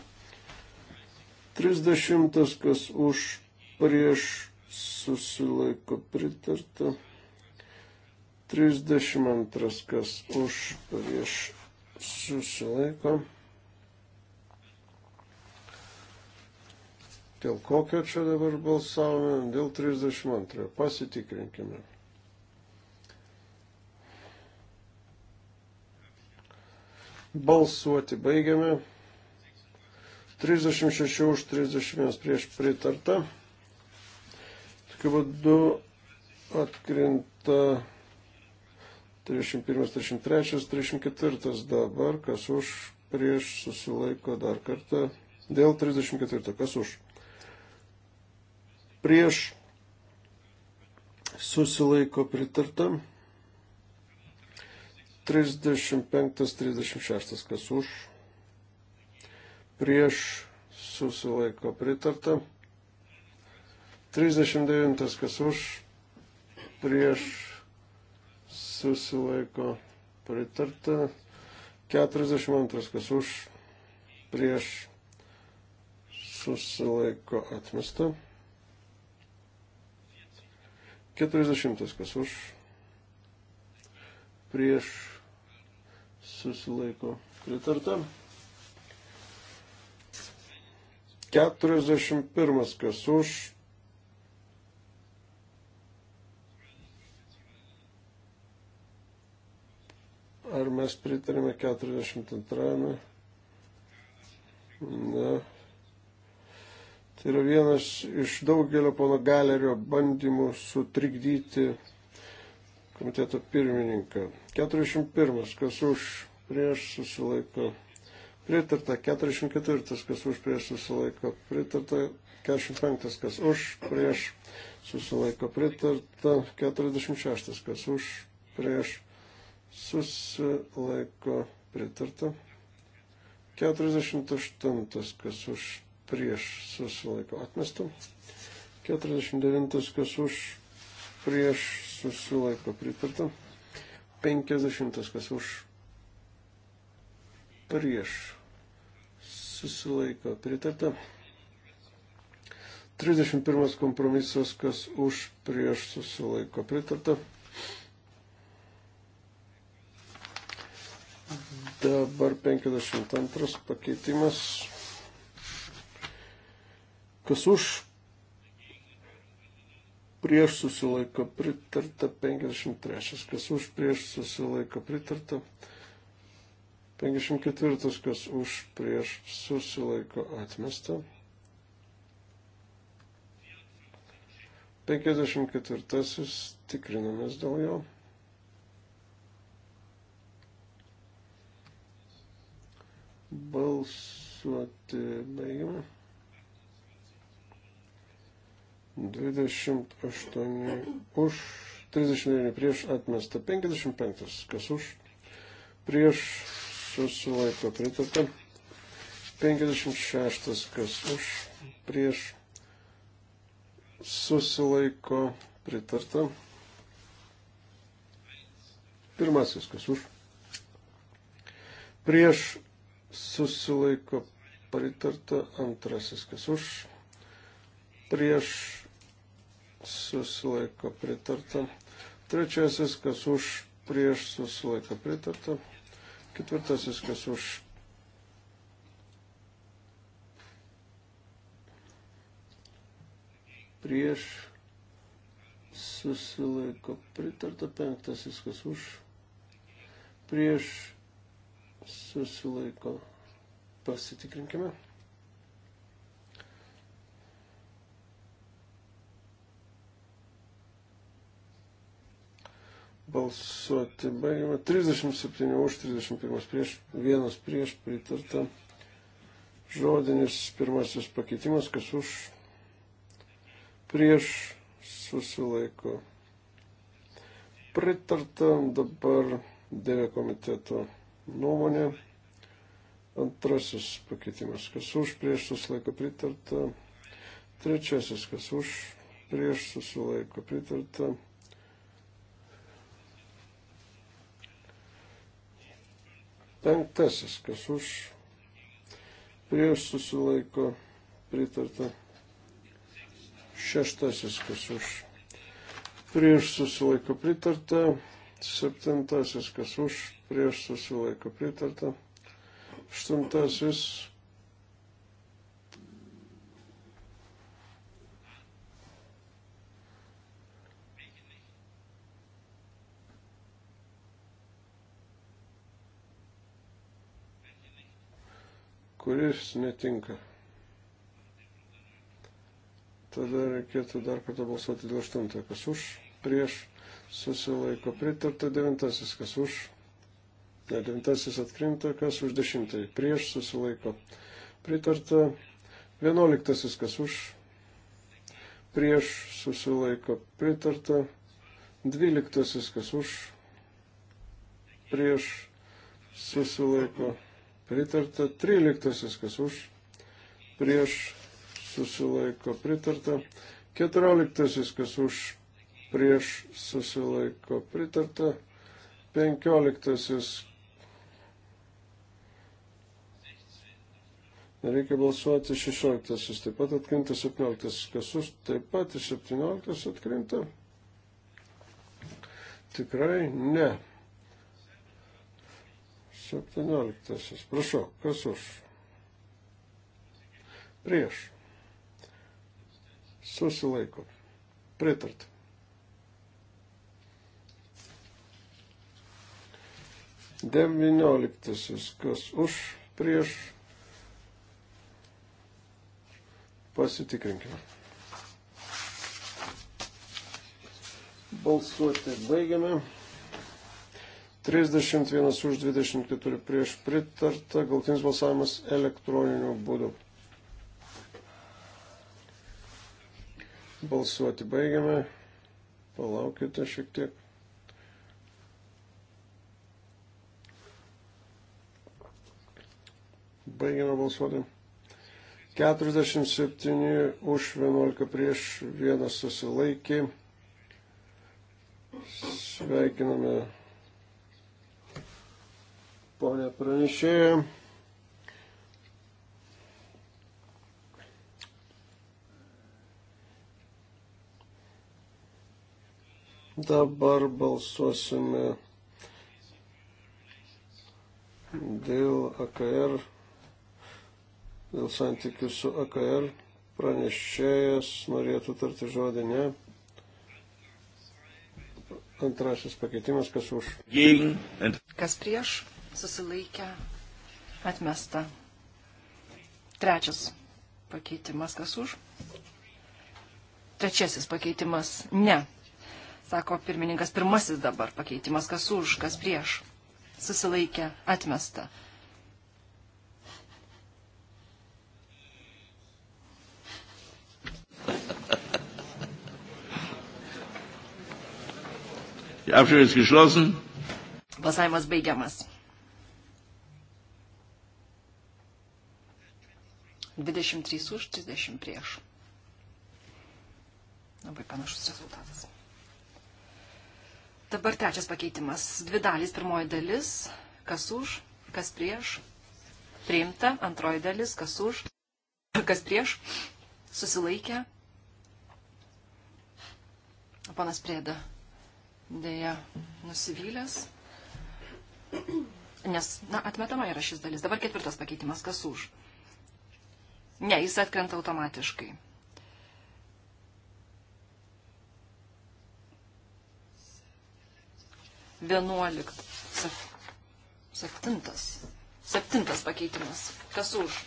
30. Kas už prieš susilaiko pritarta. 32. Kas už prieš susilaiko pritarta. Dėl kokio čia dabar balsavome? Dėl 32. Pasitikrinkime. Balsuoti baigiame. 36 už 31 prieš pritarta. Tokiu būdu atkrinta 31, 33, 34 dabar, kas už prieš susilaiko dar kartą. Dėl 34, kas už? prieš susilaiko pritarta. 35-36, kas už, prieš susilaiko pritarta. 39, kas už, prieš susilaiko pritarta. 42, kas už, prieš susilaiko atmesta. 40. Kas už? Prieš susilaiko pritarta. 41. Kas už? Ar mes pritarėme 42? Ne. Tai yra vienas iš daugelio pono galerio bandymų sutrikdyti komiteto pirmininką. 41. Kas už prieš susilaiko pritarta. 44. Kas už prieš susilaiko pritarta. 45. Kas už prieš susilaiko pritarta. 46. Kas už prieš susilaiko pritarta. 48. Kas už prieš susilaiko atmestų. 49 kas už prieš susilaiko pritarta. 50 kas už prieš susilaiko pritarta. 31 kompromisas kas už prieš susilaiko pritarta. Dabar 52 pakeitimas. Kas už? Prieš susilaiko pritarta 53. Kas už? Prieš susilaiko pritarta 54. Kas už? Prieš susilaiko atmesta. 54. Tikrinamės dėl jo. balsuoti baigiame. 28 už, 39 prieš atmesta, 55 kas už, prieš susilaiko pritarta, 56 kas už, prieš susilaiko pritarta, pirmasis kas už, prieš susilaiko pritarta, antrasis kas už, prieš susilaiko pritarta. Trečiasis, kas už prieš susilaiko pritarta. Ketvirtasis, kas už prieš susilaiko pritarta. Penktasis, kas už prieš susilaiko. Pasitikrinkime. balsuoti. Baigime 37 už 31 prieš, vienas prieš pritarta. Žodinis pirmasis pakeitimas, kas už prieš susilaiko. Pritarta dabar dėvė komiteto nuomonė. Antrasis pakeitimas, kas už prieš susilaiko pritarta. Trečiasis, kas už prieš susilaiko pritarta. Penktasis, kas už prieš susilaiko pritarta. Šeštasis, kas už prieš susilaiko pritarta. Septintasis, kas už prieš susilaiko pritarta. Aštuntasis, kuris netinka. Tada reikėtų dar kartą balsuoti dėl aštuntojo, kas už, prieš, susilaiko pritarta, devintasis, kas už, ne, devintasis atkrinta, kas už dešimtąjį, prieš, susilaiko pritarta, vienuoliktasis, kas už, prieš, susilaiko pritarta, dvyliktasis, kas už, prieš, susilaiko pritarta pritarta. 13 kas už, prieš susilaiko pritarta. 14 kas už, prieš susilaiko pritarta. 15 Reikia balsuoti 16, taip pat atkrinta 17, kas už taip pat 17 atkrinta. Tikrai ne. 17. Prašau, kas už? Prieš. Susilaiko. Pritart. Devynioliktasis, kas už, prieš, pasitikrinkime. Balsuoti baigiame. 31 už 24 prieš pritarta, galtinis balsavimas elektroniniu būdu. Balsuoti baigiame. Palaukite šiek tiek. Baigiame balsuoti. 47 už 11 prieš vienas susilaikė. Sveikiname ponė pranešėja. Dabar balsuosime dėl AKR, dėl santykių su AKR. Pranešėjas norėtų tarti žodį ne. Antrasis pakeitimas, kas už. Kas prieš? susilaikę, atmesta. Trečias pakeitimas, kas už? Trečiasis pakeitimas, ne. Sako pirmininkas, pirmasis dabar pakeitimas, kas už, kas prieš. Susilaikė, atmesta. Die Abstimmung ist geschlossen. Balsavimas baigiamas. 23 už, 30 prieš. Labai panašus rezultatas. Dabar trečias pakeitimas. Dvi dalys. Pirmoji dalis, kas už, kas prieš. Priimta. Antroji dalis, kas už, kas prieš. Susilaikė. Panas Prėda dėja nusivylęs, nes, na, atmetama yra šis dalis. Dabar ketvirtas pakeitimas, kas už. Ne, jis atkrenta automatiškai. Vienuoliktas. Septintas. Septintas pakeitimas. Kas už?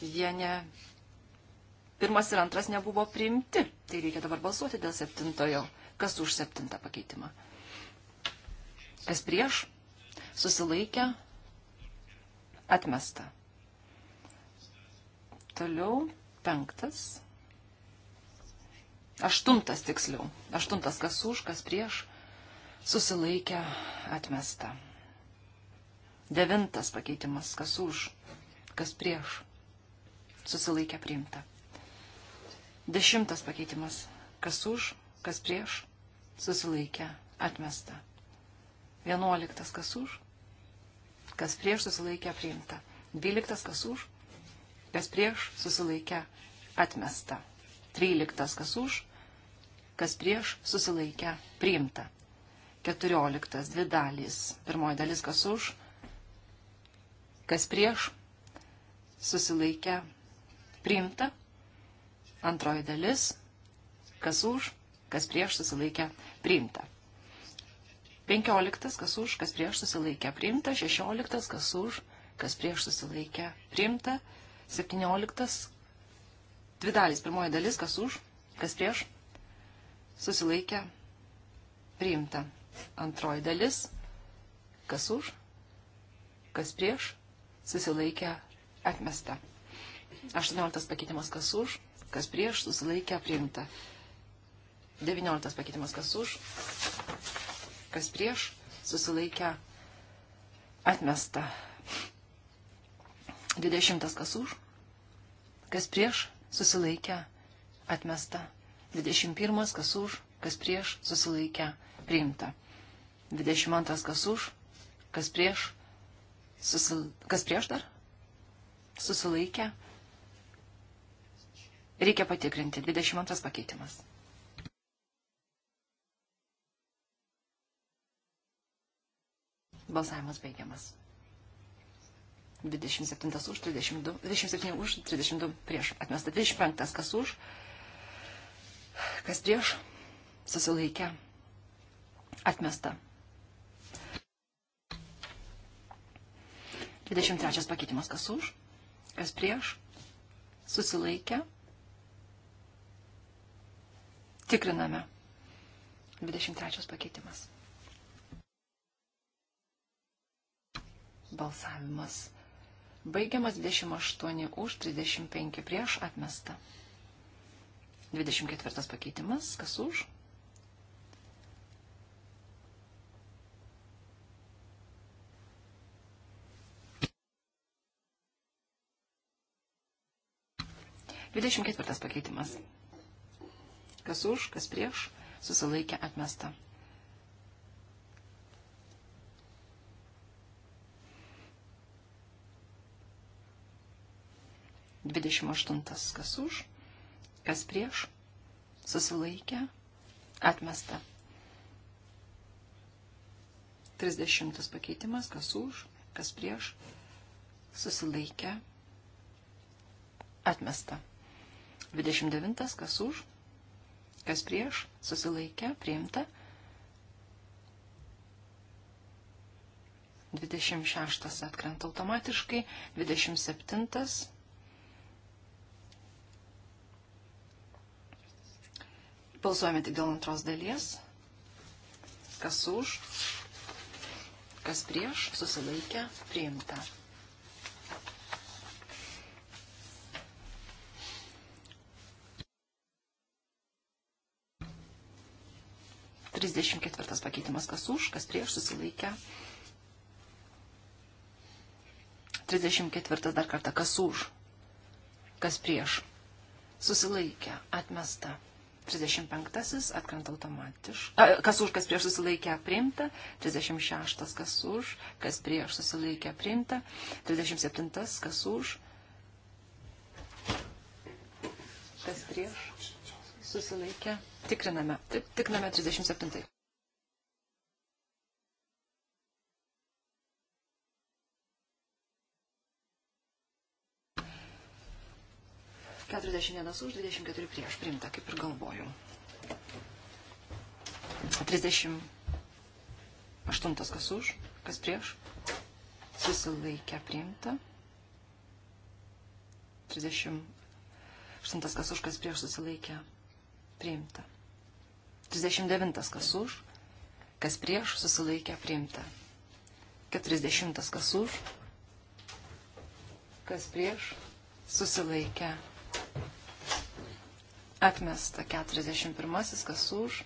Jie ne. Pirmas ir antras nebuvo priimti. Tai reikia dabar balsuoti dėl septintojo. Kas už septintą pakeitimą? Kas prieš? susilaikė, atmesta. Toliau penktas, aštuntas tiksliau, aštuntas kas už, kas prieš, susilaikė, atmesta. Devintas pakeitimas, kas už, kas prieš, susilaikė priimta. Dešimtas pakeitimas, kas už, kas prieš, susilaikė, atmesta. Vienuoliktas, kas už, kas prieš susilaikė priimta. 12 kas už, kas prieš susilaikė atmesta. 13 kas už, kas prieš susilaikė priimta. 14 dvi dalys. Pirmoji dalis kas už, kas prieš susilaikė priimta. Antroji dalis kas už, kas prieš susilaikė priimta. 15, kas už, kas prieš susilaikę priimta, 16, kas už, kas prieš susilaikę priimta, 17, dvi dalys, pirmoji dalis, kas už, kas prieš susilaikę priimta, antroji dalis, kas už, kas prieš susilaikę atmesta. 18 pakeitimas kas už, kas prieš, susilaikę priimta. 19 pakeitimas kas už, kas prieš, susilaikę, atmesta. 20 kas už, kas prieš, susilaikę, atmesta. 21 kas už, kas prieš, susilaikę, priimta. 22 kas už, kas prieš, susil... kas prieš dar, susilaikę. Reikia patikrinti. 22 pakeitimas. Balsavimas baigiamas. 27 už, 32, 27 už, 32 prieš. Atmesta 25, kas už, kas prieš, susilaikė, atmesta. 23 pakeitimas, kas už, kas prieš, susilaikė, tikriname. 23 pakeitimas. Balsavimas baigiamas 28 už 35 prieš atmesta. 24 pakeitimas, kas už? Dvidešimt ketvirtas pakeitimas. Kas už, kas prieš, susilaikė atmesta. 28. Kas už, kas prieš, susilaikė, atmesta. 30. Pakeitimas. Kas už, kas prieš, susilaikė, atmesta. 29. Kas už, kas prieš, susilaikė, priimta. 26 atkrenta automatiškai, 27 Balsuojame tik dėl antros dalies. Kas už, kas prieš, susilaikę, priimta. Trisdešimt ketvirtas pakeitimas, kas už, kas prieš, susilaikę. Trisdešimt ketvirtas dar kartą, kas už, kas prieš, susilaikę, atmesta. 35 atkrenta automatiškai. Kas už, kas prieš susilaikę priimta. 36 kas už, kas prieš susilaikę priimta. 37 kas už, kas prieš susilaikę. Tikriname. Tikriname 37. 41 už, 24 prieš. Primta, kaip ir galvojau. 38 kas už, kas prieš. Susilaikę priimta. 38 kas už, kas prieš susilaikę priimta. 39 kas už, kas prieš susilaikę priimta. 40 kas už, kas prieš susilaikę Atmesta 41, kas už,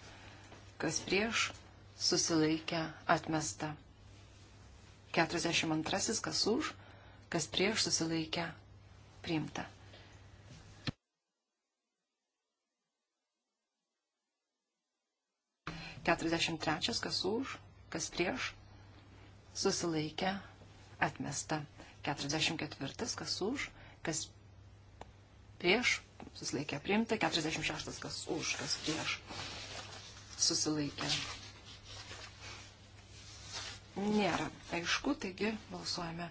kas prieš, susilaikė, atmesta. 42, kas už, kas prieš, susilaikė, priimta. Keturiasdešimt trečias, kas už, kas prieš, susilaikė, atmesta. Keturiasdešimt ketvirtas, kas už, kas prieš, susilaikė priimta, 46 kas už, kas prieš susilaikė. Nėra aišku, taigi balsuojame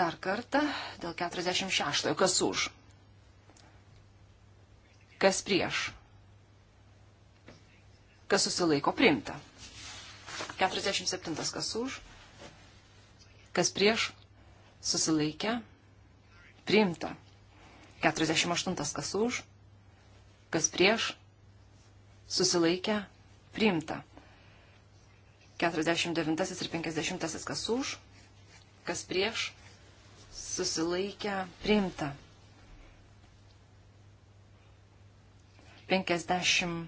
dar kartą dėl 46, kas už, kas prieš, kas susilaiko priimta. 47 kas už, kas prieš susilaikė priimta. 48 kas už, kas prieš, susilaikę, priimta. 49 ir 50 kas už, kas prieš, susilaikę, priimta. 52.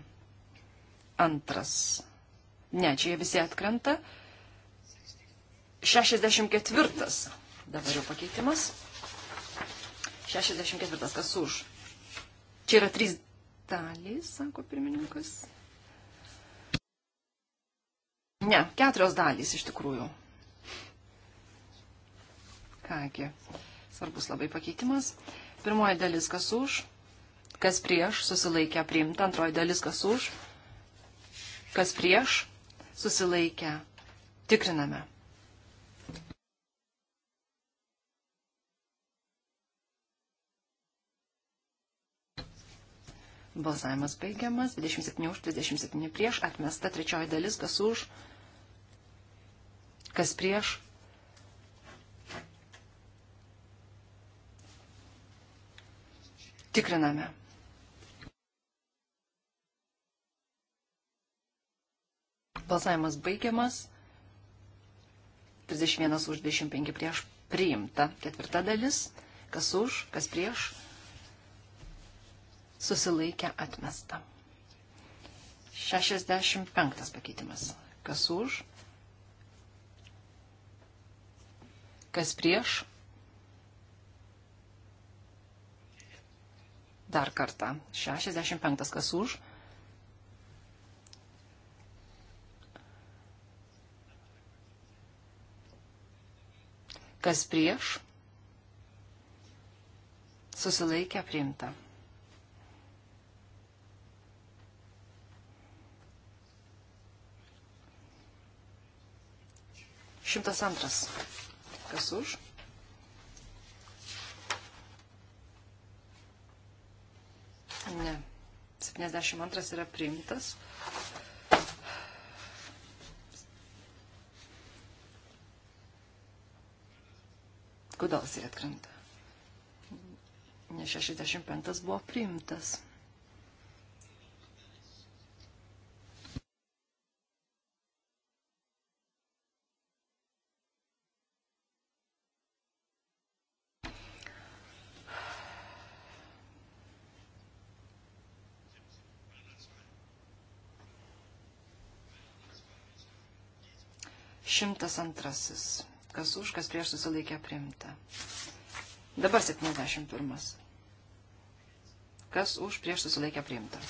Ne, čia jie visi atkrenta. 64. Dabar jau pakeitimas. 64 kas už. Čia yra trys dalys, sako pirmininkas. Ne, keturios dalys iš tikrųjų. Kągi, svarbus labai pakeitimas. Pirmoji dalis kas už, kas prieš, susilaikę priimta. Antroji dalis kas už, kas prieš, susilaikę. Tikriname. Balsavimas baigiamas. 27 už, 37 prieš. Atmesta trečioji dalis. Kas už? Kas prieš? Tikriname. Balsavimas baigiamas. 31 už 25 prieš priimta. Ketvirta dalis. Kas už, kas prieš? susilaikę atmesta. 65 pakeitimas. Kas už? Kas prieš? Dar kartą. 65 kas už? Kas prieš? Susilaikę priimta. 102. Kas už? Ne. 72 yra priimtas. Kodėl jis atkrenta? Ne 65 buvo priimtas. 102. Kas už, kas prieš susilaikė priimta. Dabar 71. Kas už, prieš susilaikė priimta.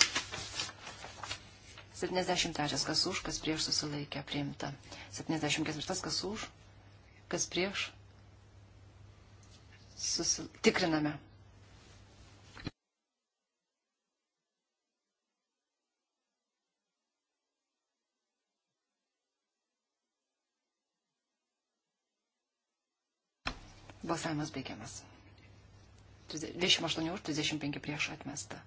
73. Kas už, kas prieš susilaikė priimta. 74. Kas už, kas prieš susilaikė. Tikriname. Balsavimas baigiamas. 28 už 35 prieš atmesta.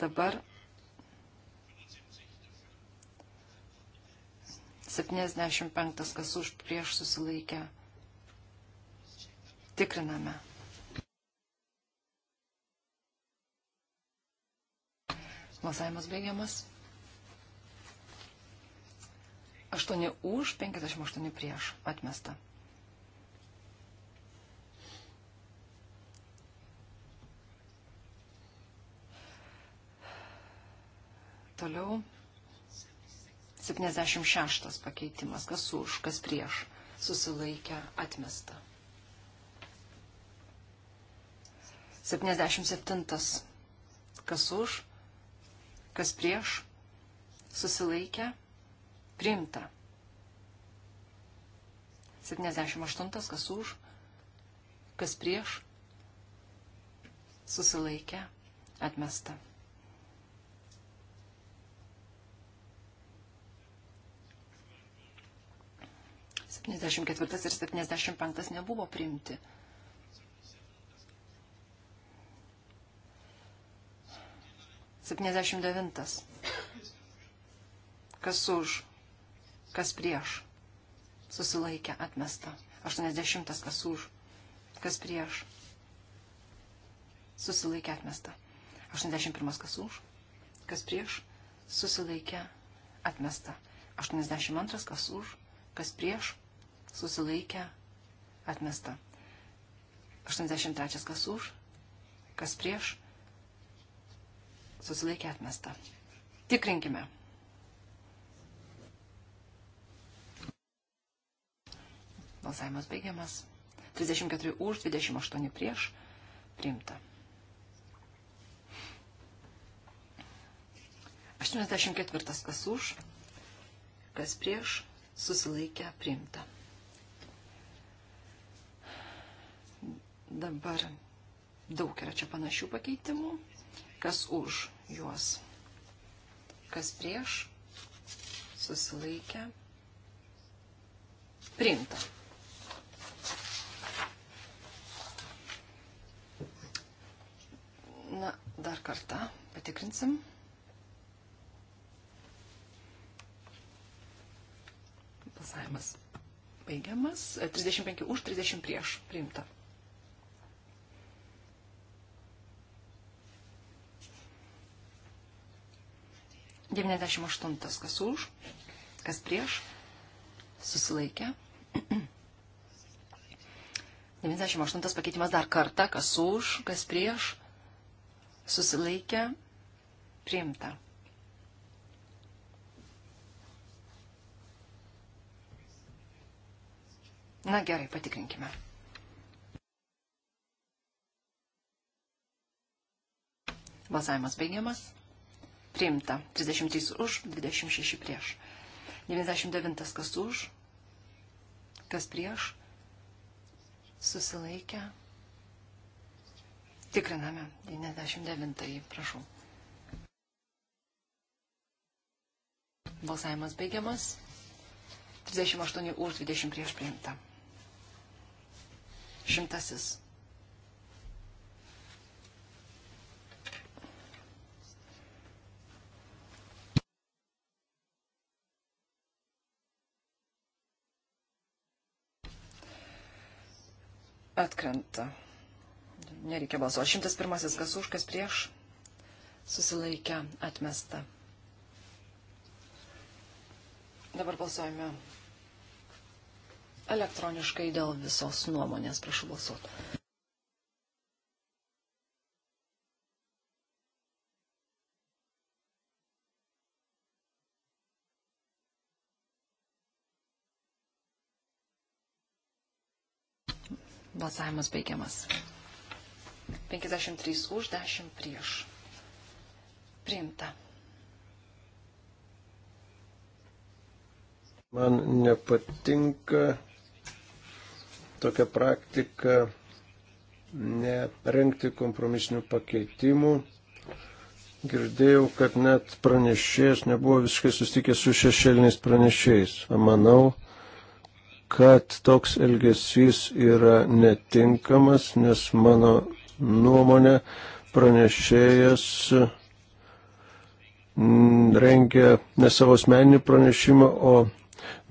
Dabar 75 kas už prieš susilaikę. Tikriname. Balsavimas baigiamas. 8 už, 58 prieš atmesta. Toliau 76 pakeitimas, kas už, kas prieš, susilaikę atmesta. 77 kas už, kas prieš, susilaikę Priimta. 78. Kas už, kas prieš, susilaikę, atmesta. Septyniasdešimt ketvirtas ir septyniasdešimt penktas nebuvo priimti. Septyniasdešimt devintas. Kas už? kas prieš, susilaikė atmesta. 80 kas už, kas prieš, susilaikė atmesta. 81 kas už, kas prieš, susilaikė atmesta. 82 kas už, kas prieš, susilaikė atmesta. 83 kas už, kas prieš, susilaikė atmesta. Tikrinkime. Balsavimas baigiamas. 34 už, 28 prieš. Priimta. 84 kas už, kas prieš, susilaikę priimta. Dabar daug yra čia panašių pakeitimų. Kas už juos, kas prieš, susilaikę priimta. Na, dar kartą patikrinsim. Balsavimas baigiamas. 35 už, 30 prieš. Priimta. Devyniasdešimt aštuntas, kas už, kas prieš, susilaikė. 98 pakeitimas dar kartą, kas už, kas prieš, susilaikė, priimta. Na gerai, patikrinkime. Balsavimas baigiamas. Priimta. 33 už, 26 prieš. 99 kas už, kas prieš. Susilaikę. Tikriname 99. Prašau. Balsavimas baigiamas. 38 už 20 prieš priimta. Šimtasis. Atkrenta. Nereikia balsuoti. 101. Kas už, kas prieš. Susilaikę atmesta. Dabar balsuojame elektroniškai dėl visos nuomonės. Prašau balsuoti. Balsavimas baigiamas. 53 už, 10 prieš. Priimta. Man nepatinka tokia praktika nerengti kompromisinių pakeitimų. Girdėjau, kad net pranešėjas nebuvo visiškai sustikęs su šešėliniais pranešėjais. Manau, kad toks elgesys yra netinkamas, nes mano nuomonė pranešėjas rengia ne savo asmeninį pranešimą, o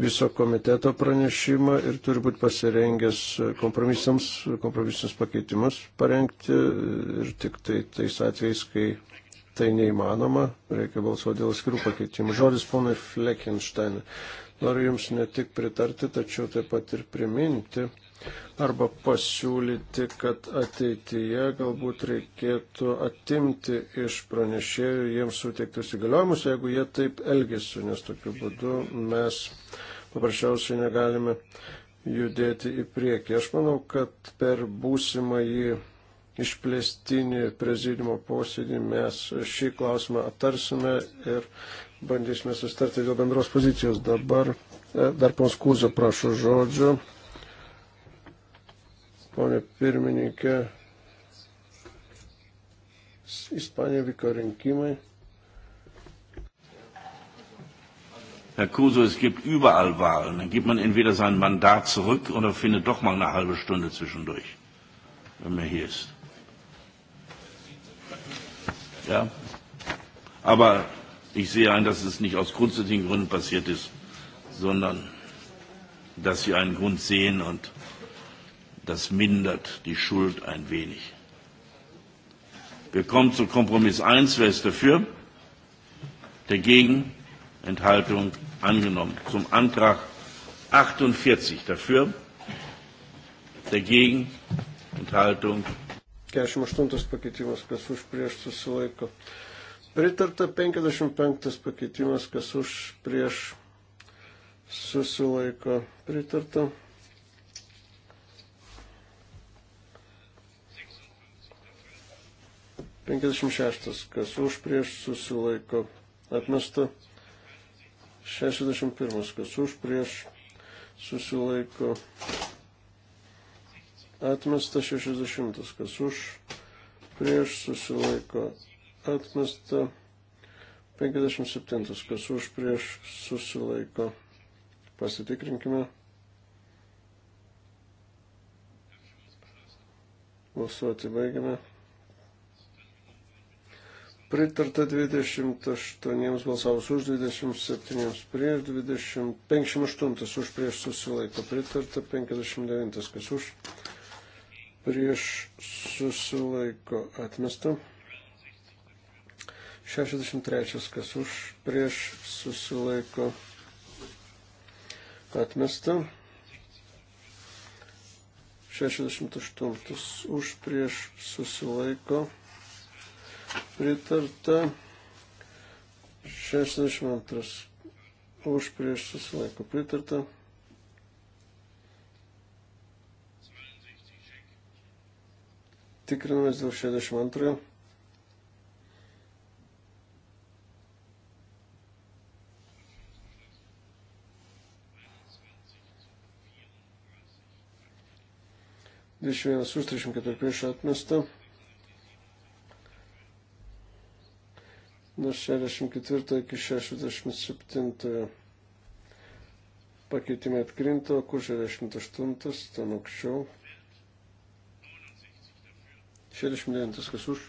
viso komiteto pranešimą ir turi būti pasirengęs kompromisams, kompromisams pakeitimus parengti ir tik tai tais atvejais, kai tai neįmanoma, reikia balsuoti dėl skirų pakeitimų. Žodis ponui Fleckensteinui. Noriu Jums ne tik pritarti, tačiau taip pat ir priminti, arba pasiūlyti, kad ateityje galbūt reikėtų atimti iš pranešėjų jiems suteiktus įgaliojimus, jeigu jie taip elgesi, nes tokiu būdu mes paprasčiausiai negalime judėti į priekį. Aš manau, kad per būsimą jį išplėstinį prezidimo posėdį mes šį klausimą aptarsime ir bandysime sustarti dėl bendros pozicijos. Dabar e, dar ponskūzio prašo žodžio. Pone pirmininkė, Ispanijoje vyko rinkimai. Herr Kuso, es gibt überall Wahlen. Dann gibt man entweder sein Mandat zurück oder findet doch mal eine halbe Stunde zwischendurch, wenn man hier ist. Ja? Aber ich sehe ein, dass es nicht aus grundsätzlichen Gründen passiert ist, sondern dass Sie einen Grund sehen und Das mindert die Schuld ein wenig. Wir kommen zu Kompromiss 1. Wer ist dafür? Dagegen? Enthaltung angenommen. Zum Antrag 48 dafür, dagegen, Enthaltung. 48 pakeitimas, kas už prieš susilaiko. Pritarta 55 pakeitimas, kas už prieš susilaiko. Pritarta 56. Kas už prieš susilaiko atmesta. 61. Kas už prieš susilaiko atmesta. 60. Kas už prieš susilaiko atmesta. 57. Kas už prieš susilaiko. Pasitikrinkime. Balsuoti baigiame. Pritarta 28 balsavus už, 27 prieš, 20, 58 už prieš susilaiko. Pritarta 59 kas už, prieš susilaiko atmesta. 63 kas už, prieš susilaiko atmesta. 68 už, prieš susilaiko atmesta pritarta 62 už prieš susilaiko pritarta. Tikrinamės dėl 62. Dvidešimt vienas už, trisdešimt keturi prieš atmestą. nuo 64 iki 67 pakeitimai atkrinta, kur 68, ten aukščiau. 69 kas už.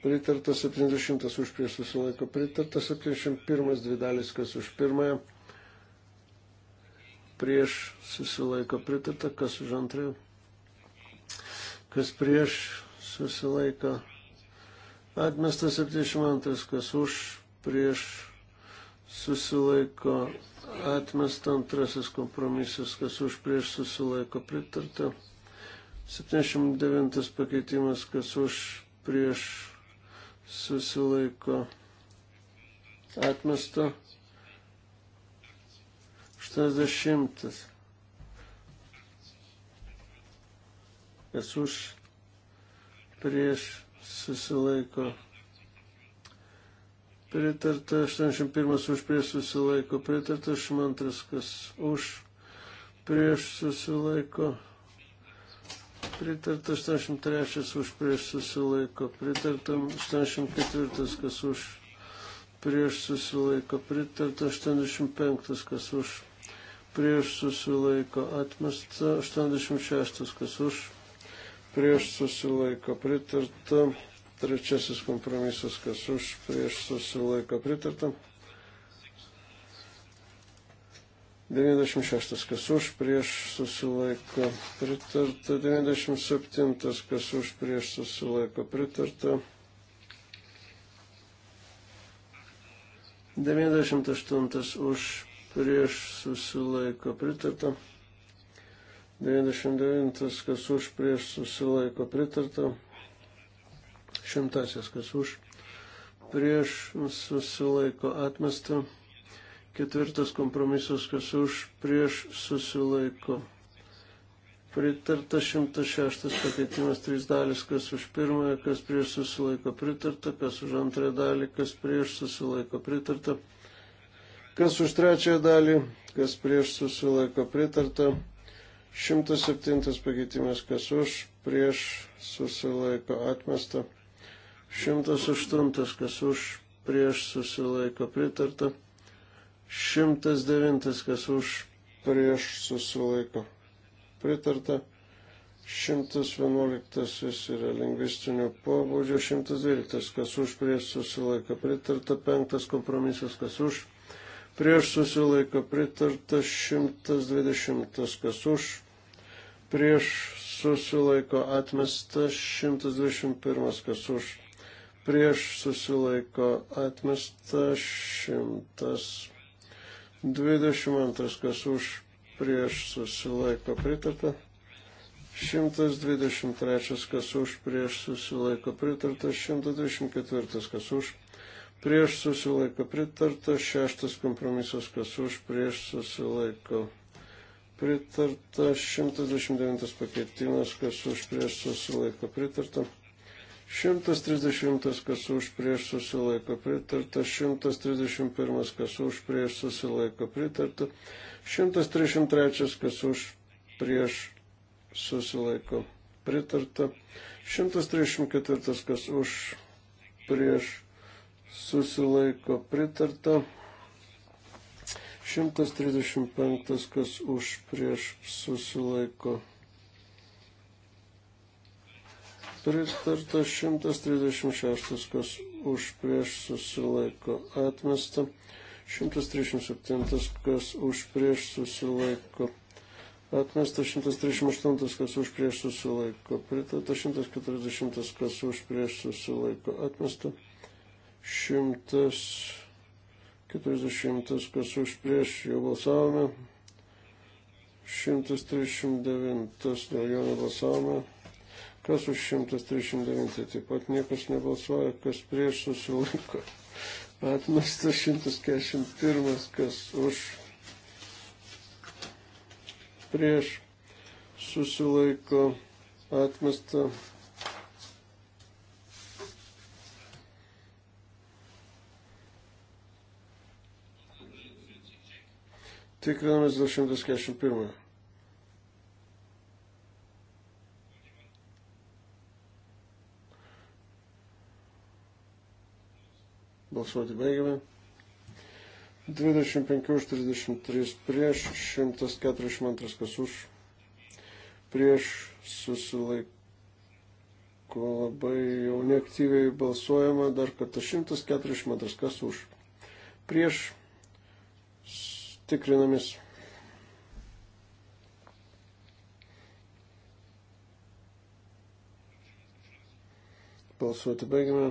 Pritarta 70 už prieš susilaiko. Pritarta 71 dvi dalis, kas už pirmąją. Prieš susilaiko pritarta, kas už antrąją kas prieš susilaiko atmestas 72, kas už prieš susilaiko atmestą antrasis kompromisas, kas už prieš susilaiko pritarta. 79 pakeitimas, kas už prieš susilaiko atmestą. 80. kas už prieš susilaiko. Pritarta 81 už prieš susilaiko. Pritarta 82 kas už prieš susilaiko. Pritarta 83 už prieš susilaiko. Pritarta 84 kas už prieš susilaiko. Pritarta 85 kas už prieš susilaiko. Atmesta 86 kas už prieš susilaiko pritarta. Trečiasis kompromisas, kas už, prieš susilaiko pritarta. 96, kas už, prieš susilaiko pritarta. 97, kas už, prieš susilaiko pritarta. 98 už prieš susilaiko pritarta. 99, kas už prieš susilaiko pritarta. Šimtasis, kas už prieš susilaiko atmesta. Ketvirtas kompromisas, kas už prieš susilaiko. Pritarta 106 pakeitimas, 3 dalis, kas už pirmąją, kas prieš susilaiko pritarta, kas už antrąją dalį, kas prieš susilaiko pritarta, kas už trečiąją dalį, kas prieš susilaiko pritarta. 107 pakeitimas, kas už, prieš, susilaiko atmesta. 108, kas už, prieš, susilaiko pritarta. 109, kas už, prieš, susilaiko pritarta. 111 yra lingvistinių pobūdžio, 112 kas už prieš susilaiko pritarta, 5 kompromisas kas už prieš susilaiko pritarta 120, kas už, prieš susilaiko atmesta 121, kas už, prieš susilaiko atmesta 122, kas už, prieš susilaiko pritarta. 123 kas už prieš susilaiko pritartas, 124 kas už prieš susilaiko pritarta, šeštas kompromisas, kas už, prieš susilaiko pritarta, 129 pakeitimas, kas už, prieš susilaiko pritarta. 130, kas už prieš susilaiko pritarta, 131, kas už prieš susilaiko pritarta, 133, kas už prieš susilaiko pritarta, 134, kas už prieš susilaiko pritarta. 135, kas už prieš susilaiko pritarta. 136, kas už prieš susilaiko atmesta. 137, kas už prieš susilaiko Atmesta 138, kas už prieš susilaiko. Pritarta 140, kas už prieš susilaiko. Atmesta Šimtas. 40, kas už prieš jau balsavome. 139 dėl jo nebalsavome. Kas už 139 taip pat niekas nebalsuoja, kas prieš susilaiko. Atmestas 141, kas už prieš susilaiko. Atmestas Tikrinamės dėl 141. Balsuoti baigiame. 25 už 33 prieš, 142 kas už. Prieš susilaiko labai jau neaktyviai balsuojama, dar kartą 142 kas už. Prieš tikrinamis. Balsuoti baigime.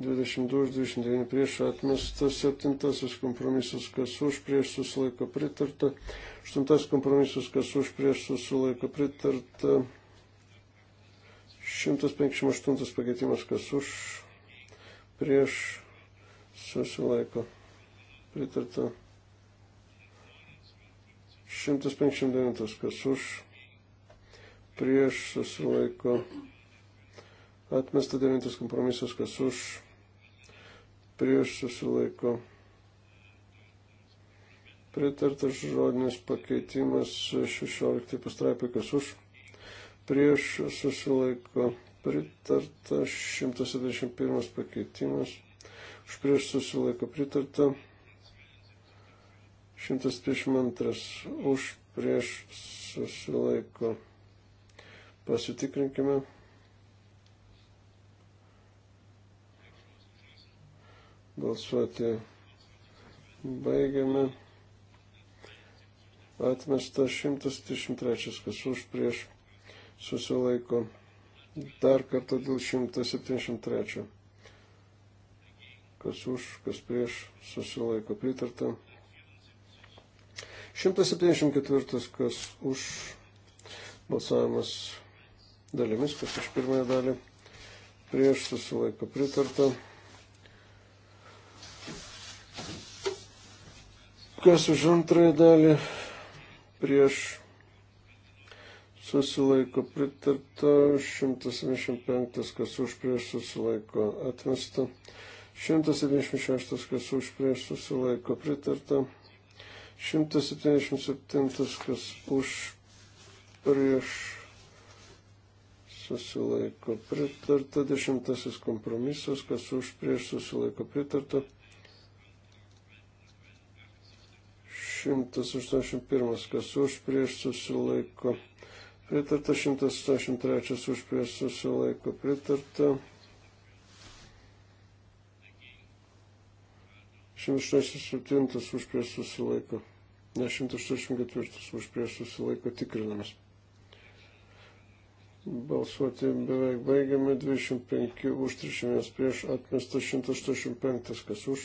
22 už 29 prieš atmestas, 7 kompromisas, kas už prieš susilaiko pritarta, 8 kompromisas, kas už prieš susilaiko pritarta, 158 pakeitimas, kas už prieš susilaiko pritarta pritarta. 159, kas už, prieš susilaiko, atmesta 9 kompromisas, kas už, prieš susilaiko, pritartas žodinis pakeitimas 16 pastraipai, kas už, prieš susilaiko, pritarta 171 pakeitimas, už prieš susilaiko pritarta. 132 už prieš susilaiko. Pasitikrinkime. Balsuoti baigiame. Atmesta 133, kas už prieš susilaiko. Dar kartą dėl 173. Kas už, kas prieš susilaiko pritarta. 174, kas už balsavimas dalimis, kas už pirmąją dalį, prieš susilaiko pritarta. Kas už antrąją dalį, prieš susilaiko pritarta. 175, kas už prieš susilaiko atmesta. 176, kas už prieš susilaiko pritarta. 177, kas už prieš susilaiko pritarta, dešimtasis kompromisas, kas už prieš susilaiko pritarta, 181, kas už prieš susilaiko pritarta, 183 už prieš susilaiko pritarta. 187 už prieš susilaiko. Ne 184 už prieš susilaiko tikrinamas. Balsuoti beveik baigiame. 25 už 300 prieš atmesta 185 kas už.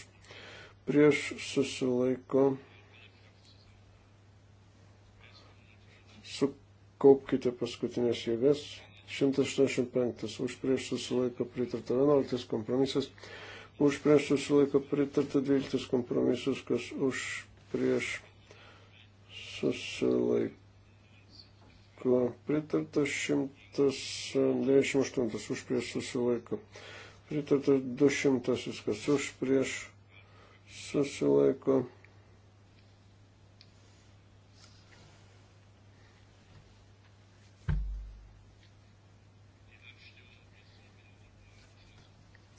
Prieš susilaiko. Sukaupkite paskutinės jėgas. 185 už prieš susilaiko pritarta 11 kompromisas už prieš susilaiko pritarta 12 kompromisas, kas už prieš susilaiko pritarta 198, už prieš susilaiko pritarta 200, kas už prieš susilaiko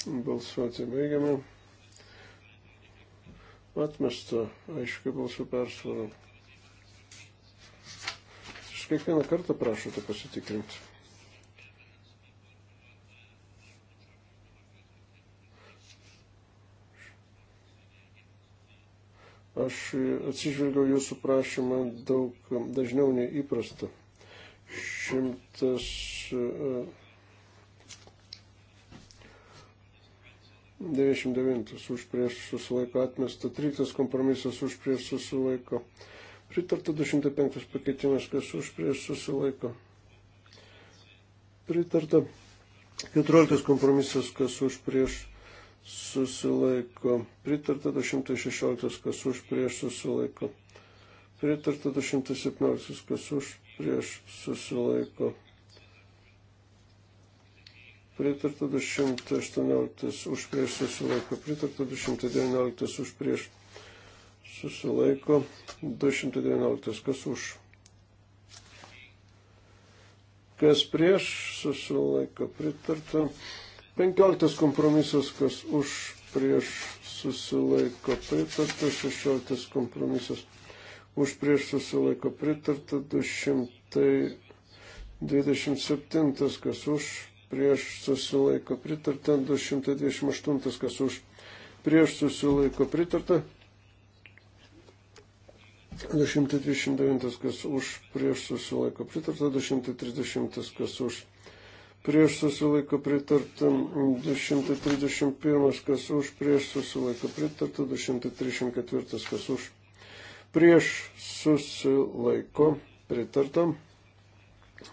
Balsuoti baigiame. Atmesta, aišku, balsų persvara. Aš kiekvieną kartą prašote pasitikrinti. Aš atsižvelgiau jūsų prašymą daug dažniau nei įprasta. Šimtas. Uh, 99 už prieš susilaiko atmesta, 13 kompromisas už prieš susilaiko. Pritarta 205 pakeitimas, kas už prieš susilaiko. Pritarta 14 kompromisas, kas už prieš susilaiko. Pritarta 216, kas už prieš susilaiko. Pritarta 217, kas už prieš susilaiko pritarta 218 už prieš susilaiko, pritarta 219 už prieš susilaiko, 219 kas už. Kas prieš susilaiko, pritarta 15 kompromisas, kas už prieš susilaiko, pritarta 16 kompromisas, už prieš susilaiko, pritarta 227 kas už prieš susilaiko pritarta, 228 kas už prieš susilaiko pritarta, 229 kas už prieš susilaiko pritarta, 230 kas už prieš susilaiko pritarta, 231 kas už prieš susilaiko pritarta, 234 kas už prieš susilaiko pritarta.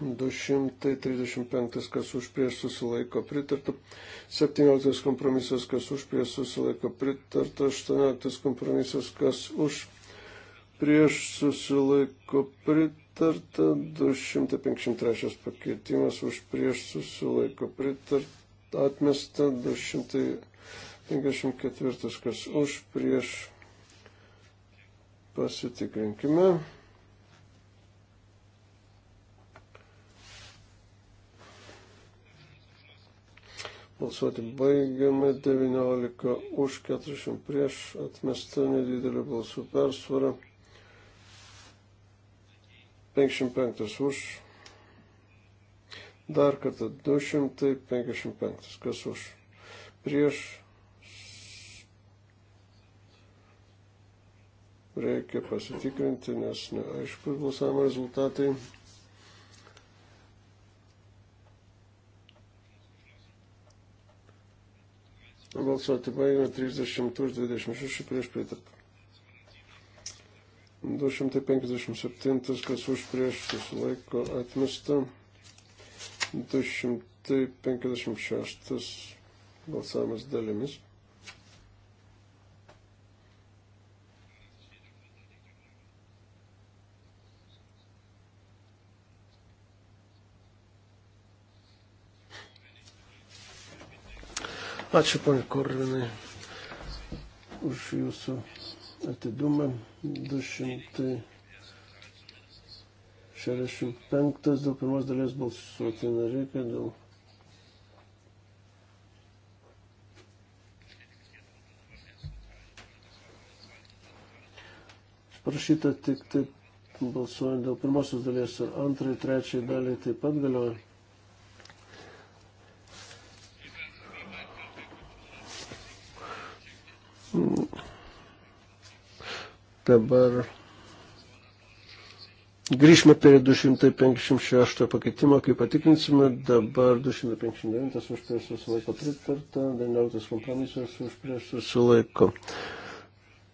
235 kas už prieš susilaiko pritarta, 17 kompromisas kas už prieš susilaiko pritarta, 18 kompromisas kas už prieš susilaiko pritarta, 253 pakeitimas už prieš susilaiko pritarta, atmesta 254 kas už prieš pasitikrinkime. Balsuoti baigiame 19 už 40 prieš atmestą nedidelį balsų persvarą. 55 už. Dar kartą 255. Kas už? Prieš. Reikia pasitikrinti, nes neaiškus balsavimo rezultatai. Balsuoti baigė 30 už 26 prieš pritartą. 257, kas už prieš susilaiko atmesta. 256 balsavimas dalimis. Ačiū, pan Korvinai, už jūsų atidumą. 265 dėl pirmos dalies balsuoti nereikia, dėl parašyta tik taip balsuojant dėl pirmosios dalies ir antrai, trečiai daliai taip pat galioja. Dabar grįžime prie 256 pakeitimo, kai patikrinsime. Dabar 259 už prieš susilaiko pritarta, 19 kompromisas už prieš susilaiko.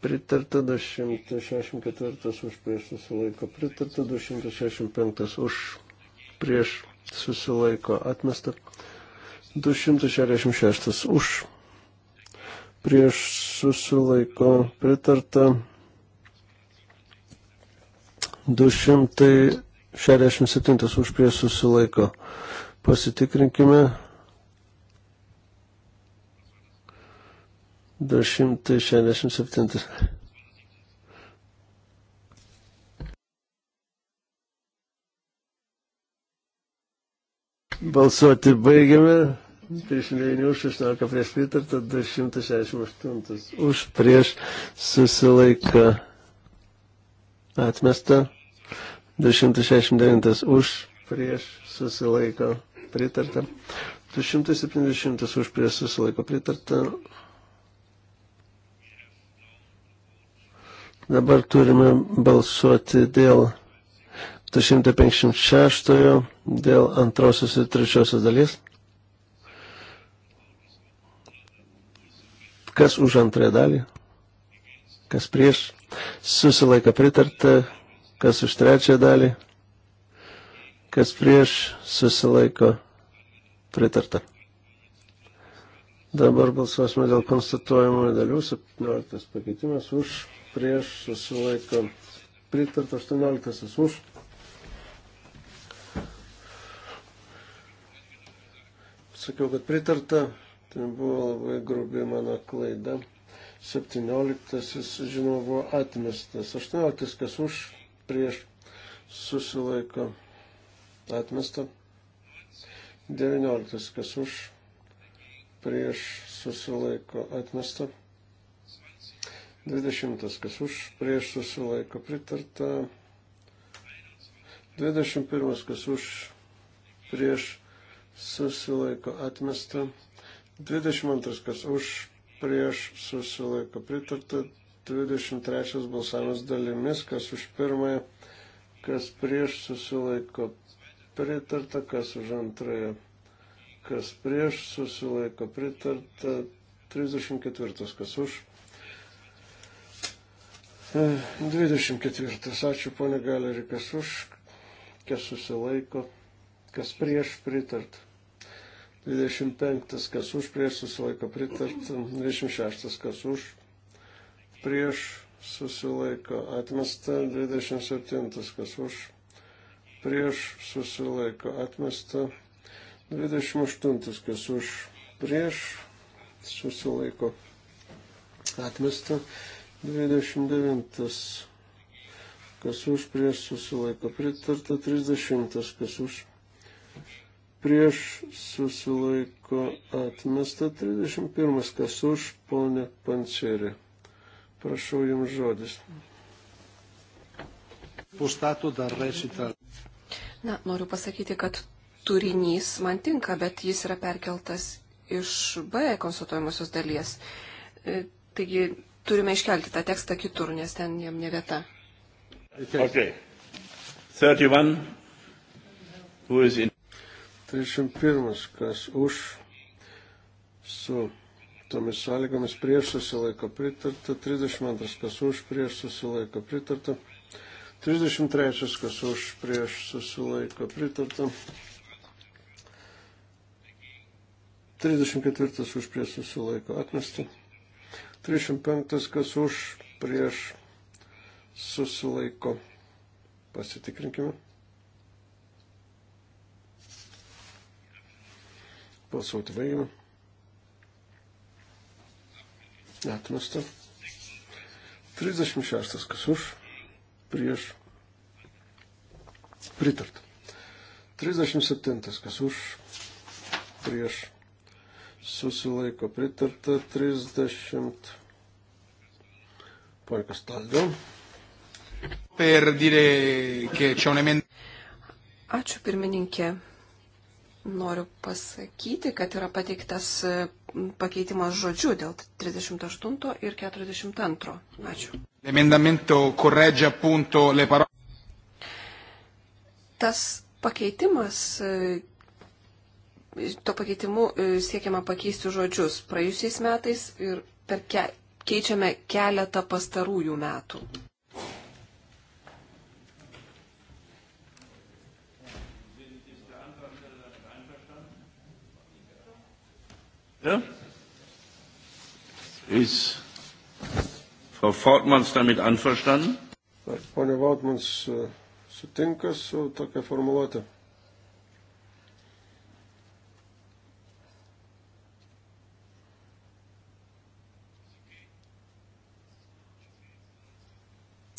Pritarta 264 už prieš susilaiko, pritarta 265 už prieš susilaiko, atmesta 266 už prieš susilaiko, pritarta 267 už prieš susilaiko. Pasitikrinkime. 267. Balsuoti baigiame. 39 už 16 prieš pritartą, 268 už prieš susilaiką. Atmesta. 269 už prieš susilaiko pritarta. 270 už prieš susilaiko pritarta. Dabar turime balsuoti dėl 256, dėl antrosios ir trečiosios dalies. Kas už antrąją dalį? Kas prieš? Susilaiko pritarta. Kas už trečią dalį? Kas prieš susilaiko pritarta. Dabar balsuosime dėl konstatuojamų dalių. 17 pakeitimas už, prieš susilaiko pritarta, 18 už. Sakiau, kad pritarta, tai buvo labai grubi mano klaida. 17, žinoma, buvo atmestas. 18, kas už, prieš susilaiko atmesta. 19. Kas už prieš susilaiko atmesta. 20. Kas už prieš susilaiko pritarta. 21. Kas už prieš susilaiko atmesta. 22. Kas už prieš susilaiko pritarta. 23 balsavimas dalimis, kas už pirmąją, kas prieš susilaiko pritarta, kas už antrąją, kas prieš susilaiko pritarta, 34 kas už. 24. Ačiū ponė Galerį, kas už, kas susilaiko, kas prieš pritart. 25. kas už, prieš susilaiko pritart. 26. kas už, prieš susilaiko atmesta, 27 kas už, prieš susilaiko atmesta, 28 kas už, prieš susilaiko atmesta, 29 kas už, prieš susilaiko pritarta, 30 kas už, prieš susilaiko atmesta, 31 kas už, ponė Pancerė. Prašau jums žodis. Pustatų dar rašyta. Na, noriu pasakyti, kad turinys man tinka, bet jis yra perkeltas iš B konsultuojamosios dalies. E, taigi turime iškelti tą tekstą kitur, nes ten jam ne vieta. Okay. 31. In... 31. Kas už su tomis sąlygomis prieš susilaiko pritarta, 32 kas už prieš susilaiko pritarta, 33 kas už prieš susilaiko pritarta, 34 už prieš susilaiko atmesti, 35 kas už prieš susilaiko. Pasitikrinkime. Balsuoti baigime. Atmesta. 36. Kas už? Prieš. Pritarta. 37. Kas už? Prieš. Susilaiko pritarta. 30. Poi Castaldo. Per dire che c'è un emendamento. Ačiū pirmininkė. Noriu pasakyti, kad yra pateiktas pakeitimas žodžiu dėl 38 ir 42. Ačiū. Tas pakeitimas, e, to pakeitimu e, siekiama pakeisti žodžius praėjusiais metais ir per ke, keičiame keletą pastarųjų metų. Ja? Ist Frau Fortmanns damit einverstanden? Pone Vautmans e, sutinka su tokia formuluotė.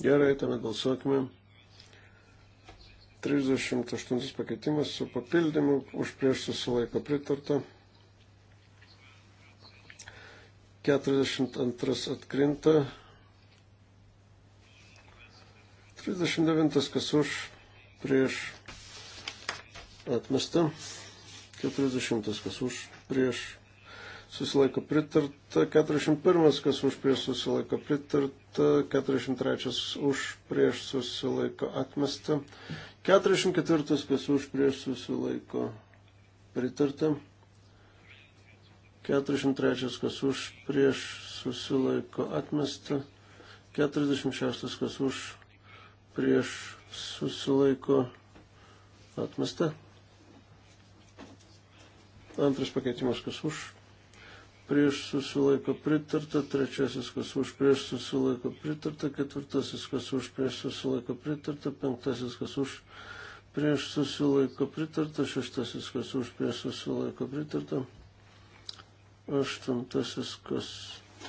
Gerai, tuomet balsuokime. 38 pakeitimas su papildymu už prieš susilaiko pritarta. 42 atkrinta. 39 kas už prieš atmestą. 40 kas už prieš susilaiko pritarta. 41 kas už prieš susilaiko pritarta. 43 už prieš susilaiko atmestą. 44 kas už prieš susilaiko pritarta. 43 kas už, prieš susilaiko atmesta, 46 kas už, prieš susilaiko atmesta. Antras pakeitimas kas už, prieš susilaiko pritarta, trečiasis kas už, prieš susilaiko pritarta, ketvirtasis kas už, prieš susilaiko pritarta, penktasis kas už, prieš susilaiko pritarta, šeštasis kas už, prieš susilaiko pritarta. Aštuntasis, kas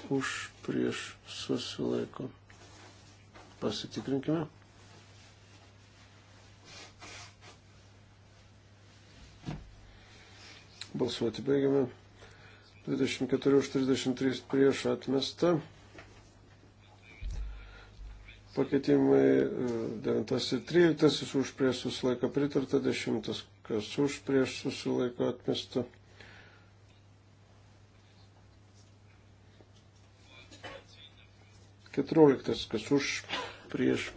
už prieš susilaiko. Pasitikrinkime. Balsuoti baigiame. 24 už 33 prieš atmestą. Pakeitimai 9 e, ir 13 už prieš susilaiką pritarta, 10 kas už prieš susilaiką atmestą. 14. Kas už prieš.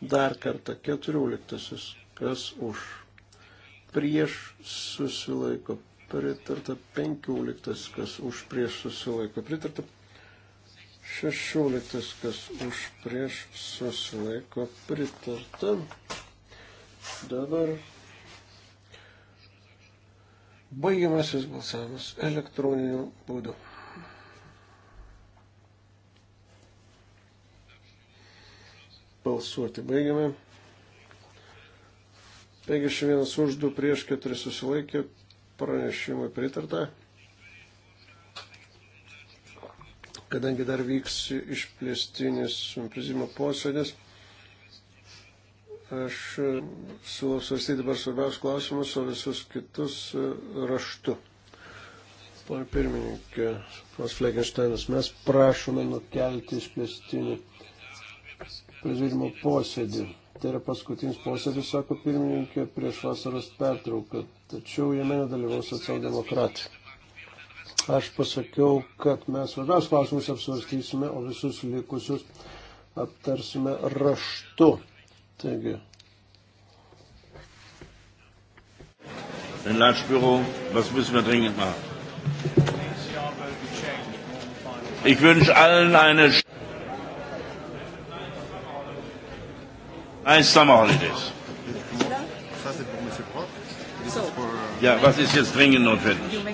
Dar kartą 14. Kas už prieš susilaiko. Pritarta 15. Kas už prieš susilaiko. Pritarta 16. Kas už prieš susilaiko. Pritarta. Dabar baigiamasis balsavimas elektroniniu būdu. Balsuoti baigiame. 51 už 2 prieš 4 susilaikė. Pranešimui pritarta. Kadangi dar vyks išplėstinis prizimo posėdis, aš siūlau svarstyti dabar svarbiausius klausimus, o visus kitus raštu. Pane pirmininkė, pas Flegenšteinas, mes prašome nukelti išplėstinį prezidiumo posėdį. Tai yra paskutinis posėdis, sako pirmininkė, prieš vasaros pertrauką. Tačiau jame nedalyvaus socialdemokratai. Aš pasakiau, kad mes svarbiausius klausimus apsvarstysime, o visus likusius aptarsime raštu. Taigi. Enlargebüro, was müssen wir dringend machen? Ich wünsche allen eine schöne. Ein Summer Holidays. Das ist für Monsieur Brock. Ja, was ist jetzt dringend notwendig?